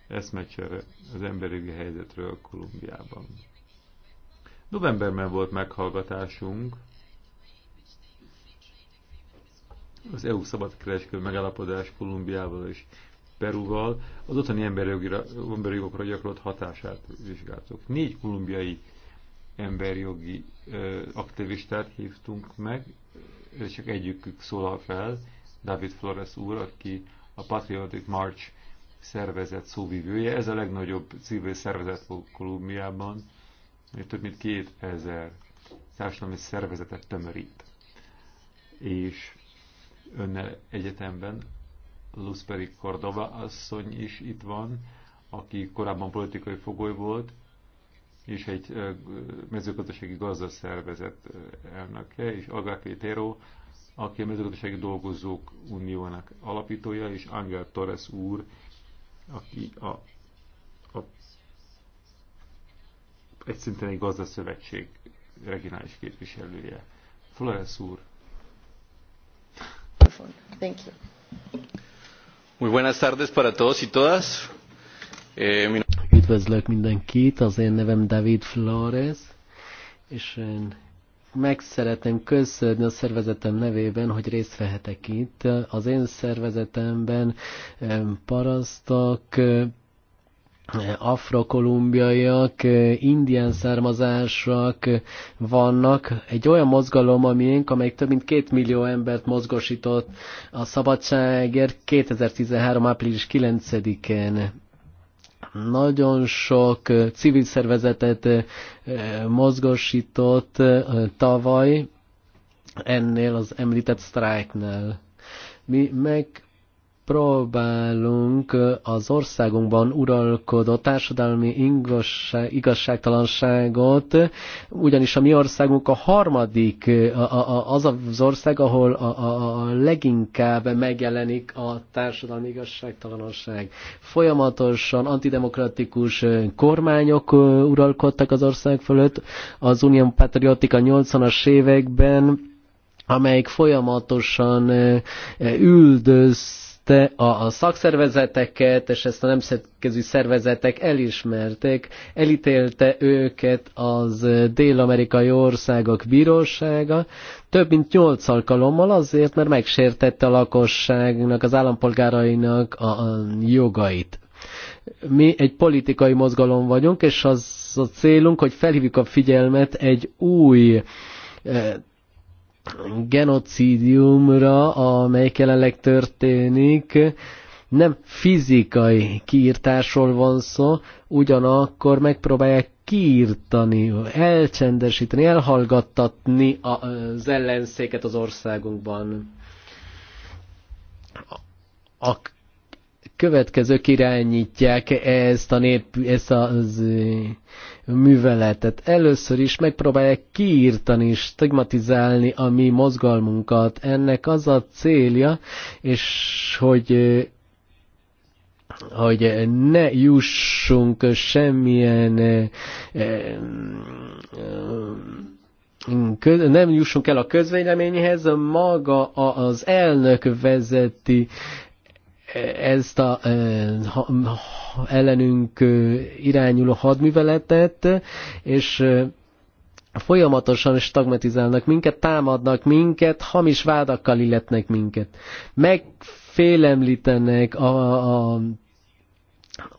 Eszmecsere az emberi helyzetről Kolumbiában. Novemberben volt meghallgatásunk az EU szabadkereskedő megállapodás Kolumbiával és Perúval az ottani emberi jogokra gyakorolt hatását vizsgáltuk. Négy kolumbiai emberjogi ö, aktivistát hívtunk meg, és csak egyikük szólal fel, David Flores úr, aki a Patriotic March szervezet szóvivője. Ez a legnagyobb civil szervezet volt Kolumbiában, és több mint 2000 társadalmi szervezetet tömörít. És önnel egyetemben Luzperi Cordova asszony is itt van, aki korábban politikai fogoly volt, és egy mezőgazdasági gazdaszervezet elnöke, és Agapé Tero, aki a mezőgazdasági dolgozók uniónak alapítója, és Angel Torres úr, aki a, a egy szinten egy gazdaszövetség regionális képviselője. Flores úr. Thank you. Eh, Üdvözlök mindenkit, az én nevem David Flores, és én meg szeretném köszönni a szervezetem nevében, hogy részt vehetek itt. Az én szervezetemben parasztok, afrokolumbiaiak, eh, indián származásak vannak. Egy olyan mozgalom, amilyen, amely több mint két millió embert mozgosított a szabadságért 2013. április 9-én. Nagyon sok eh, civil szervezetet eh, mozgosított tavaly ennél az említett sztrájknál. Mi meg próbálunk az országunkban uralkodó társadalmi ingosság, igazságtalanságot, ugyanis a mi országunk a harmadik, az az ország, ahol a, a leginkább megjelenik a társadalmi igazságtalanság. Folyamatosan antidemokratikus kormányok uralkodtak az ország fölött, az Unión Patriotica 80-as években, amelyik folyamatosan üldöz ezt a szakszervezeteket és ezt a nemzetközi szervezetek elismerték, elítélte őket az dél-amerikai országok bírósága több mint nyolc alkalommal azért, mert megsértette a lakosságnak, az állampolgárainak a jogait mi egy politikai mozgalom vagyunk, és az a célunk, hogy felhívjuk a figyelmet egy új eh, genocidiumra, amely jelenleg történik, nem fizikai kiírtásról van szó, ugyanakkor megpróbálják kiírtani, elcsendesíteni, elhallgattatni az ellenszéket az országunkban. A következők irányítják ezt a nép, ezt az műveletet. Először is megpróbálják kiírtani, stigmatizálni a mi mozgalmunkat. Ennek az a célja, és hogy hogy ne jussunk semmilyen eh, eh, nem jussunk el a közvéleményhez, maga az elnök vezeti ezt a ellenünk irányuló hadműveletet, és folyamatosan stagmatizálnak minket, támadnak minket, hamis vádakkal illetnek minket. Megfélemlítenek a, a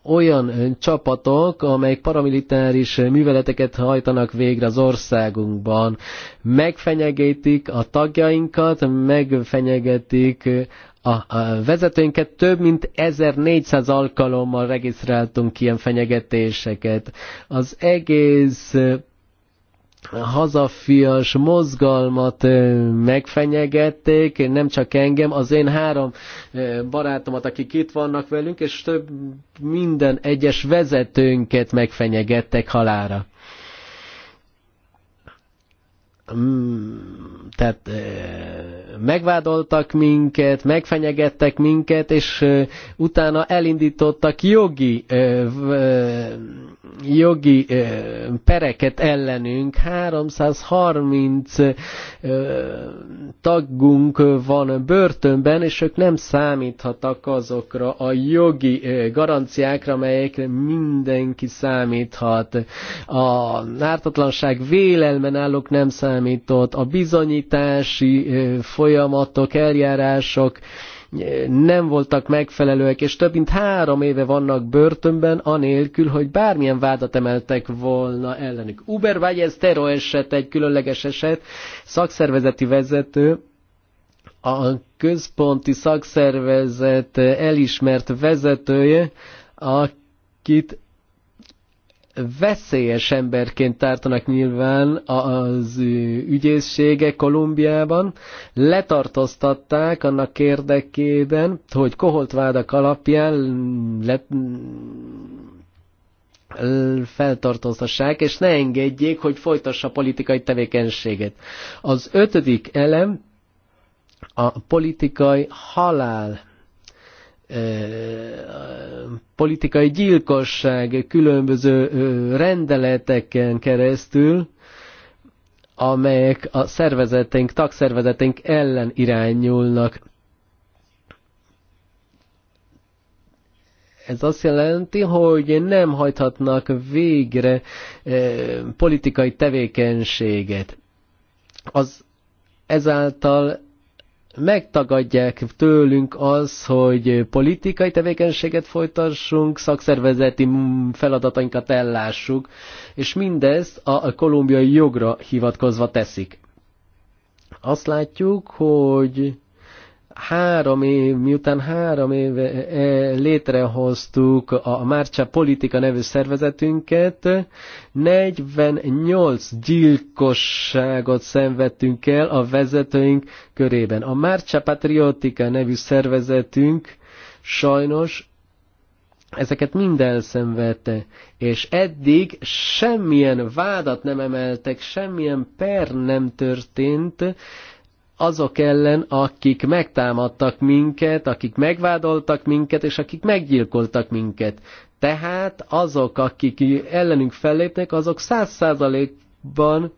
olyan csapatok, amelyek paramilitáris műveleteket hajtanak végre az országunkban. Megfenyegetik a tagjainkat, megfenyegetik a, vezetőinket több mint 1400 alkalommal regisztráltunk ilyen fenyegetéseket. Az egész hazafias mozgalmat megfenyegették, nem csak engem, az én három barátomat, akik itt vannak velünk, és több minden egyes vezetőnket megfenyegettek halára. Mm, tehát megvádoltak minket, megfenyegettek minket, és utána elindítottak jogi, jogi pereket ellenünk. 330 tagunk van börtönben, és ők nem számíthattak azokra a jogi garanciákra, amelyekre mindenki számíthat. A nártatlanság vélelmen állók nem számíthatnak számított, a bizonyítási folyamatok, eljárások nem voltak megfelelőek, és több mint három éve vannak börtönben, anélkül, hogy bármilyen vádat emeltek volna ellenük. Uber vagy ez Tero eset, egy különleges eset, szakszervezeti vezető, a központi szakszervezet elismert vezetője, akit veszélyes emberként tartanak nyilván az ügyészsége Kolumbiában. Letartóztatták annak érdekében, hogy koholtvádak alapján let, feltartóztassák, és ne engedjék, hogy folytassa politikai tevékenységet. Az ötödik elem a politikai halál politikai gyilkosság különböző rendeleteken keresztül, amelyek a szervezeténk, tagszervezeténk ellen irányulnak. Ez azt jelenti, hogy nem hajthatnak végre politikai tevékenységet. Az ezáltal megtagadják tőlünk az, hogy politikai tevékenységet folytassunk, szakszervezeti feladatainkat ellássuk, és mindezt a kolumbiai jogra hivatkozva teszik. Azt látjuk, hogy három év, miután három év eh, létrehoztuk a Márcsa Politika nevű szervezetünket, 48 gyilkosságot szenvedtünk el a vezetőink körében. A Márcsa Patriotika nevű szervezetünk sajnos ezeket mind elszenvedte, és eddig semmilyen vádat nem emeltek, semmilyen per nem történt, azok ellen, akik megtámadtak minket, akik megvádoltak minket, és akik meggyilkoltak minket. Tehát azok, akik ellenünk fellépnek, azok száz százalékban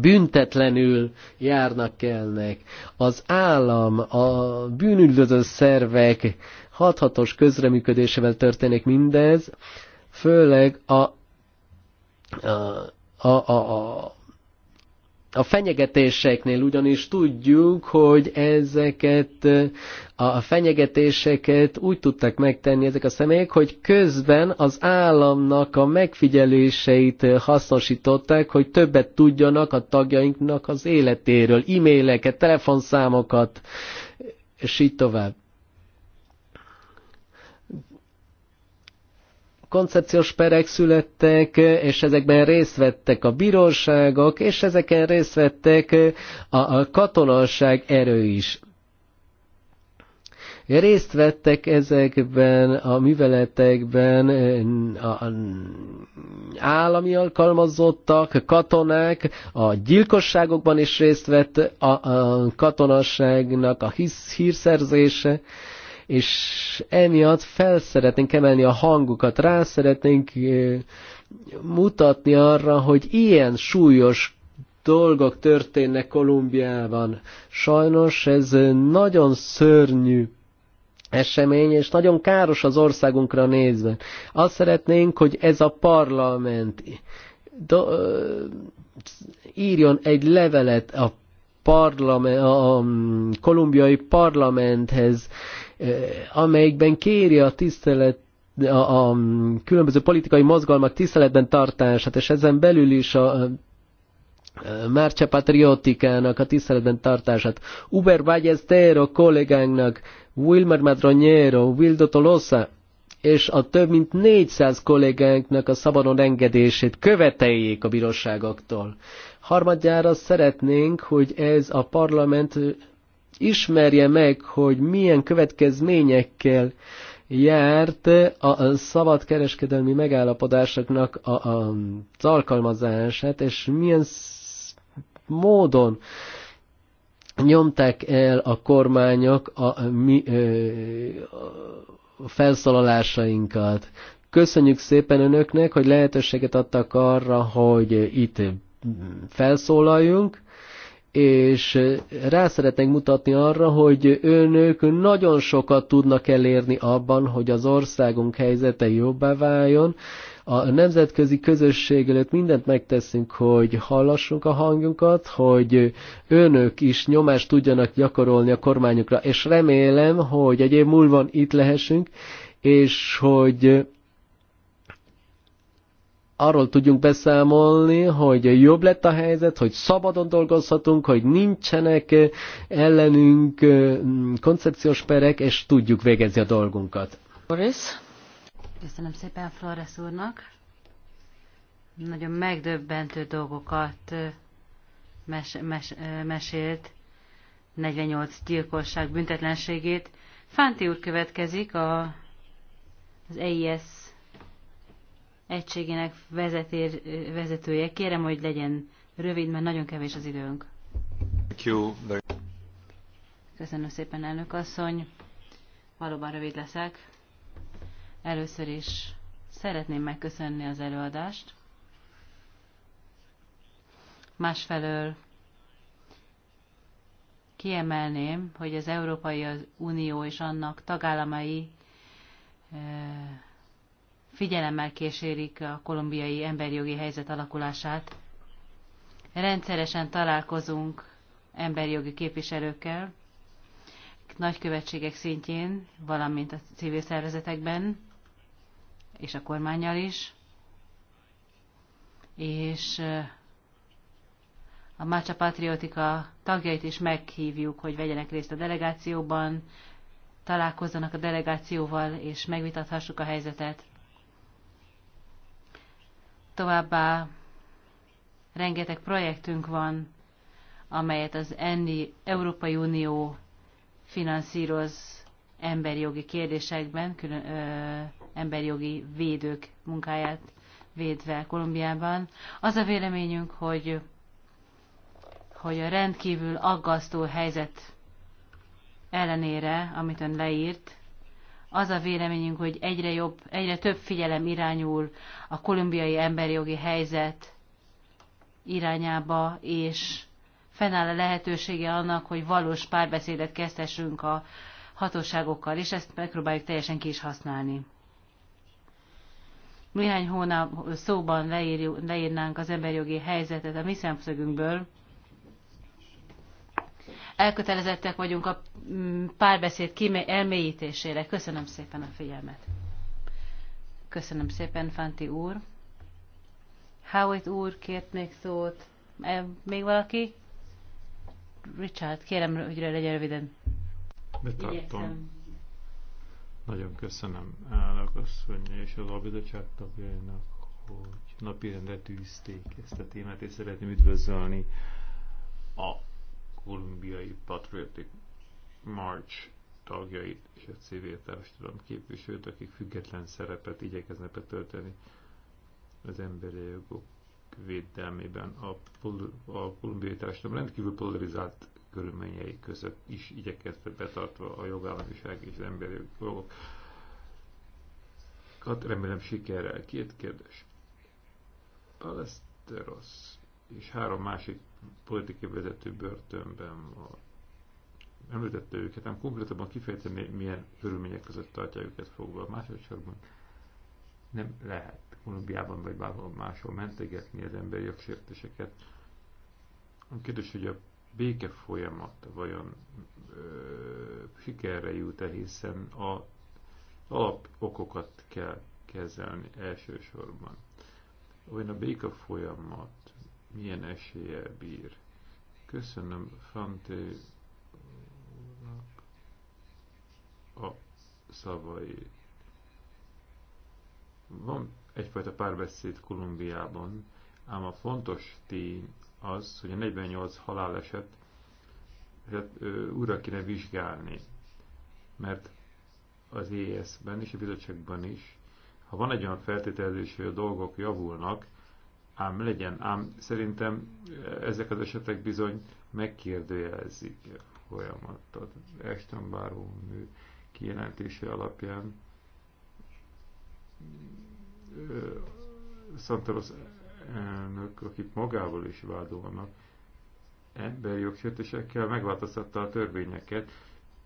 büntetlenül járnak elnek. Az állam, a bűnüldöző szervek hathatos közreműködésével történik mindez, főleg a, a, a, a, a a fenyegetéseknél ugyanis tudjuk, hogy ezeket a fenyegetéseket úgy tudták megtenni ezek a személyek, hogy közben az államnak a megfigyeléseit hasznosították, hogy többet tudjanak a tagjainknak az életéről, e-maileket, telefonszámokat, és így tovább. koncepciós perek születtek, és ezekben részt vettek a bíróságok, és ezeken részt vettek a katonaság erő is részt vettek ezekben a műveletekben eh, a állami alkalmazottak, katonák, a gyilkosságokban is részt vett a, katonasságnak a hisz, hírszerzése és emiatt felszeretnénk emelni a hangukat, rá szeretnénk mutatni arra, hogy ilyen súlyos dolgok történnek Kolumbiában. Sajnos ez nagyon szörnyű esemény, és nagyon káros az országunkra nézve. Azt szeretnénk, hogy ez a parlament do, írjon egy levelet a, parlament, a kolumbiai parlamenthez, Eh, amelyikben kéri a tisztelet a, a különböző politikai mozgalmak tiszteletben tartását, és ezen belül is a Márcsa Patriotikának a tiszteletben tartását, Uber Ballestero kollégánknak, Wilmer Madroniero, Wildo Tolosa, és a több mint 400 kollégánknak a szabadon engedését követeljék a bíróságoktól. Harmadjára szeretnénk, hogy ez a parlament ismerje meg, hogy milyen következményekkel járt a szabadkereskedelmi megállapodásoknak a, a, az alkalmazását, és milyen módon nyomták el a kormányok a mi a felszólalásainkat. Köszönjük szépen önöknek, hogy lehetőséget adtak arra, hogy itt felszólaljunk és rá szeretnénk mutatni arra, hogy önök nagyon sokat tudnak elérni abban, hogy az országunk helyzete jobbá váljon. A nemzetközi közösség előtt mindent megteszünk, hogy hallassunk a hangjunkat, hogy önök is nyomást tudjanak gyakorolni a kormányokra, és remélem, hogy egy év múlva itt lehessünk, és hogy arról tudjunk beszámolni, hogy jobb lett a helyzet, hogy szabadon dolgozhatunk, hogy nincsenek eh, ellenünk eh, koncepciós perek, és tudjuk végezni a dolgunkat. Boris? Köszönöm szépen Flores úrnak. Nagyon megdöbbentő dolgokat eh, mes mes mesélt, 48 gyilkosság büntetlenségét. Fánti úr következik a, az EIS egységének vezetér, vezetője. Kérem, hogy legyen rövid, mert nagyon kevés az időnk. Köszönöm szépen, elnök asszony. Valóban rövid leszek. Először is szeretném megköszönni az előadást. Másfelől kiemelném, hogy az Európai Unió és annak tagállamai eh, figyelemmel kísérik a kolumbiai emberjogi helyzet alakulását. Rendszeresen találkozunk emberjogi képviselőkkel, nagykövetségek szintjén, valamint a civil szervezetekben, és a kormányjal is, és eh, a Mácsa Patriotika tagjait is meghívjuk, hogy vegyenek részt a delegációban, találkozzanak a delegációval, és megvitathassuk a helyzetet. Továbbá rengeteg projektünk van, amelyet az ENDI Európai Unió finanszíroz emberi jogi kérdésekben, külön, ö, emberi jogi védők munkáját védve Kolumbiában. Az a véleményünk, hogy, hogy a rendkívül aggasztó helyzet ellenére, amit ön leírt, az a véleményünk, hogy egyre jobb, egyre több figyelem irányul a kolumbiai emberi jogi helyzet irányába, és fennáll a lehetősége annak, hogy valós párbeszédet kezdhessünk a hatóságokkal, és ezt megpróbáljuk teljesen ki is használni. Néhány hónap szóban leírjuk, leírnánk az emberi jogi helyzetet a mi szemszögünkből, elkötelezettek vagyunk a mm, párbeszéd elmélyítésére. Köszönöm szépen a figyelmet. Köszönöm szépen, Fanti úr. Howitt úr kért még szót. E, még valaki? Richard, kérem, hogy legyen röviden. Betartom. Nagyon köszönöm A asszony és az albizottság tagjainak, hogy napirendre tűzték ezt a témát, és szeretném üdvözölni a kolumbiai Patriotic March tagjait és a civil társadalom képviselőt, akik független szerepet igyekeznek betölteni az emberi jogok védelmében. A, a kolumbiai társadalom rendkívül polarizált körülményei között is igyekezve betartva a jogállamiság és az emberi jogok. Hát remélem sikerrel. Két kérdés. Palesteros és három másik politikai vezető börtönben van. Említette őket, ám konkrétabban kifejteni, milyen körülmények között tartja őket fogva. Másodszorban nem lehet Kolumbiában vagy bárhol máshol mentegetni az emberi jogsértéseket. A kérdés, hogy a béke folyamat vajon ö, sikerre jut-e, hiszen a alapokokat kell kezelni elsősorban. Olyan a béke folyamat milyen esélye bír. Köszönöm Fanté a szavai. Van egyfajta párbeszéd Kolumbiában, ám a fontos tény az, hogy a 48 haláleset hát, újra kéne vizsgálni, mert az ES-ben és a bizottságban is, ha van egy olyan feltételezés, hogy a dolgok javulnak, Ám legyen, ám szerintem eh, ezek az esetek bizony megkérdőjelezik a folyamatot. Eston Báró nő kijelentése alapján eh, Santoros elnök, akik magával is vádolnak, emberi jogsértésekkel megváltoztatta a törvényeket,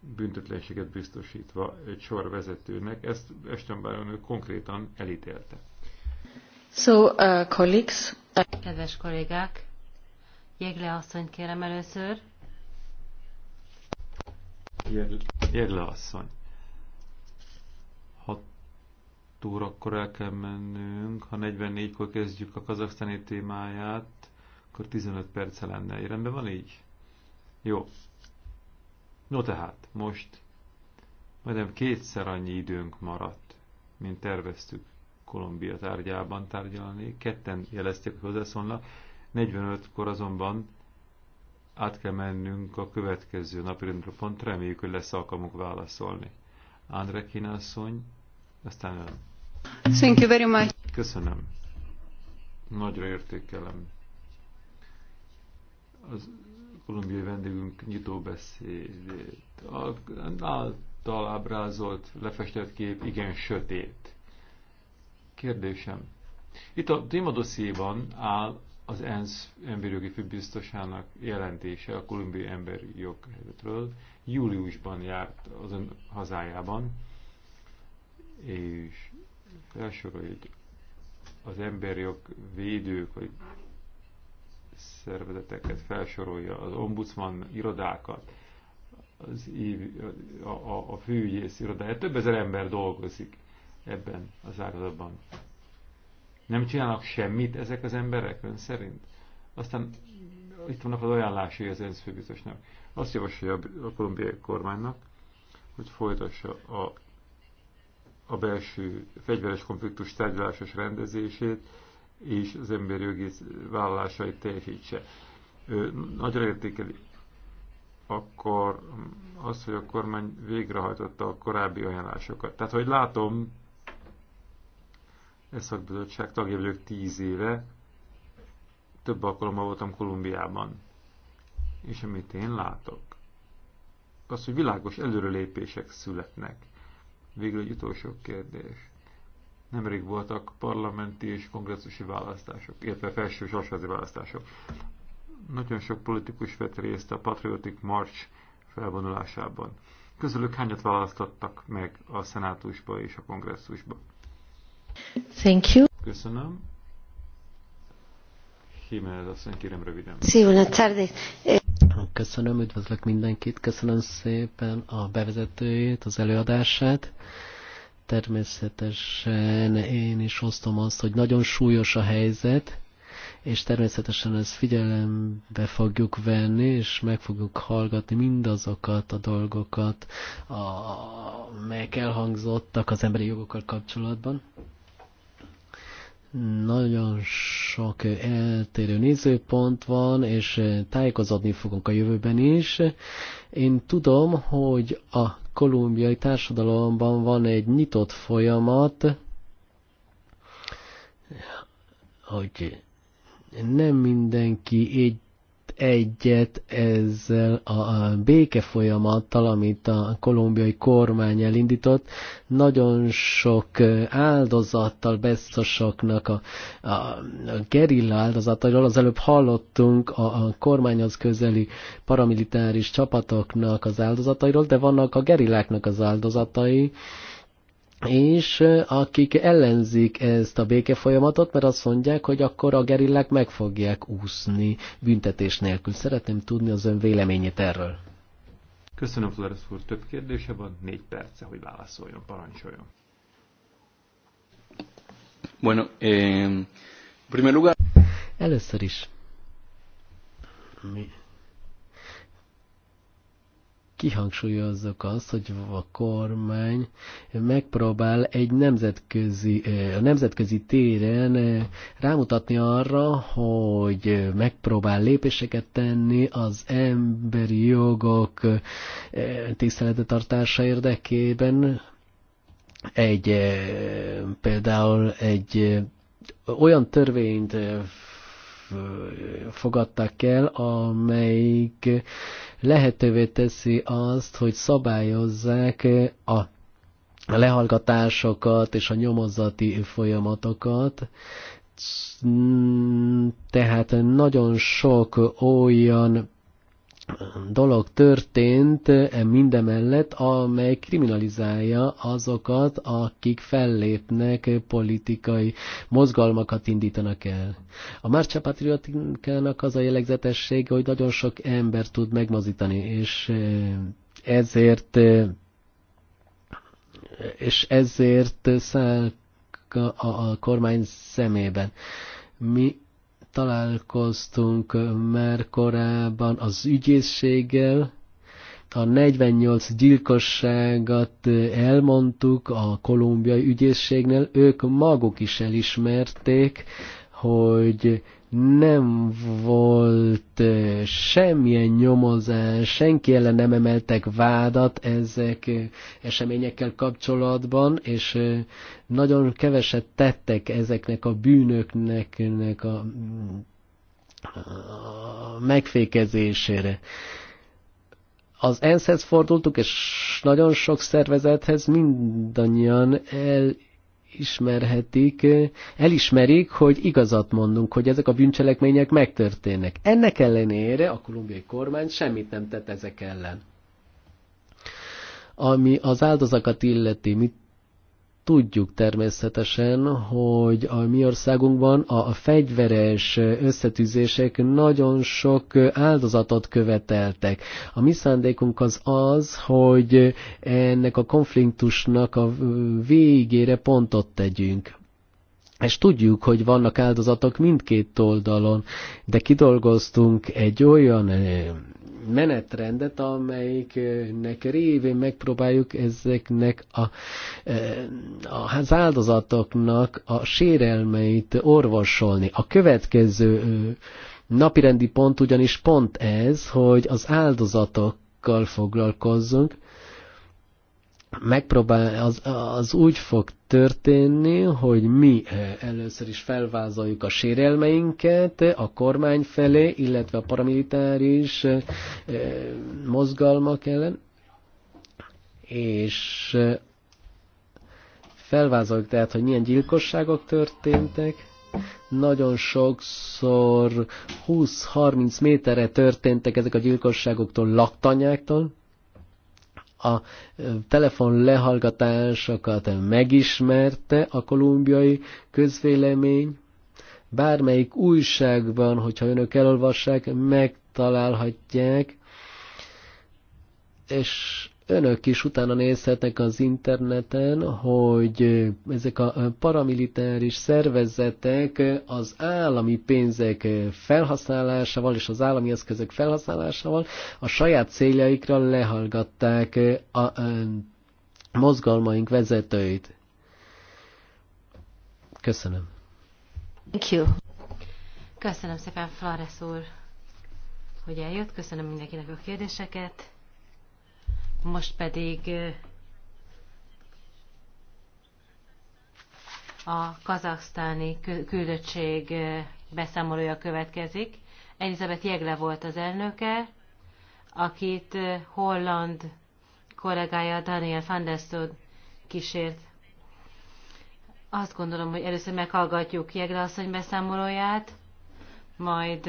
büntetlenséget biztosítva egy sor vezetőnek, ezt Estenbár önök konkrétan elítélte. So, uh, colleagues. Uh, Kedves kollégák, Jégle kérem először. Jégle asszony. Hat órakor el kell mennünk, ha 44-kor kezdjük a kazaksztáni témáját, akkor 15 perce lenne. Rendben van így? Jó. No tehát, most majdnem kétszer annyi időnk maradt, mint terveztük. Kolumbia tárgyában tárgyalni. Ketten jelezték, hogy hozzászólnak. 45-kor azonban át kell mennünk a következő rendre pont, reméljük, hogy lesz alkalmuk válaszolni. Andre Kínasszony, aztán ön. Thank you very much. Köszönöm. Nagyra értékelem. Az kolumbiai vendégünk nyitó beszédét. A által ábrázolt, lefestett kép igen sötét kérdésem. Itt a témadosszéban áll az ENSZ emberjogi főbiztosának jelentése a kolumbiai emberi joghelyzetről. Júliusban járt az ön hazájában, és felsorolja, az emberjog védők, vagy szervezeteket felsorolja, az ombudsman irodákat, az, a, a, a főügyész irodája, több ezer ember dolgozik ebben az áradatban. Nem csinálnak semmit ezek az emberek ön szerint? Aztán itt vannak az ajánlásai az ENSZ főbiztosnak. Azt javasolja a kolumbiai kormánynak, hogy folytassa a, a belső fegyveres konfliktus tárgyalásos rendezését, és az emberi jogi vállalásait teljesítse. Ő nagyra értékeli akkor az, hogy a kormány végrehajtotta a korábbi ajánlásokat. Tehát, hogy látom, e szakbizottság tagja vagyok tíz éve, több alkalommal voltam Kolumbiában. És amit én látok, az, hogy világos előrelépések születnek. Végül egy utolsó kérdés. Nemrég voltak parlamenti és kongresszusi választások, illetve felső sorsházi választások. Nagyon sok politikus vett részt a Patriotic March felvonulásában. Közülük hányat választottak meg a szenátusba és a kongresszusba? Thank you. Köszönöm. Jiménez asszony, kérem röviden. Eh, köszönöm, üdvözlök mindenkit, köszönöm szépen a bevezetőjét, az előadását. Természetesen én is osztom azt, hogy nagyon súlyos a helyzet, és természetesen ezt figyelembe fogjuk venni, és meg fogjuk hallgatni mindazokat a dolgokat, amelyek elhangzottak az emberi jogokkal kapcsolatban. Nagyon sok eltérő nézőpont van, és tájékozódni fogunk a jövőben is. Én tudom, hogy a kolumbiai társadalomban van egy nyitott folyamat, hogy nem mindenki egy egyet ezzel a béke folyamattal, amit a kolumbiai kormány elindított. Nagyon sok áldozattal, beszosoknak a, a, a gerilla áldozatairól, az előbb hallottunk a, a kormányhoz közeli paramilitáris csapatoknak az áldozatairól, de vannak a gerilláknak az áldozatai, és akik ellenzik ezt a békefolyamatot, mert azt mondják, hogy akkor a gerillák meg fogják úszni büntetés nélkül. Szeretném tudni az ön véleményét erről. Köszönöm, Flores úr. Több kérdése van, négy perce, hogy válaszoljon, parancsoljon. Bueno, eh, primer lugar... Először is. Mi? kihangsúlyozzuk azt, hogy a kormány megpróbál egy nemzetközi, eh, a nemzetközi téren eh, rámutatni arra, hogy megpróbál lépéseket tenni az emberi jogok eh, tiszteletetartása érdekében, egy például egy olyan törvényt fogadtak el, amelyik lehetővé teszi azt, hogy szabályozzák eh, a lehallgatásokat és a nyomozati folyamatokat, mm, tehát nagyon sok olyan dolog történt e mindemellett, amely kriminalizálja azokat, akik fellépnek, politikai mozgalmakat indítanak el. A Márcsa Patriotikának az a jellegzetessége, hogy nagyon sok ember tud megmozítani, és e, ezért e, és ezért száll a, a kormány szemében. Mi találkoztunk már korábban az ügyészséggel, a 48 gyilkosságot elmondtuk a kolumbiai ügyészségnél, ők maguk is elismerték, hogy nem volt semmilyen nyomozás, senki ellen nem emeltek vádat ezek eseményekkel kapcsolatban, és nagyon keveset tettek ezeknek a bűnöknek a, a megfékezésére az ENSZ-hez fordultuk, és nagyon sok szervezethez mindannyian el ismerhetik, elismerik, hogy igazat mondunk, hogy ezek a bűncselekmények megtörténnek. Ennek ellenére a kolumbiai kormány semmit nem tett ezek ellen. Ami az áldozakat illeti, mit Tudjuk természetesen, hogy a mi országunkban a fegyveres összetűzések nagyon sok áldozatot követeltek. A mi szándékunk az az, hogy ennek a konfliktusnak a végére pontot tegyünk. És tudjuk, hogy vannak áldozatok mindkét oldalon, de kidolgoztunk egy olyan menetrendet, amelyiknek révén megpróbáljuk ezeknek eh, a, az áldozatoknak a sérelmeit orvosolni. A következő eh, napirendi pont ugyanis pont ez, hogy az áldozatokkal foglalkozzunk, megpróbál, az, az úgy fog történni, hogy mi eh, először is felvázoljuk a sérelmeinket eh, a kormány felé, illetve a paramilitáris eh, mozgalmak ellen, és felvázoljuk tehát, hogy milyen gyilkosságok történtek, nagyon sokszor 20-30 méterre történtek ezek a gyilkosságoktól, laktanyáktól, a telefon lehallgatásokat megismerte a kolumbiai közvélemény, bármelyik újságban, hogyha önök elolvassák, megtalálhatják, és Önök is utána nézhetnek az interneten, hogy ezek a paramilitáris szervezetek az állami pénzek felhasználásával és az állami eszközök felhasználásával a saját céljaikra lehallgatták a, a mozgalmaink vezetőit. Köszönöm. Thank you. Köszönöm szépen, Flores úr, hogy eljött. Köszönöm mindenkinek a kérdéseket. Most pedig a kazaksztáni küldöttség beszámolója következik. Elizabeth Jegle volt az elnöke, akit holland kollégája Daniel van der Stod kísért. Azt gondolom, hogy először meghallgatjuk Jegle asszony beszámolóját, majd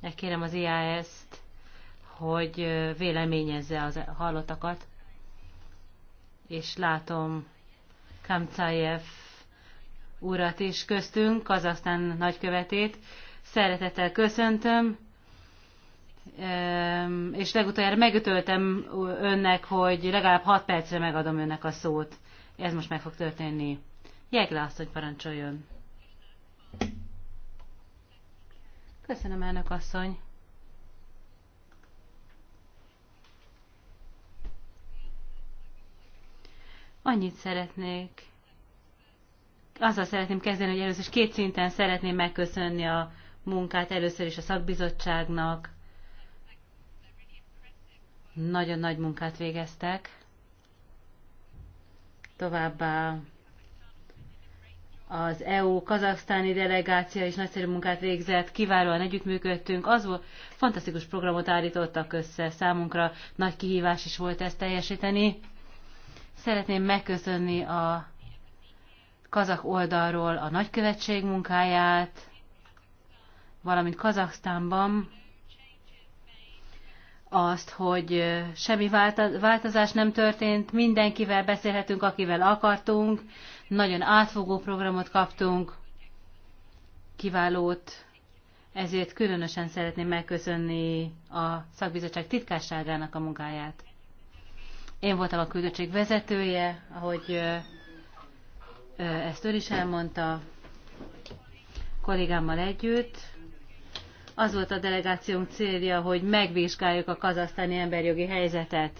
megkérem az IAS-t, hogy véleményezze az hallottakat, és látom Kamcajev urat is köztünk, Kazasztán nagykövetét. Szeretettel köszöntöm, és legutoljára megütöltem önnek, hogy legalább 6 percre megadom önnek a szót. Ez most meg fog történni. Jegle asszony parancsoljon. Köszönöm, elnök asszony. Annyit szeretnék, azzal szeretném kezdeni, hogy először is két szinten szeretném megköszönni a munkát, először is a szakbizottságnak. Nagyon nagy munkát végeztek. Továbbá az EU-kazaksztáni delegáció is nagyszerű munkát végzett, kiválóan együttműködtünk. Az volt, fantasztikus programot állítottak össze számunkra, nagy kihívás is volt ezt teljesíteni. Szeretném megköszönni a kazak oldalról a nagykövetség munkáját, valamint Kazaksztánban azt, hogy semmi változás nem történt, mindenkivel beszélhetünk, akivel akartunk, nagyon átfogó programot kaptunk, kiválót, ezért különösen szeretném megköszönni a szakbizottság titkásságának a munkáját. Én voltam a küldöttség vezetője, ahogy ezt ő is elmondta kollégámmal együtt. Az volt a delegációnk célja, hogy megvizsgáljuk a kazasztáni emberjogi helyzetet.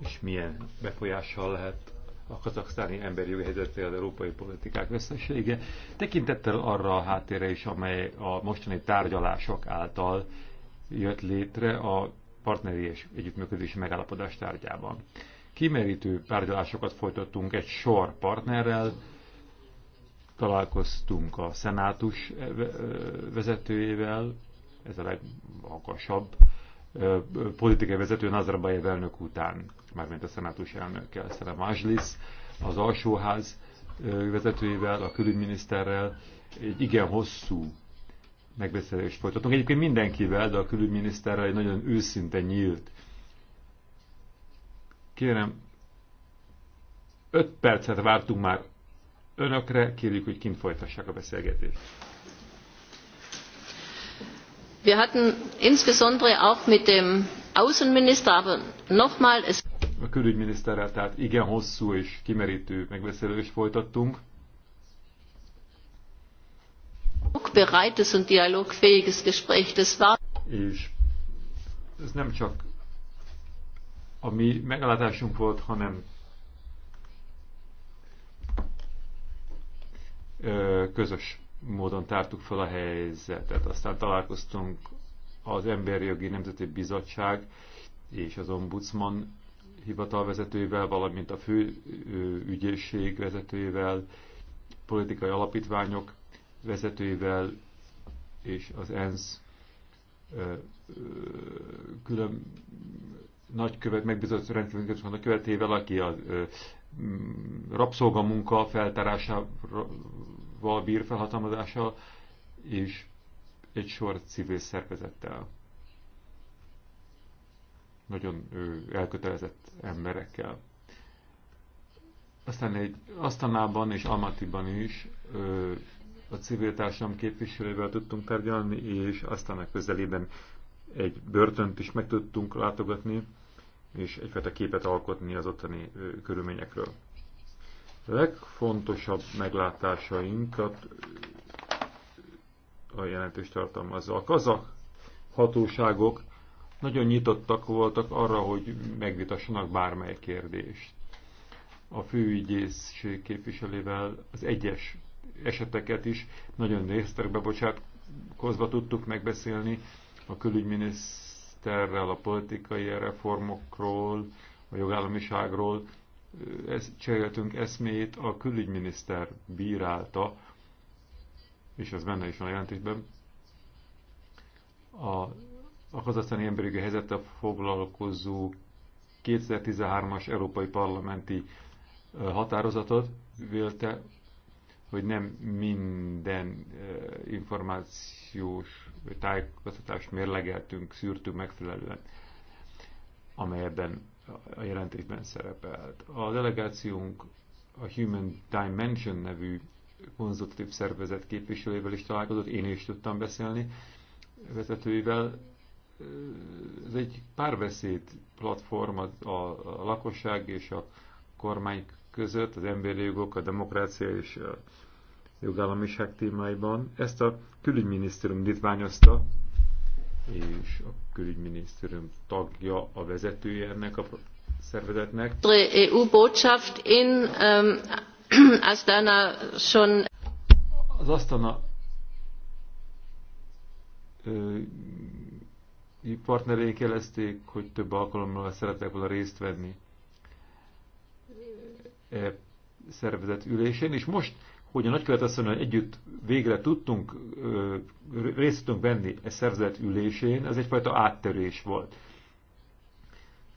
És milyen befolyással lehet a kazaksztáni emberi jogi helyzetre az európai politikák összessége, tekintettel arra a háttérre is, amely a mostani tárgyalások által jött létre a partneri és együttműködési megállapodás tárgyában. Kimerítő tárgyalásokat folytattunk egy sor partnerrel, találkoztunk a szenátus vezetőjével, ez a legmagasabb politikai vezető Nazarbayev elnök után, mármint a szenátus elnökkel, Szere Majlis, az alsóház vezetőjével, a külügyminiszterrel, egy igen hosszú megbeszélést folytatunk. Egyébként mindenkivel, de a külügyminiszterrel egy nagyon őszinte nyílt. Kérem, öt percet vártunk már önökre, kérjük, hogy kint folytassák a beszélgetést. Wir hatten insbesondere auch mit dem Außenminister, aber nochmal... A külügyminiszterrel, tehát igen hosszú és kimerítő megbeszélést folytattunk bereites und dialogfähiges Gespräch. Das war és ez nem csak a mi meglátásunk volt, hanem közös módon tártuk fel a helyzetet. Aztán találkoztunk az Emberjogi Nemzeti Bizottság és az Ombudsman hivatalvezetőivel, valamint a fő ügyészség vezetőivel, politikai alapítványok vezetőivel és az ENSZ külön nagykövet, megbizott rendkívül nagykövetével, aki a munka feltárásával bír felhatalmazással, és egy sor civil szervezettel. Nagyon elkötelezett emberekkel. Aztán egy Asztanában és Almatiban is a civil társadalom képviselővel tudtunk tárgyalni, és aztán a közelében egy börtönt is meg tudtunk látogatni, és egyfajta képet alkotni az ottani körülményekről. A legfontosabb meglátásainkat a jelentős tartalmazza. A kazak hatóságok nagyon nyitottak voltak arra, hogy megvitassanak bármely kérdést. A főügyészség képviselével az egyes eseteket is nagyon résztekbe bocsátkozva tudtuk megbeszélni a külügyminiszterrel, a politikai reformokról, a jogállamiságról. Ezt cseréltünk eszmét, a külügyminiszter bírálta, és ez benne is van a jelentésben, a, a kazasztáni emberjogi helyzettel foglalkozó 2013-as európai parlamenti határozatot vélte hogy nem minden információs tájékoztatást mérlegeltünk, szűrtünk megfelelően, amelyben a jelentésben szerepelt. A delegációnk a Human Dimension nevű konzultatív szervezet képviselőjével is találkozott, én is tudtam beszélni vezetőivel. Ez egy párbeszéd platform a, a, a lakosság és a kormány között, az emberi jogok, a demokrácia és a jogállamiság témáiban. Ezt a külügyminisztérium nyitványozta, és a külügyminisztérium tagja, a vezetője ennek a szervezetnek. EU-botschaft e in um, Astana schon... Az Astana partnereink jelezték, hogy több alkalommal szeretek volna részt venni szervezet ülésén, és most, hogy a nagykövet asszonyon együtt végre tudtunk, részt tudtunk venni e szervezet ülésén, ez egyfajta áttörés volt.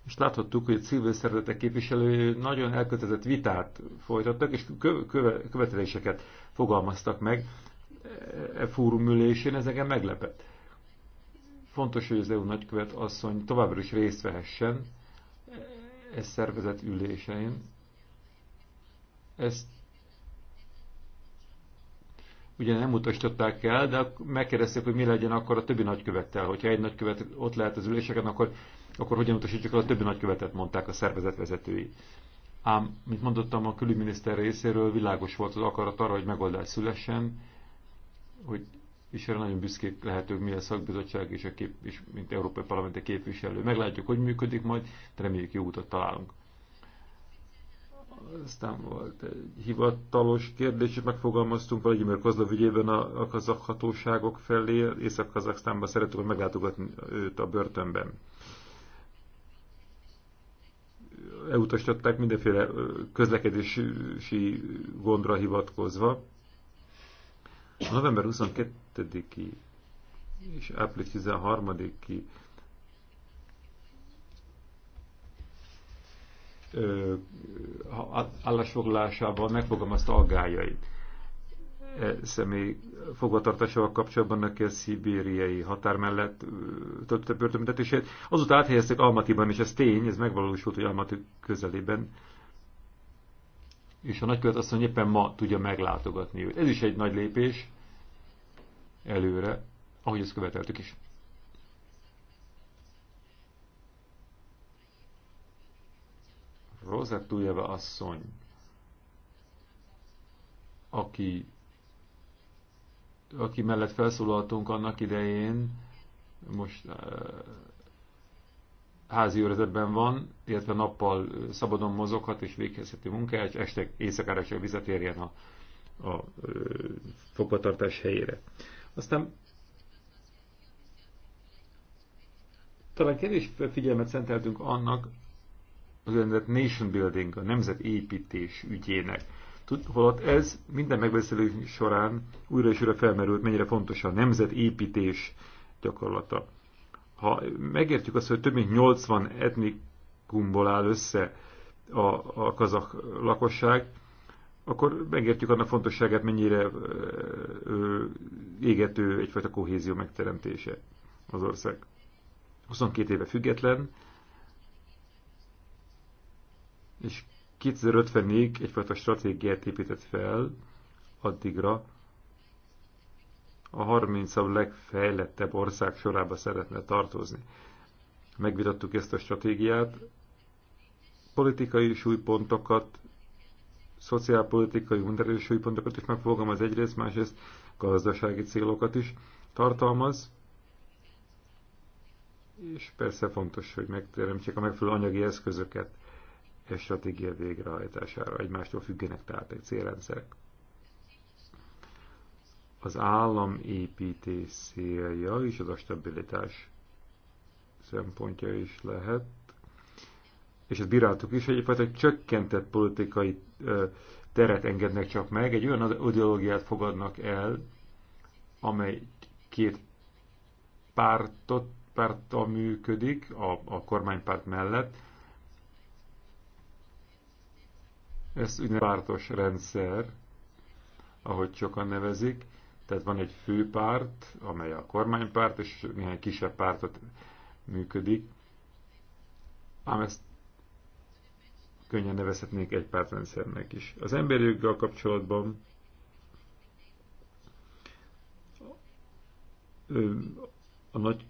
És láthattuk, hogy a civil szervezetek képviselői nagyon elkötelezett vitát folytattak, és követeléseket fogalmaztak meg e-, e fórum ülésén, ez engem meglepett. Fontos, hogy az EU nagykövet asszony továbbra is részt vehessen e, e szervezet ülésein, ezt ugye nem utasították el, de megkérdezték, hogy mi legyen akkor a többi nagykövettel. Hogyha egy nagykövet ott lehet az üléseken, akkor, akkor hogyan utasítsuk el a többi nagykövetet, mondták a szervezet vezetői. Ám, mint mondottam, a külügyminiszter részéről világos volt az akarat arra, hogy megoldás szülessen, hogy és erre nagyon büszkék lehetünk mi a szakbizottság és, a kép, és mint Európai Parlamenti képviselő. Meglátjuk, hogy működik majd, de reméljük jó utat találunk. Aztán volt egy hivatalos kérdés, és megfogalmaztunk Vladimir Kozlov ügyében a, a kazak hatóságok felé. Észak-Kazaksztánban szeretünk meglátogatni őt a börtönben. Elutasították mindenféle közlekedési gondra hivatkozva. A november 22-i és április 13-i állásfoglalásával megfogalmazta aggájait e személy fogvatartásával kapcsolatban neki a szibériai határ mellett több börtönbüntetését. Azóta áthelyeztek Almatiban, és ez tény, ez megvalósult, hogy Almaty közelében. És a nagykövet azt mondja, éppen ma tudja meglátogatni őt. Ez is egy nagy lépés előre, ahogy ezt követeltük is. Rózát asszony, aki, aki mellett felszólaltunk annak idején, most uh, házi őrzetben van, illetve nappal szabadon mozoghat és végezheti munkáját, este éjszakára csak visszatérjen a, a uh, fogvatartás helyére. Aztán talán kevés figyelmet szenteltünk annak, az úgynevezett nation building, a nemzetépítés ügyének. Tud, holott ez minden megbeszélő során újra és újra felmerült, mennyire fontos a nemzetépítés gyakorlata. Ha megértjük azt, hogy több mint 80 etnikumból áll össze a, a kazak lakosság, akkor megértjük annak fontosságát, mennyire ö, égető egyfajta kohézió megteremtése az ország. 22 éve független, és 2050-ig egyfajta stratégiát épített fel addigra, a 30 legfejlettebb ország sorába szeretne tartozni. Megvitattuk ezt a stratégiát, politikai súlypontokat, szociálpolitikai, humanitárius súlypontokat is megfogalmaz egyrészt, másrészt gazdasági célokat is tartalmaz, és persze fontos, hogy megteremtsék a megfelelő anyagi eszközöket és stratégia végrehajtására. Egymástól függenek tehát egy célrendszerek. Az állam építés célja és az a stabilitás szempontja is lehet, és ezt bíráltuk is, hogy csökkentett politikai teret engednek csak meg, egy olyan ideológiát fogadnak el, amely két pártot, párttal működik, a, a kormánypárt mellett, Ez úgynevezett pártos rendszer, ahogy sokan nevezik. Tehát van egy főpárt, amely a kormánypárt, és néhány kisebb pártot működik. Ám ezt könnyen nevezhetnénk egy pártrendszernek is. Az emberi joggal kapcsolatban a nagy,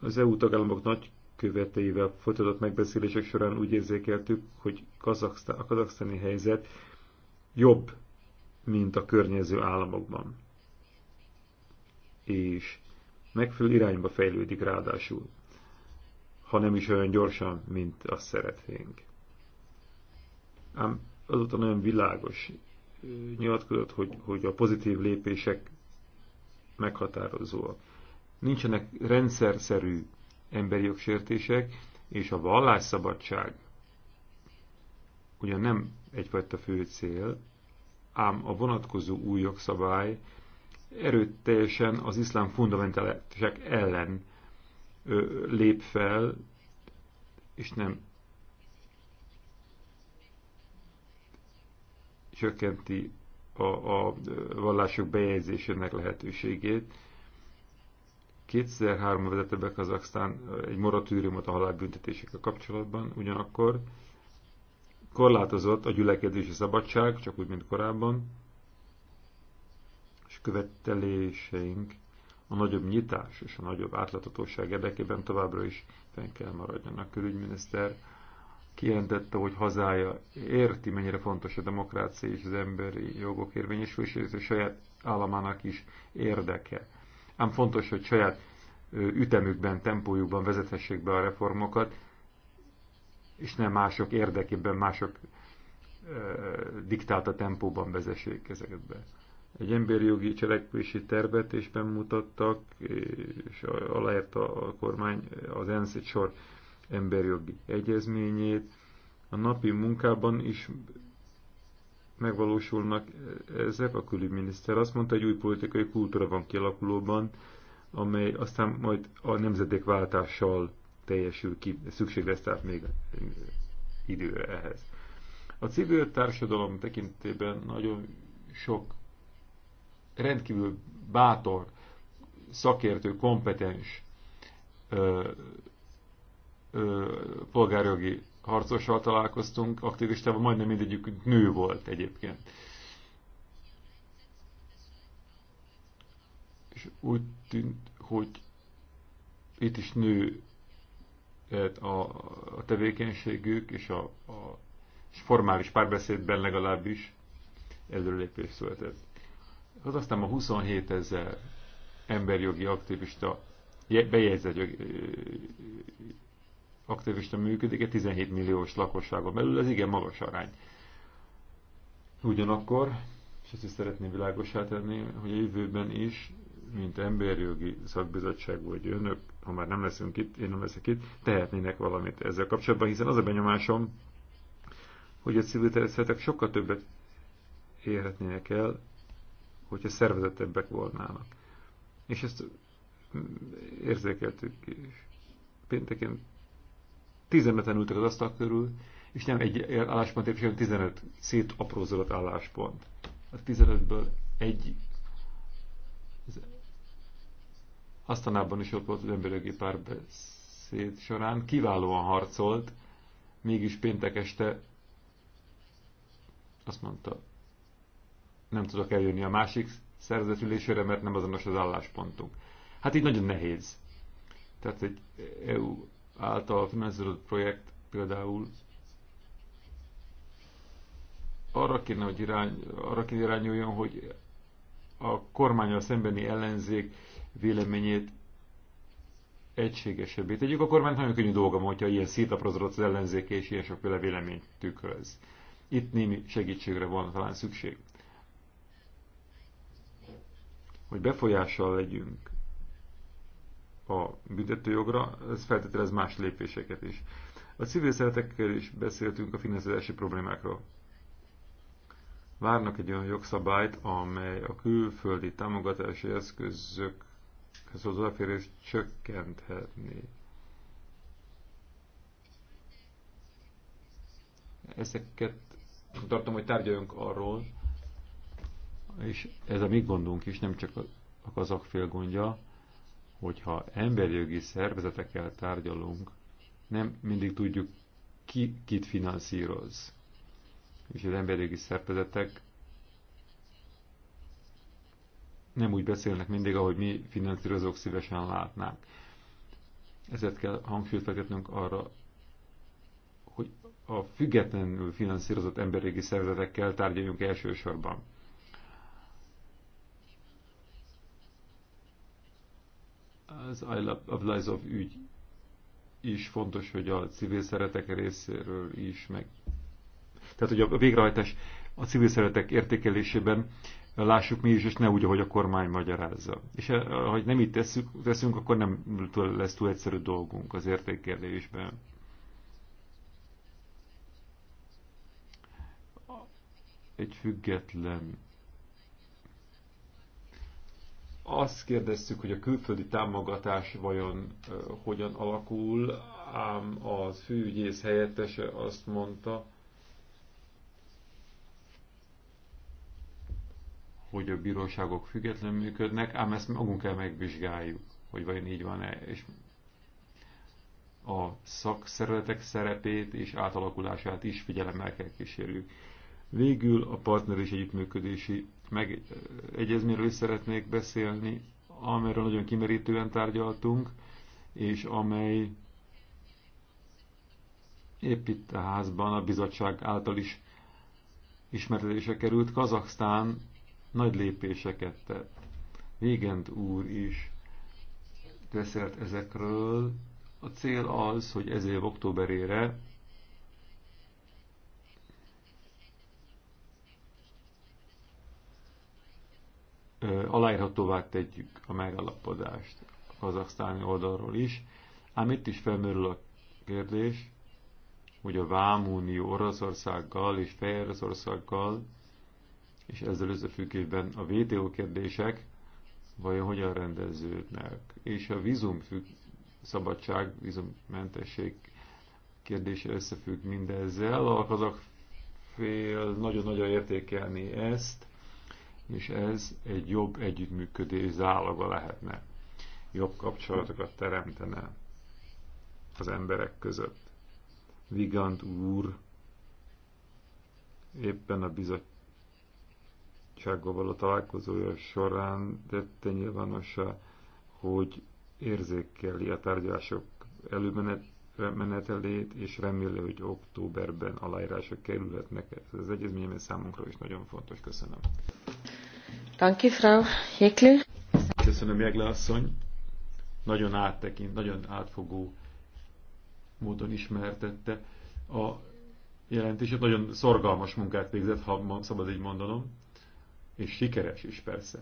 az EU tagállamok nagy követeivel folytatott megbeszélések során úgy érzékeltük, hogy Kazaksztán, a kazaksztáni helyzet jobb, mint a környező államokban. És megfelelő irányba fejlődik ráadásul, ha nem is olyan gyorsan, mint azt szeretnénk. Ám azóta nagyon világos nyilatkozott, hogy, hogy a pozitív lépések meghatározóak. Nincsenek rendszerszerű emberi jogsértések, és a vallásszabadság ugyan nem egyfajta fő cél, ám a vonatkozó új jogszabály erőteljesen az iszlám fundamentalisek ellen ö, lép fel, és nem csökkenti a, a vallások bejegyzésének lehetőségét. 2003-ban vezette be Kazaksztán egy moratóriumot a halálbüntetésekkel kapcsolatban, ugyanakkor korlátozott a gyülekedési szabadság, csak úgy, mint korábban, és követeléseink a nagyobb nyitás és a nagyobb átláthatóság érdekében továbbra is fenn kell maradjanak. Külügyminiszter kijelentette, hogy hazája érti, mennyire fontos a demokrácia és az emberi jogok érvényesülése, és a saját államának is érdeke ám fontos, hogy saját ütemükben, tempójukban vezethessék be a reformokat, és nem mások érdekében, mások diktálta tempóban vezessék ezeket be. Egy emberi jogi cselekvési tervet is bemutattak, és aláírta a kormány az ENSZ egy sor emberi jogi egyezményét. A napi munkában is megvalósulnak ezek, a külügyminiszter azt mondta, hogy új politikai kultúra van kialakulóban, amely aztán majd a váltással teljesül ki. Szükség lesz tehát még időre ehhez. A civil társadalom tekintében nagyon sok rendkívül bátor, szakértő, kompetens ö, ö, polgárjogi harcossal találkoztunk, aktivistával, majdnem mindegyik nő volt egyébként. És úgy tűnt, hogy itt is nő a, a tevékenységük, és a, a és formális párbeszédben legalábbis előlépés született. Az hát aztán a 27 ezer emberjogi aktivista bejegyzett aktivista működik egy 17 milliós lakosságon belül, ez igen magas arány. Ugyanakkor, és ezt is szeretném világosá tenni, hogy a jövőben is, mint emberjogi szakbizottság vagy önök, ha már nem leszünk itt, én nem leszek itt, tehetnének valamit ezzel kapcsolatban, hiszen az a benyomásom, hogy a civil tervezetek sokkal többet érhetnének el, hogyha szervezettebbek volnának. És ezt érzékeltük is. Pénteken 15-en ültek az asztal körül, és nem egy álláspont hanem 15 szétaprózódott álláspont. A 15-ből egy Aztánában is ott volt az emberjogi párbeszéd során, kiválóan harcolt, mégis péntek este azt mondta, nem tudok eljönni a másik szerzetülésére, mert nem azonos az álláspontunk. Hát így nagyon nehéz. Tehát egy EU által finanszírozott projekt például arra kéne, hogy irány, arra kéne irányuljon, hogy a kormányal szembeni ellenzék véleményét egységesebbé tegyük. A kormány nagyon könnyű dolga, hogyha ilyen szétaprozott az ellenzék és ilyen sokféle véleményt tükröz. Itt némi segítségre van talán szükség. Hogy befolyással legyünk a büntetőjogra, ez feltételez más lépéseket is. A civil szeretekkel is beszéltünk a finanszírozási problémákról. Várnak egy olyan jogszabályt, amely a külföldi támogatási eszközökhez odaférést csökkenthetné. Ezeket tartom, hogy tárgyaljunk arról, és ez a mi gondunk is, nem csak a kazak fél gondja, hogyha emberjogi szervezetekkel tárgyalunk, nem mindig tudjuk, ki, kit finanszíroz. És az emberjogi szervezetek nem úgy beszélnek mindig, ahogy mi finanszírozók szívesen látnánk. Ezért kell hangsúlyt fektetnünk arra, hogy a függetlenül finanszírozott emberjogi szervezetekkel tárgyaljunk elsősorban. Az Isle of Lies ügy is fontos, hogy a civil szeretek részéről is meg. Tehát, hogy a végrehajtás a civil szeretek értékelésében lássuk mi is, és ne úgy, ahogy a kormány magyarázza. És ha eh, nem így teszünk, teszünk akkor nem lesz túl egyszerű dolgunk az értékelésben. Egy független azt kérdeztük, hogy a külföldi támogatás vajon hogyan alakul, ám az főügyész helyettese azt mondta, hogy a bíróságok függetlenül működnek, ám ezt magunk kell megvizsgáljuk, hogy vajon így van-e, és a szakszervezetek szerepét és átalakulását is figyelemmel kell kísérjük. Végül a partner és együttműködési megegyezményről is szeretnék beszélni, amelyről nagyon kimerítően tárgyaltunk, és amely épp itt a házban a bizottság által is ismertetése került. Kazaksztán nagy lépéseket tett. Végent úr is beszélt ezekről. A cél az, hogy ez év októberére aláírhatóvá tegyük a megállapodást a kazaksztáni oldalról is. Ám itt is felmerül a kérdés, hogy a Vámunió Oroszországgal és Fehér és ezzel összefüggésben a VTO kérdések vajon hogyan rendeződnek, és a vízum szabadság, vízummentesség kérdése összefügg mindezzel. A kazak fél nagyon-nagyon értékelni ezt, és ez egy jobb együttműködés zálaga lehetne. Jobb kapcsolatokat teremtene az emberek között. Vigant úr éppen a bizottsággal való találkozója során tette nyilvánosan, hogy érzékeli a tárgyalások előmenetelét, és remélő, hogy októberben aláírások kerülhetnek. Ez az egyezmény, számunkra is nagyon fontos. Köszönöm. Danke, Frau Jekli. Köszönöm, Jegle asszony. Nagyon áttekint, nagyon átfogó módon ismertette a jelentését. Nagyon szorgalmas munkát végzett, ha szabad így mondanom. És sikeres is persze.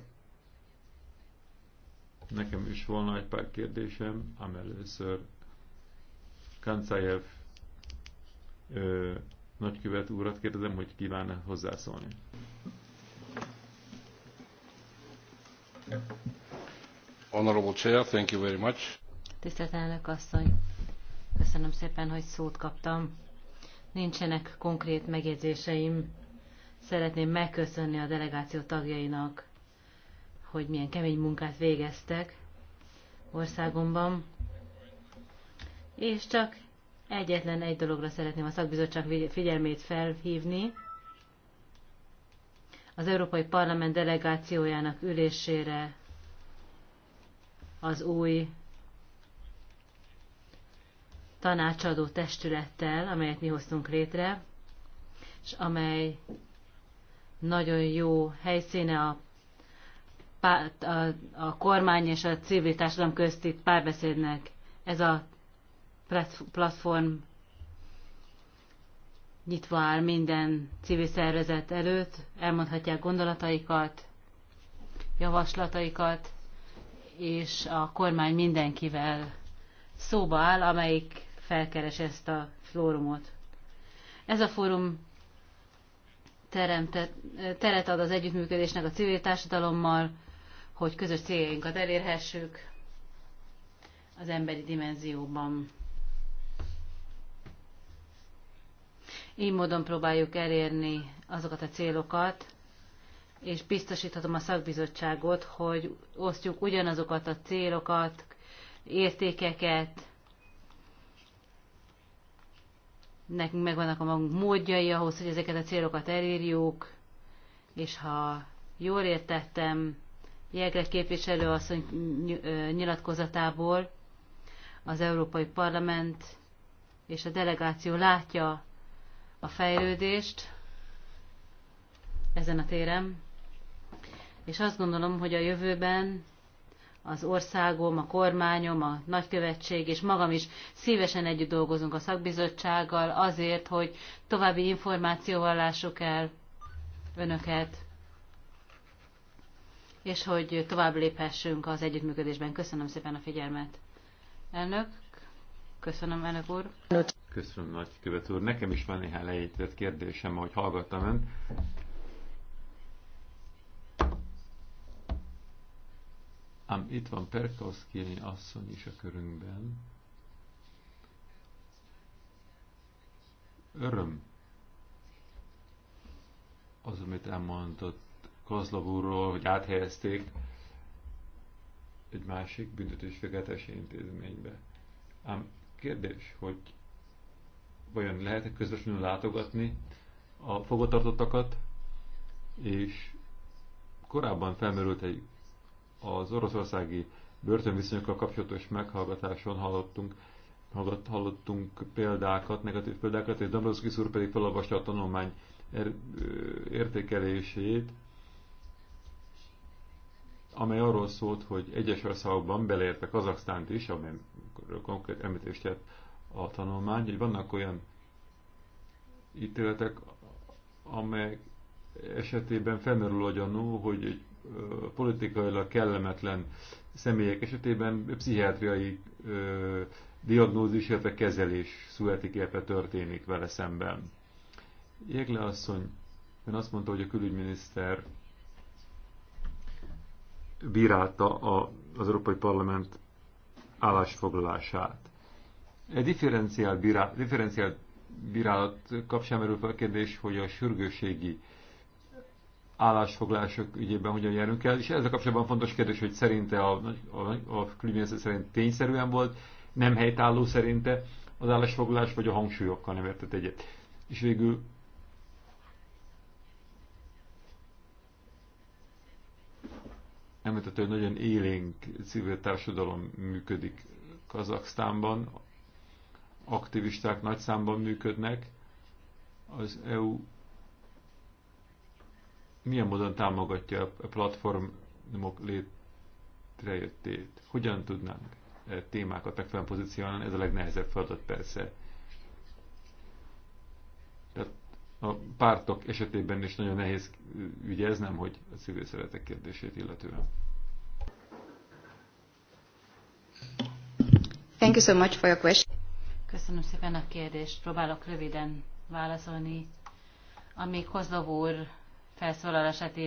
Nekem is volna egy pár kérdésem, ám először Kancajev nagykövet úrat kérdezem, hogy kíván -e hozzászólni. Honorable Chair, thank you very much. Tisztelt elnök asszony, köszönöm szépen, hogy szót kaptam. Nincsenek konkrét megjegyzéseim. Szeretném megköszönni a delegáció tagjainak, hogy milyen kemény munkát végeztek országomban. És csak egyetlen egy dologra szeretném a szakbizottság figyelmét felhívni, az Európai Parlament delegációjának ülésére az új tanácsadó testülettel, amelyet mi hoztunk létre, és amely nagyon jó helyszíne a, a, a kormány és a civil társadalom közti párbeszédnek. Ez a platform nyitva áll minden civil szervezet előtt, elmondhatják gondolataikat, javaslataikat, és a kormány mindenkivel szóba áll, amelyik felkeres ezt a fórumot. Ez a fórum teremtett, teret ad az együttműködésnek a civil társadalommal, hogy közös céljainkat elérhessük az emberi dimenzióban. Így módon próbáljuk elérni azokat a célokat, és biztosíthatom a szakbizottságot, hogy osztjuk ugyanazokat a célokat, értékeket, nekünk megvannak a magunk módjai ahhoz, hogy ezeket a célokat elérjük, és ha jól értettem Jegre képviselő asszony nyilatkozatából, az Európai Parlament és a delegáció látja a fejlődést ezen a téren, és azt gondolom, hogy a jövőben az országom, a kormányom, a nagykövetség és magam is szívesen együtt dolgozunk a szakbizottsággal azért, hogy további információval lássuk el önöket, és hogy tovább léphessünk az együttműködésben. Köszönöm szépen a figyelmet. Elnök, köszönöm, elnök úr. Köszönöm, nagykövet úr. Nekem is van néhány lejétett kérdésem, ahogy hallgattam ön. Ám itt van Perkowski asszony is a körünkben. Öröm az, amit elmondott Kozlov úrról, hogy áthelyezték egy másik büntetésfegetes intézménybe. Ám kérdés, hogy vajon lehet közvetlenül látogatni a fogvatartottakat, és korábban felmerült egy az oroszországi börtönviszonyokkal kapcsolatos meghallgatáson hallottunk, hallott, hallottunk példákat, negatív példákat, és Dombrovszki úr pedig felolvasta a tanulmány er, értékelését, amely arról szólt, hogy egyes országokban, beleértve Kazaksztánt is, amely konkrét említést tett a tanulmány, hogy vannak olyan ítéletek, amely esetében felmerül a gyanú, hogy egy politikailag kellemetlen személyek esetében pszichiátriai ö, diagnózis, illetve kezelés születik, illetve történik vele szemben. Jégle asszony ön azt mondta, hogy a külügyminiszter bírálta a, az Európai Parlament állásfoglalását differenciál, bírá, differenciál bírálat kapcsán merül fel a kérdés, hogy a sürgőségi állásfoglások ügyében hogyan járunk el, és ezzel kapcsolatban fontos kérdés, hogy szerinte a, a, a külügyminiszter szerint tényszerűen volt, nem helytálló szerinte az állásfoglalás, vagy a hangsúlyokkal nem értett egyet. És végül említett, hogy nagyon élénk civil társadalom működik Kazaksztánban, aktivisták nagy számban működnek, az EU milyen módon támogatja a platformok létrejöttét? Hogyan tudnánk -e témákat megfelelően Ez a legnehezebb feladat persze. Tehát a pártok esetében is nagyon nehéz ügyeznem, ez nem, hogy a civil szeretek kérdését illetően. Thank you so much for your question. Köszönöm szépen a kérdést. Próbálok röviden válaszolni. Ami Kozlov úr felszólalását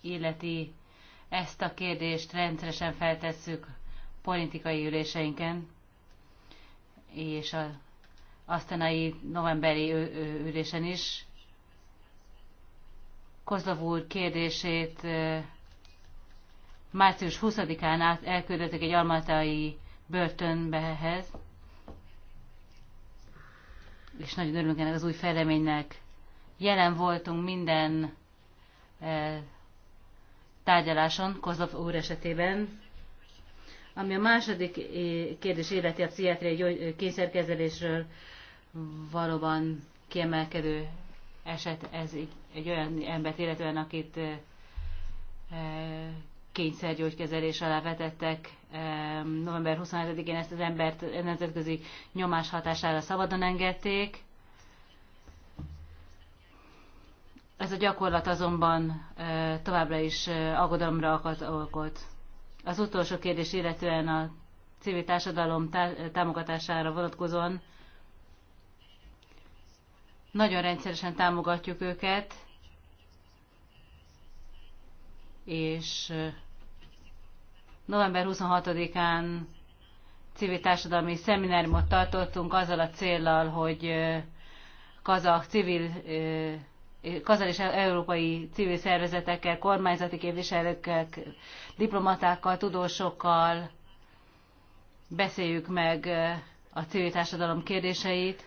illeti, ezt a kérdést rendszeresen feltesszük politikai üléseinken, és a aztánai novemberi ülésen is. Kozlov úr kérdését március 20-án elküldöttek egy almatai börtönbehez, és nagyon örülünk ennek az új fejleménynek. Jelen voltunk minden e, tárgyaláson, Kozlov úr esetében, ami a második kérdés életi a pszichiátriai kényszerkezelésről valóban kiemelkedő eset, ez egy, egy olyan embert illetően, akit e, kényszergyógykezelés alá vetettek november 27-én ezt az embert nemzetközi nyomás hatására szabadon engedték. Ez a gyakorlat azonban e, továbbra is e, aggodalomra akadt okot. Az utolsó kérdés illetően a civil társadalom támogatására vonatkozóan nagyon rendszeresen támogatjuk őket, és November 26-án civil társadalmi szemináriumot tartottunk azzal a céllal, hogy kazak civil kazal és európai civil szervezetekkel, kormányzati képviselőkkel, diplomatákkal, tudósokkal beszéljük meg a civil társadalom kérdéseit,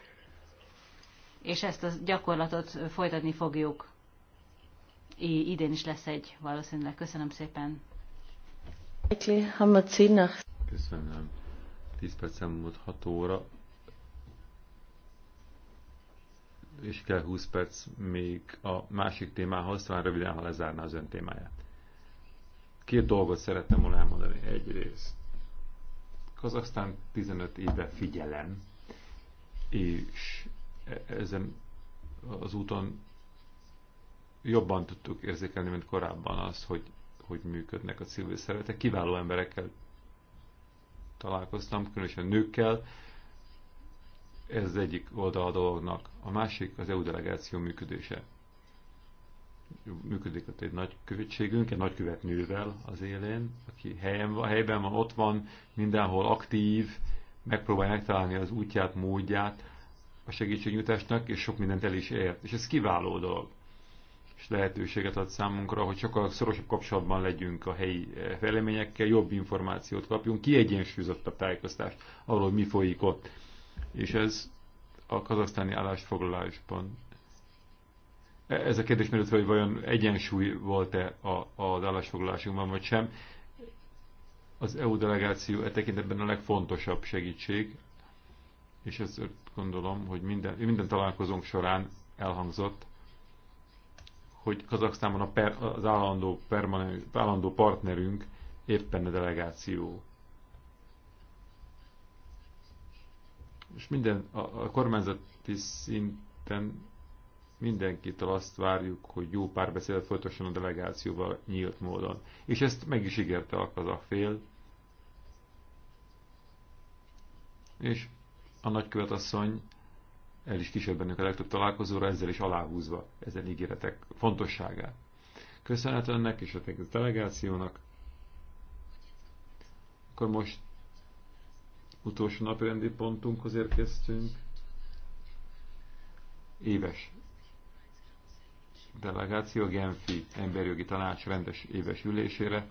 és ezt a gyakorlatot folytatni fogjuk. idén is lesz egy valószínűleg. Köszönöm szépen! Köszönöm. 10 percen múlt 6 óra. És kell 20 perc még a másik témához, talán röviden, ha lezárná az ön témáját. Két dolgot szerettem volna elmondani. Egyrészt, Kazaksztán 15 éve figyelem, és e- ezen az úton jobban tudtuk érzékelni, mint korábban az, hogy hogy működnek a civil szervezetek. Kiváló emberekkel találkoztam, különösen nőkkel. Ez az egyik oldal a dolognak. A másik az EU delegáció működése. Működik ott egy nagy követségünk, egy követnővel az élén, aki helyen, a helyben van, ott van, mindenhol aktív, megpróbál megtalálni az útját, módját a segítségnyújtásnak, és sok mindent el is ért. És ez kiváló dolog és lehetőséget ad számunkra, hogy sokkal szorosabb kapcsolatban legyünk a helyi eh, fejleményekkel, jobb információt kapjunk, kiegyensúlyozottabb tájékoztást arról, hogy mi folyik ott. És ez a kazasztáni állásfoglalásban. E, ez a kérdés merült hogy vajon egyensúly volt-e az állásfoglalásunkban, vagy sem. Az EU delegáció e tekintetben a legfontosabb segítség, és ezt gondolom, hogy minden, minden találkozónk során elhangzott, hogy Kazaksztánban a per, az állandó, permanen, állandó partnerünk éppen a delegáció. És minden a, a kormányzati szinten mindenkitől azt várjuk, hogy jó párbeszédet folytasson a delegációval nyílt módon. És ezt meg is ígérte a kazak fél. És a nagykövet asszony el is kísér bennük a legtöbb találkozóra, ezzel is aláhúzva ezen ígéretek fontosságát. Köszönhet önnek és a delegációnak. Akkor most utolsó napirendi pontunkhoz érkeztünk. Éves delegáció Genfi Emberjogi Tanács rendes éves ülésére.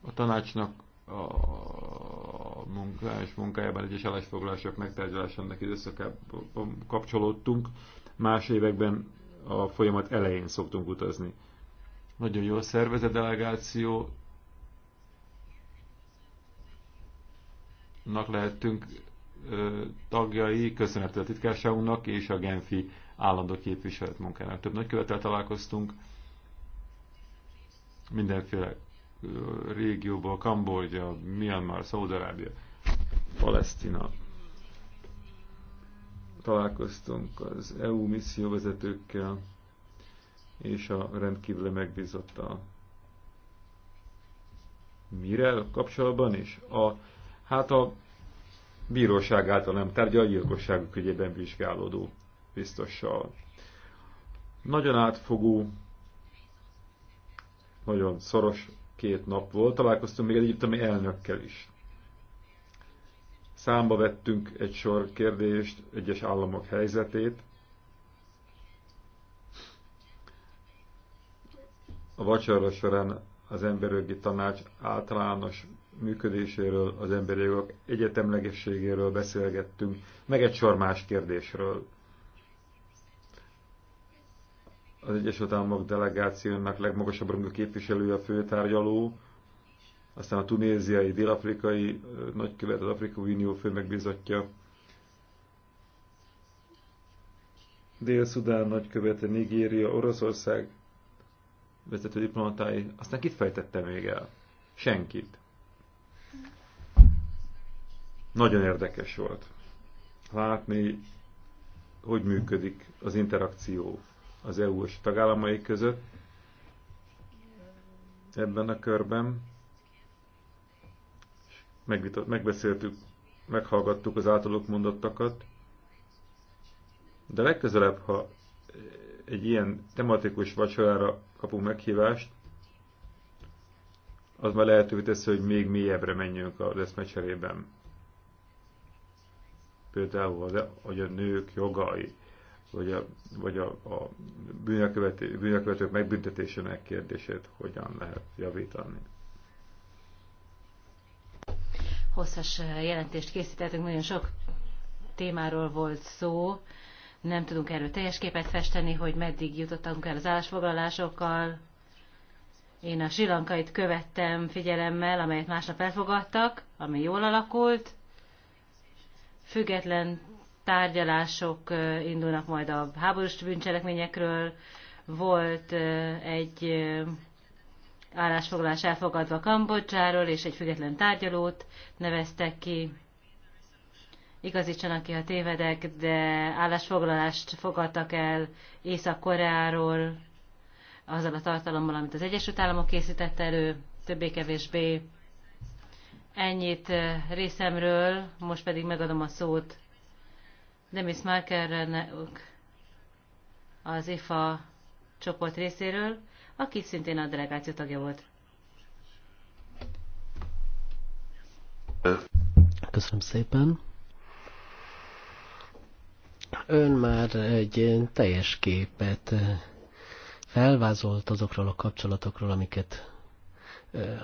A tanácsnak a munkás munkájában egyes állásfoglalások megtárgyalásának időszakában kapcsolódtunk. Más években a folyamat elején szoktunk utazni. Nagyon jól szervezett delegáció, nak lehettünk ö, tagjai, köszönhető a titkárságunknak és a Genfi állandó képviselet munkának. Több nagykövetel találkoztunk, mindenféle régióból, Kambodzsa, Myanmar, Szaudarábia, Palesztina. Találkoztunk az EU misszióvezetőkkel és a rendkívül megbízottal. Mire kapcsolatban is? A, hát a bíróság által nem tárgyal, gyilkosságok ügyében vizsgálódó biztossal. Nagyon átfogó, nagyon szoros két nap volt, találkoztunk még egy egyiptomi elnökkel is. Számba vettünk egy sor kérdést, egyes államok helyzetét. A vacsora során az emberjogi tanács általános működéséről, az emberi jogok egyetemlegességéről beszélgettünk, meg egy sor más kérdésről az Egyesült Államok delegációnak legmagasabb rangú képviselője a főtárgyaló, aztán a tunéziai, dél-afrikai nagykövet, az Afrikai Unió főmegbízottja, Dél-Szudán nagykövete, Nigéria, Oroszország vezető diplomatái. Aztán kit fejtette még el? Senkit. Nagyon érdekes volt látni, hogy működik az interakció az EU-s tagállamai között ebben a körben. Megvitat, megbeszéltük, meghallgattuk az általuk mondottakat, de legközelebb, ha egy ilyen tematikus vacsorára kapunk meghívást, az már lehetővé teszi, hogy még mélyebbre menjünk az eszmecserében. Például, hogy a nők jogai, vagy a, vagy a, a bűnökövető, bűnökövetők megbüntetésének kérdését hogyan lehet javítani. Hosszas eh, jelentést készítettünk, nagyon sok témáról volt szó, nem tudunk erről teljes képet festeni, hogy meddig jutottunk el az állásfoglalásokkal. Én a silankait követtem figyelemmel, amelyet másnap elfogadtak, ami jól alakult. Független tárgyalások indulnak majd a háborús bűncselekményekről. Volt egy állásfoglalás elfogadva Kambodzsáról, és egy független tárgyalót neveztek ki. Igazítsanak ki, ha tévedek, de állásfoglalást fogadtak el Észak-Koreáról, azzal a tartalommal, amit az Egyesült Államok készített elő, többé-kevésbé. Ennyit részemről, most pedig megadom a szót Demis Markernek az IFA csoport részéről, aki szintén a delegáció tagja volt. Köszönöm szépen. Ön már egy teljes képet felvázolt azokról a kapcsolatokról, amiket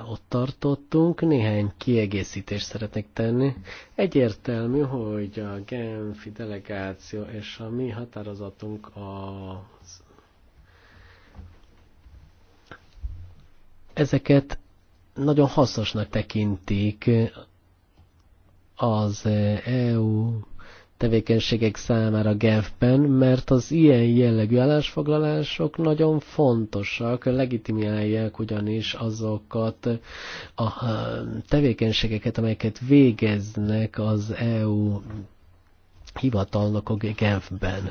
ott tartottunk. Néhány kiegészítést szeretnék tenni. Egyértelmű, hogy a Genfi delegáció és a mi határozatunk a ezeket nagyon hasznosnak tekintik az EU tevékenységek számára ben mert az ilyen jellegű állásfoglalások nagyon fontosak, legitimálják ugyanis azokat a tevékenységeket, amelyeket végeznek az EU hivatalnokok ben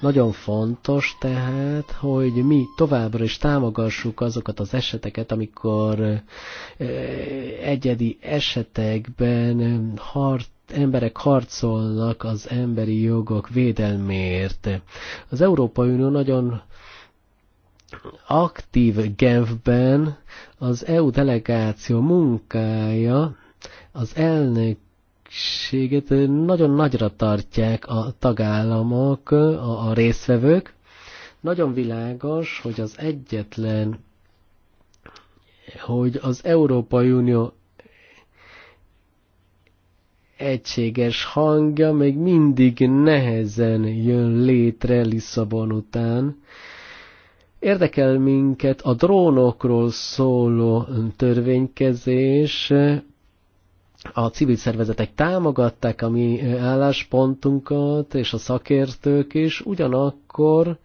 Nagyon fontos tehát, hogy mi továbbra is támogassuk azokat az eseteket, amikor eh, egyedi esetekben harc emberek harcolnak az emberi jogok védelméért. Az Európai Unió nagyon aktív Genfben az EU delegáció munkája az elnök nagyon nagyra tartják a tagállamok, a, a Nagyon világos, hogy az egyetlen, hogy az Európai Unió egységes hangja még mindig nehezen jön létre Lisszabon után. Érdekel minket a drónokról szóló törvénykezés, a civil szervezetek támogatták a mi álláspontunkat, és a szakértők is, ugyanakkor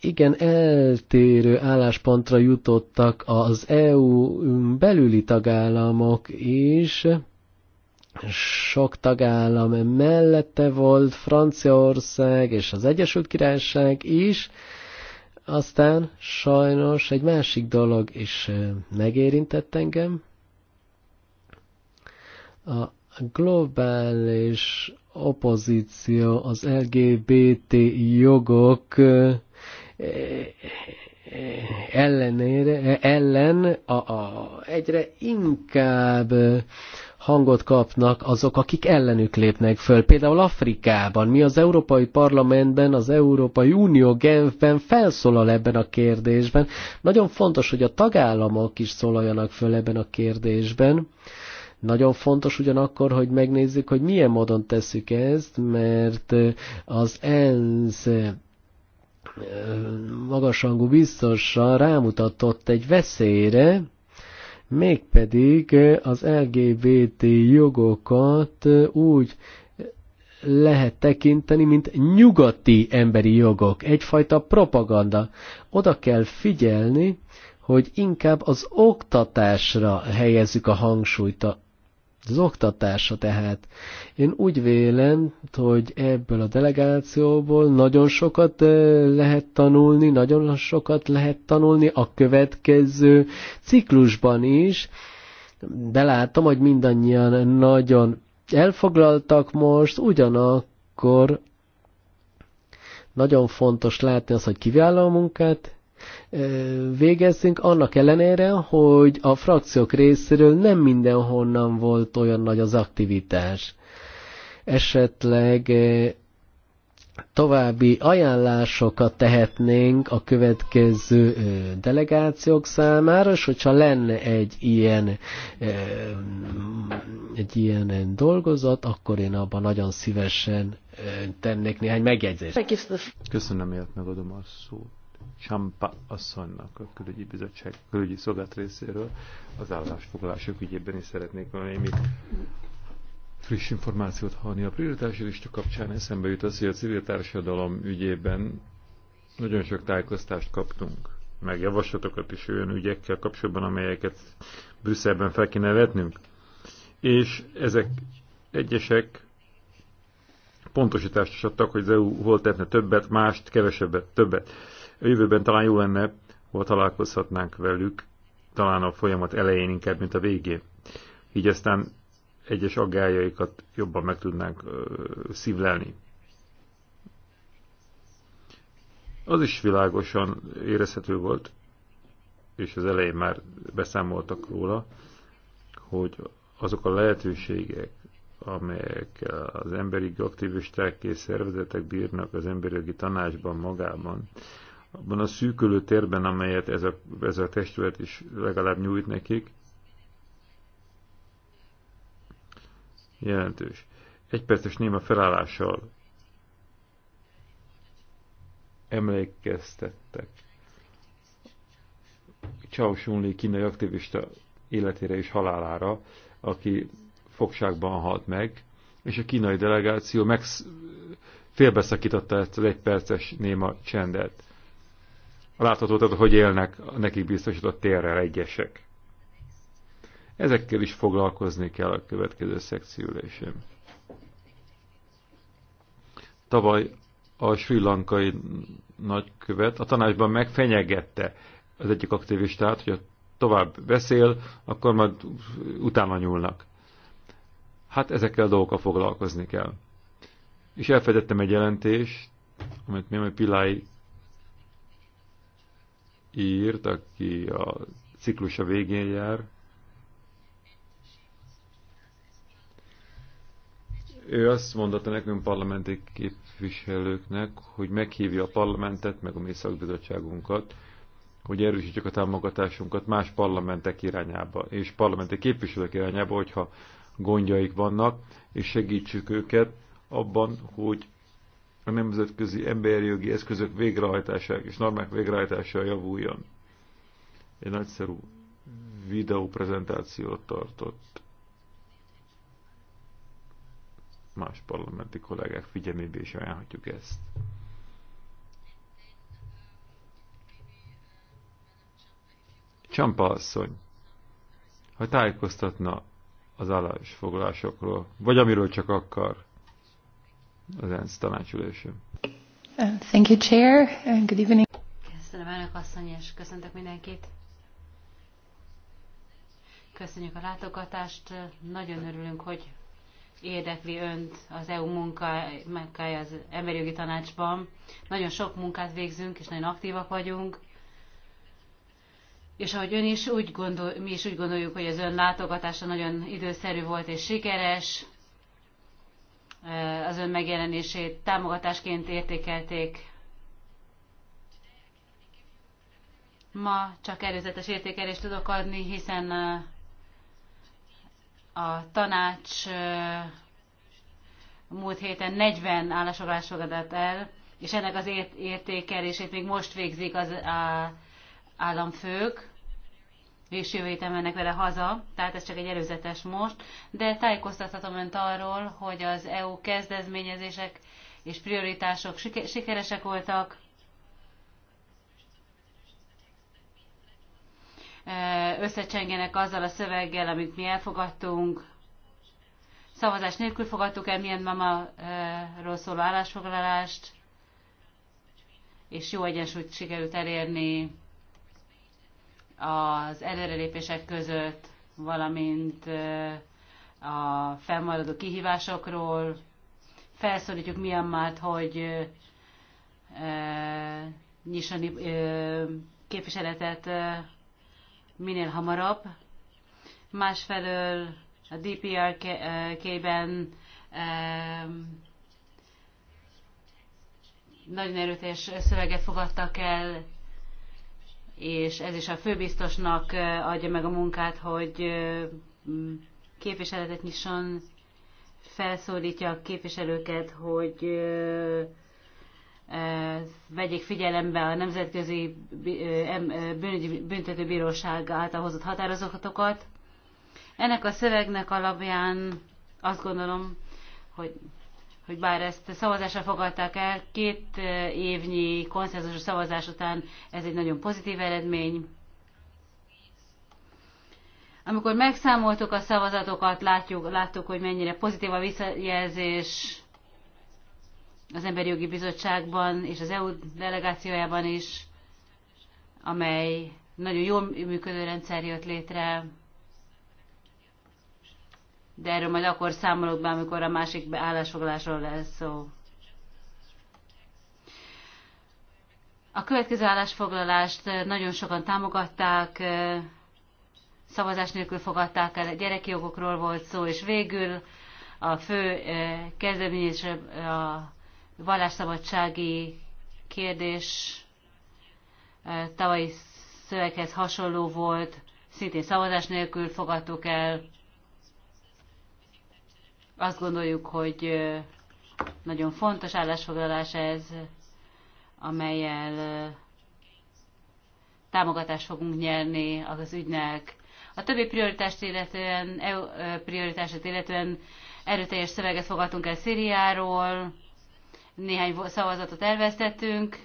igen eltérő álláspontra jutottak az EU belüli tagállamok is, sok tagállam mellette volt, Franciaország és az Egyesült Királyság is, aztán sajnos egy másik dolog is megérintett engem. A globális opozíció az LGBT jogok ellenére, ellen a, a, egyre inkább hangot kapnak azok, akik ellenük lépnek föl. Például Afrikában, mi az Európai Parlamentben, az Európai Unió Genfben felszólal ebben a kérdésben. Nagyon fontos, hogy a tagállamok is szólaljanak föl ebben a kérdésben. Nagyon fontos ugyanakkor, hogy megnézzük, hogy milyen módon tesszük ezt, mert az ENSZ magasangú biztosan rámutatott egy veszélyre, mégpedig eh, az LGBT jogokat eh, úgy lehet tekinteni, mint nyugati emberi jogok, egyfajta propaganda. Oda kell figyelni, hogy inkább az oktatásra helyezzük a hangsúlyt, az oktatása tehát. Én úgy vélem, hogy ebből a delegációból nagyon sokat eh, lehet tanulni, nagyon sokat lehet tanulni a következő ciklusban is, de látom, hogy mindannyian nagyon elfoglaltak most, ugyanakkor nagyon fontos látni azt, hogy kiváló a munkát végezzünk, annak ellenére, hogy a frakciók részéről nem mindenhonnan volt olyan nagy az aktivitás. Esetleg további ajánlásokat tehetnénk a következő delegációk számára, és hogyha lenne egy ilyen, egy ilyen dolgozat, akkor én abban nagyon szívesen tennék néhány megjegyzést. Köszönöm, miért megadom a szót. Csampa asszonynak a külügyi bizottság, külügyi szolgált részéről az állásfoglalások ügyében is szeretnék valami friss információt hallni. A prioritási lista kapcsán eszembe jut az, hogy a civil társadalom ügyében nagyon sok tájékoztást kaptunk, meg javaslatokat is olyan ügyekkel kapcsolatban, amelyeket Brüsszelben fel kéne vetnünk. És ezek egyesek pontosítást is adtak, hogy az EU hol tehetne többet, mást, kevesebbet, többet a jövőben talán jó lenne, ha találkozhatnánk velük, talán a folyamat elején inkább, mint a végén. Így aztán egyes aggájaikat jobban meg tudnánk ö, szívlelni. Az is világosan érezhető volt, és az elején már beszámoltak róla, hogy azok a lehetőségek, amelyek az emberi aktivisták és szervezetek bírnak az emberi tanácsban magában, abban a szűkölő térben, amelyet ez a, ez a testület is legalább nyújt nekik, jelentős. Egy perces néma felállással emlékeztettek. Chao Shunli kínai aktivista életére és halálára, aki fogságban halt meg, és a kínai delegáció megsz félbeszakította ezt az egyperces néma csendet látható, tehát hogy élnek a nekik biztosított térrel egyesek. Ezekkel is foglalkozni kell a következő szekciülésem. Tavaly a sri lankai nagykövet a tanácsban megfenyegette az egyik aktivistát, hogy tovább beszél, akkor majd utána nyúlnak. Hát ezekkel a dolgokkal foglalkozni kell. És elfedettem egy jelentést, amit mi Pilái írt, aki a ciklusa végén jár. Ő azt mondta nekünk parlamenti képviselőknek, hogy meghívja a parlamentet, meg a mi szakbizottságunkat, hogy erősítsük a támogatásunkat más parlamentek irányába, és parlamenti képviselők irányába, hogyha gondjaik vannak, és segítsük őket abban, hogy a nemzetközi emberi jogi eszközök végrehajtására és normák végrehajtása javuljon. Egy nagyszerű videóprezentációt tartott más parlamenti kollégák figyelmébe is ajánlhatjuk ezt. Csampa asszony, ha tájékoztatna az állásfoglalásokról, vagy amiről csak akar, az ENSZ tanácsülésén. Thank you, Chair, and good evening. Köszönöm, elnök asszony, és köszöntök mindenkit. Köszönjük a látogatást. Nagyon örülünk, hogy érdekli önt az EU munkája az Emberi Jogi Tanácsban. Nagyon sok munkát végzünk, és nagyon aktívak vagyunk. És ahogy ön is, úgy gondol, mi is úgy gondoljuk, hogy az ön látogatása nagyon időszerű volt és sikeres. Eh, az ön megjelenését támogatásként értékelték. Ma csak előzetes értékelést tudok adni, hiszen eh, a tanács eh, múlt héten 40 állásfoglalást fogadott el, és ennek az értékelését még most végzik az államfők és jövő héten mennek vele haza, tehát ez csak egy előzetes most, de tájékoztathatom önt arról, hogy az EU kezdezményezések és prioritások sikeresek voltak, összecsengenek azzal a szöveggel, amit mi elfogadtunk. Szavazás nélkül fogadtuk el milyen mamaról szóló állásfoglalást, és jó egyensúlyt sikerült elérni az előrelépések között, valamint a felmaradó kihívásokról. Felszólítjuk Myanmart, hogy nyisson képviseletet minél hamarabb. Másfelől a DPRK-ben nagyon erőteljes szöveget fogadtak el, és ez is a főbiztosnak adja meg a munkát, hogy képviseletet nyisson, felszólítja a képviselőket, hogy vegyék figyelembe a Nemzetközi Büntetőbíróság által hozott határozatokat. Ennek a szövegnek alapján azt gondolom, hogy hogy bár ezt szavazásra fogadták el, két évnyi konszenzusos szavazás után ez egy nagyon pozitív eredmény. Amikor megszámoltuk a szavazatokat, látjuk, láttuk, hogy mennyire pozitív a visszajelzés az Emberi Jogi Bizottságban és az EU delegációjában is, amely nagyon jól működő rendszer jött létre de erről majd akkor számolok be, amikor a másik állásfoglalásról lesz szó. A következő állásfoglalást nagyon sokan támogatták, szavazás nélkül fogadták el, gyerekjogokról volt szó, és végül a fő kezdeményezés a vallásszabadsági kérdés tavalyi szöveghez hasonló volt, szintén szavazás nélkül fogadtuk el, azt gondoljuk, hogy nagyon fontos állásfoglalás ez, amelyel támogatást fogunk nyerni az ügynek. A többi prioritást illetően, EU prioritását illetően erőteljes szöveget fogadtunk el Szíriáról, néhány szavazatot elvesztettünk,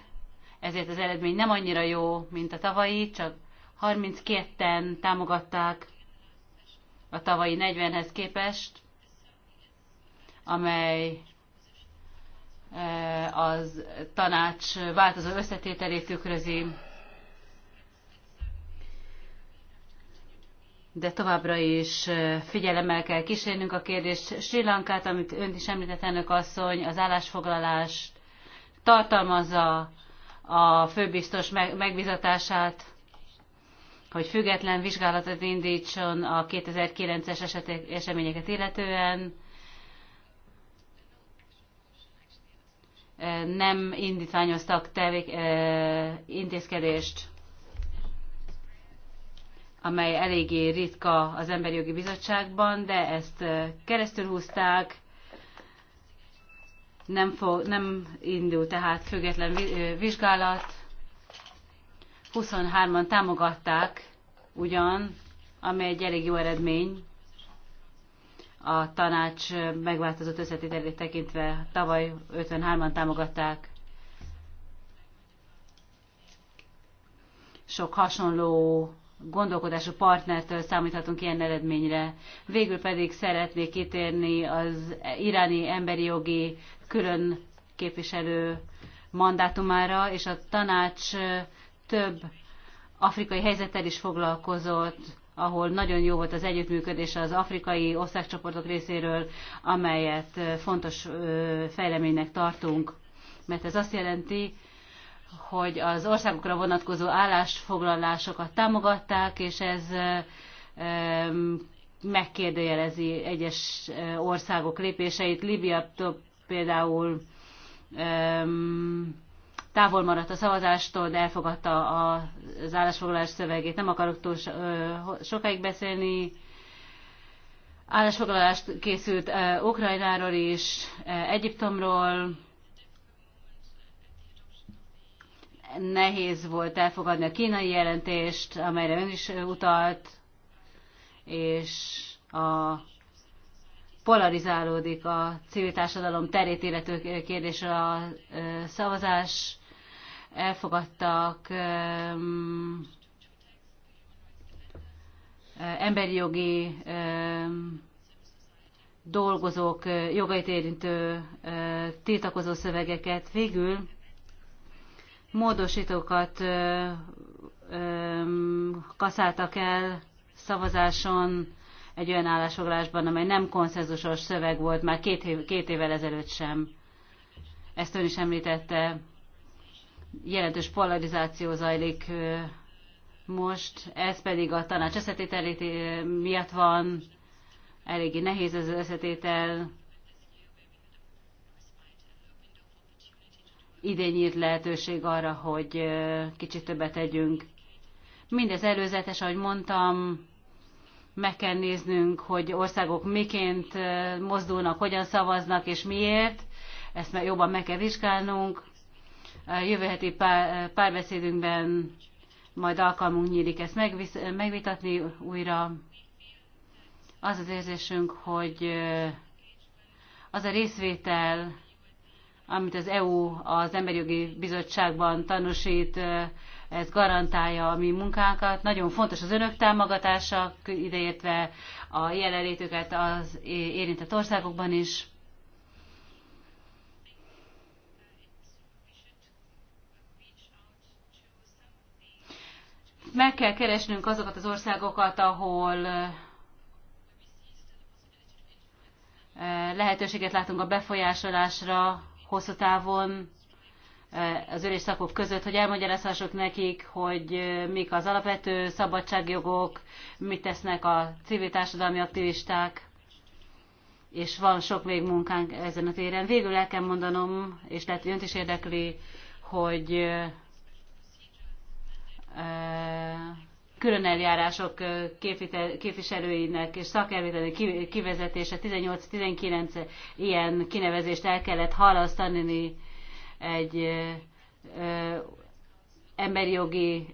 ezért az eredmény nem annyira jó, mint a tavalyi, csak 32-en támogatták a tavalyi 40-hez képest amely e, az tanács változó összetételét tükrözi, de továbbra is e, figyelemmel kell kísérnünk a kérdést. Sri Lankát, amit önt is említett elnök asszony, az állásfoglalást tartalmazza a főbiztos megbizatását, hogy független vizsgálatot indítson a 2009-es eseményeket illetően, nem indítványoztak tevék, intézkedést, amely eléggé ritka az Emberi Jogi Bizottságban, de ezt keresztül húzták, nem, fog, nem indul tehát független vizsgálat. 23-an támogatták ugyan, ami egy elég jó eredmény a tanács megváltozott összetételét tekintve tavaly 53-an támogatták. Sok hasonló gondolkodású partnertől számíthatunk ilyen eredményre. Végül pedig szeretnék kitérni az iráni emberi jogi külön képviselő mandátumára, és a tanács több afrikai helyzettel is foglalkozott, ahol nagyon jó volt az együttműködés az afrikai országcsoportok részéről, amelyet fontos fejleménynek tartunk. Mert ez azt jelenti, hogy az országokra vonatkozó állásfoglalásokat támogatták, és ez megkérdőjelezi egyes országok lépéseit. Libia például távol maradt a szavazástól, de elfogadta az állásfoglalás szövegét. Nem akarok túl sokáig beszélni. Állásfoglalást készült Ukrajnáról is, Egyiptomról. Nehéz volt elfogadni a kínai jelentést, amelyre ön is utalt, és a polarizálódik a civil társadalom terét illető kérdésre a szavazás elfogadtak emberi jogi dolgozók jogait érintő tiltakozó szövegeket. Végül módosítókat kaszáltak el szavazáson egy olyan állásfoglalásban, amely nem konszenzusos szöveg volt már két, év, két évvel ezelőtt sem. Ezt ön is említette jelentős polarizáció zajlik most, ez pedig a tanács összetételét miatt van, eléggé nehéz ez az összetétel. Idén nyílt lehetőség arra, hogy kicsit többet tegyünk. Mindez előzetes, ahogy mondtam, meg kell néznünk, hogy országok miként mozdulnak, hogyan szavaznak és miért. Ezt jobban meg kell vizsgálnunk jövő heti párbeszédünkben majd alkalmunk nyílik ezt megvitatni újra. Az az érzésünk, hogy az a részvétel, amit az EU az Emberi Jogi Bizottságban tanúsít, ez garantálja a mi munkánkat. Nagyon fontos az önök támogatása, ideértve a jelenlétüket az érintett országokban is. Meg kell keresnünk azokat az országokat, ahol lehetőséget látunk a befolyásolásra hosszú távon az ülés szakok között, hogy elmagyarázhassuk nekik, hogy mik az alapvető szabadságjogok, mit tesznek a civil társadalmi aktivisták, és van sok még munkánk ezen a téren. Végül el kell mondanom, és lehet, hogy önt is érdekli, hogy külön eljárások képviselőinek és szakérvételői kivezetése 18-19 ilyen kinevezést el kellett halasztani egy emberi jogi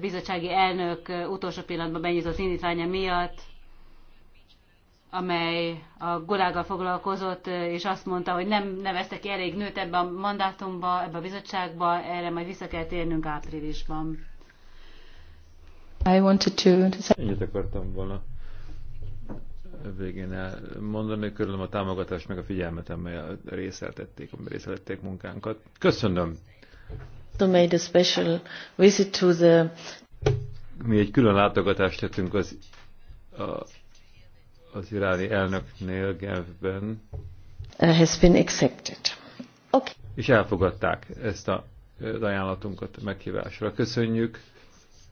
bizottsági elnök utolsó pillanatban benyújtott indítványa miatt, amely a gulággal foglalkozott, és azt mondta, hogy nem neveztek ki elég nőt ebbe a mandátumba, ebbe a bizottságba, erre majd vissza kell térnünk áprilisban. I wanted to... Ennyit akartam volna végén elmondani, körülöm a támogatást meg a figyelmet, amely részeltették, amely részeltették munkánkat. Köszönöm! Made a special visit to the... Mi egy külön látogatást tettünk az, a, az iráni elnöknél Genfben. Uh, has been accepted. Okay. És elfogadták ezt a, az ajánlatunkat a meghívásra. Köszönjük!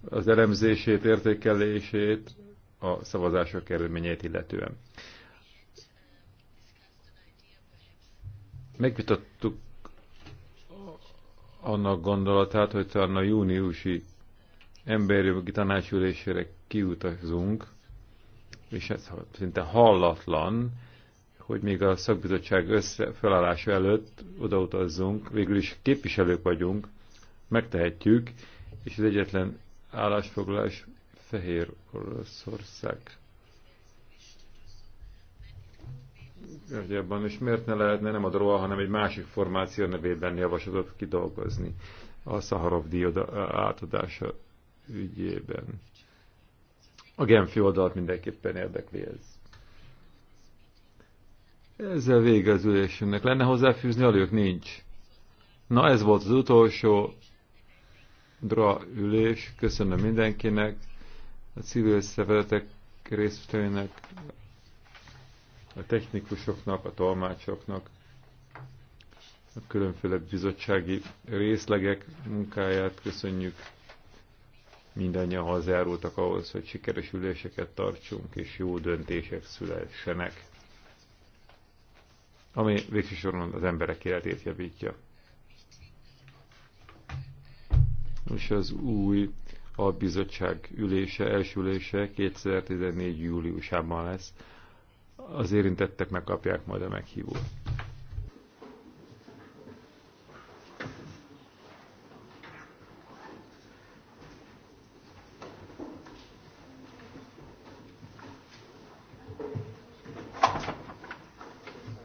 az elemzését, értékelését a szavazások eredményeit illetően. Megvitattuk annak gondolatát, hogy talán a júniusi emberjogi tanácsülésére kiutazunk, és ez szinte hallatlan, hogy még a szakbizottság összefelállása előtt odautazzunk, végül is képviselők vagyunk, megtehetjük, és az egyetlen állásfoglalás Fehér Oroszország Gyagyabban, és miért ne lehetne nem a DROA, hanem egy másik formáció nevében javaslatot kidolgozni a Szaharov díj átadása ügyében. A Genfi oldalt mindenképpen érdekli ez. Ezzel vége az ülésünknek. Lenne hozzáfűzni alig Nincs. Na ez volt az utolsó dra ülés. Köszönöm mindenkinek, a civil szervezetek résztvevőinek, a technikusoknak, a tolmácsoknak, a különféle bizottsági részlegek munkáját köszönjük. Mindannyian hazárultak ahhoz, hogy sikeres üléseket tartsunk, és jó döntések szülessenek, ami végső soron az emberek életét javítja. és az új a bizottság ülése, első ülése 2014. júliusában lesz. Az érintettek megkapják majd a meghívót.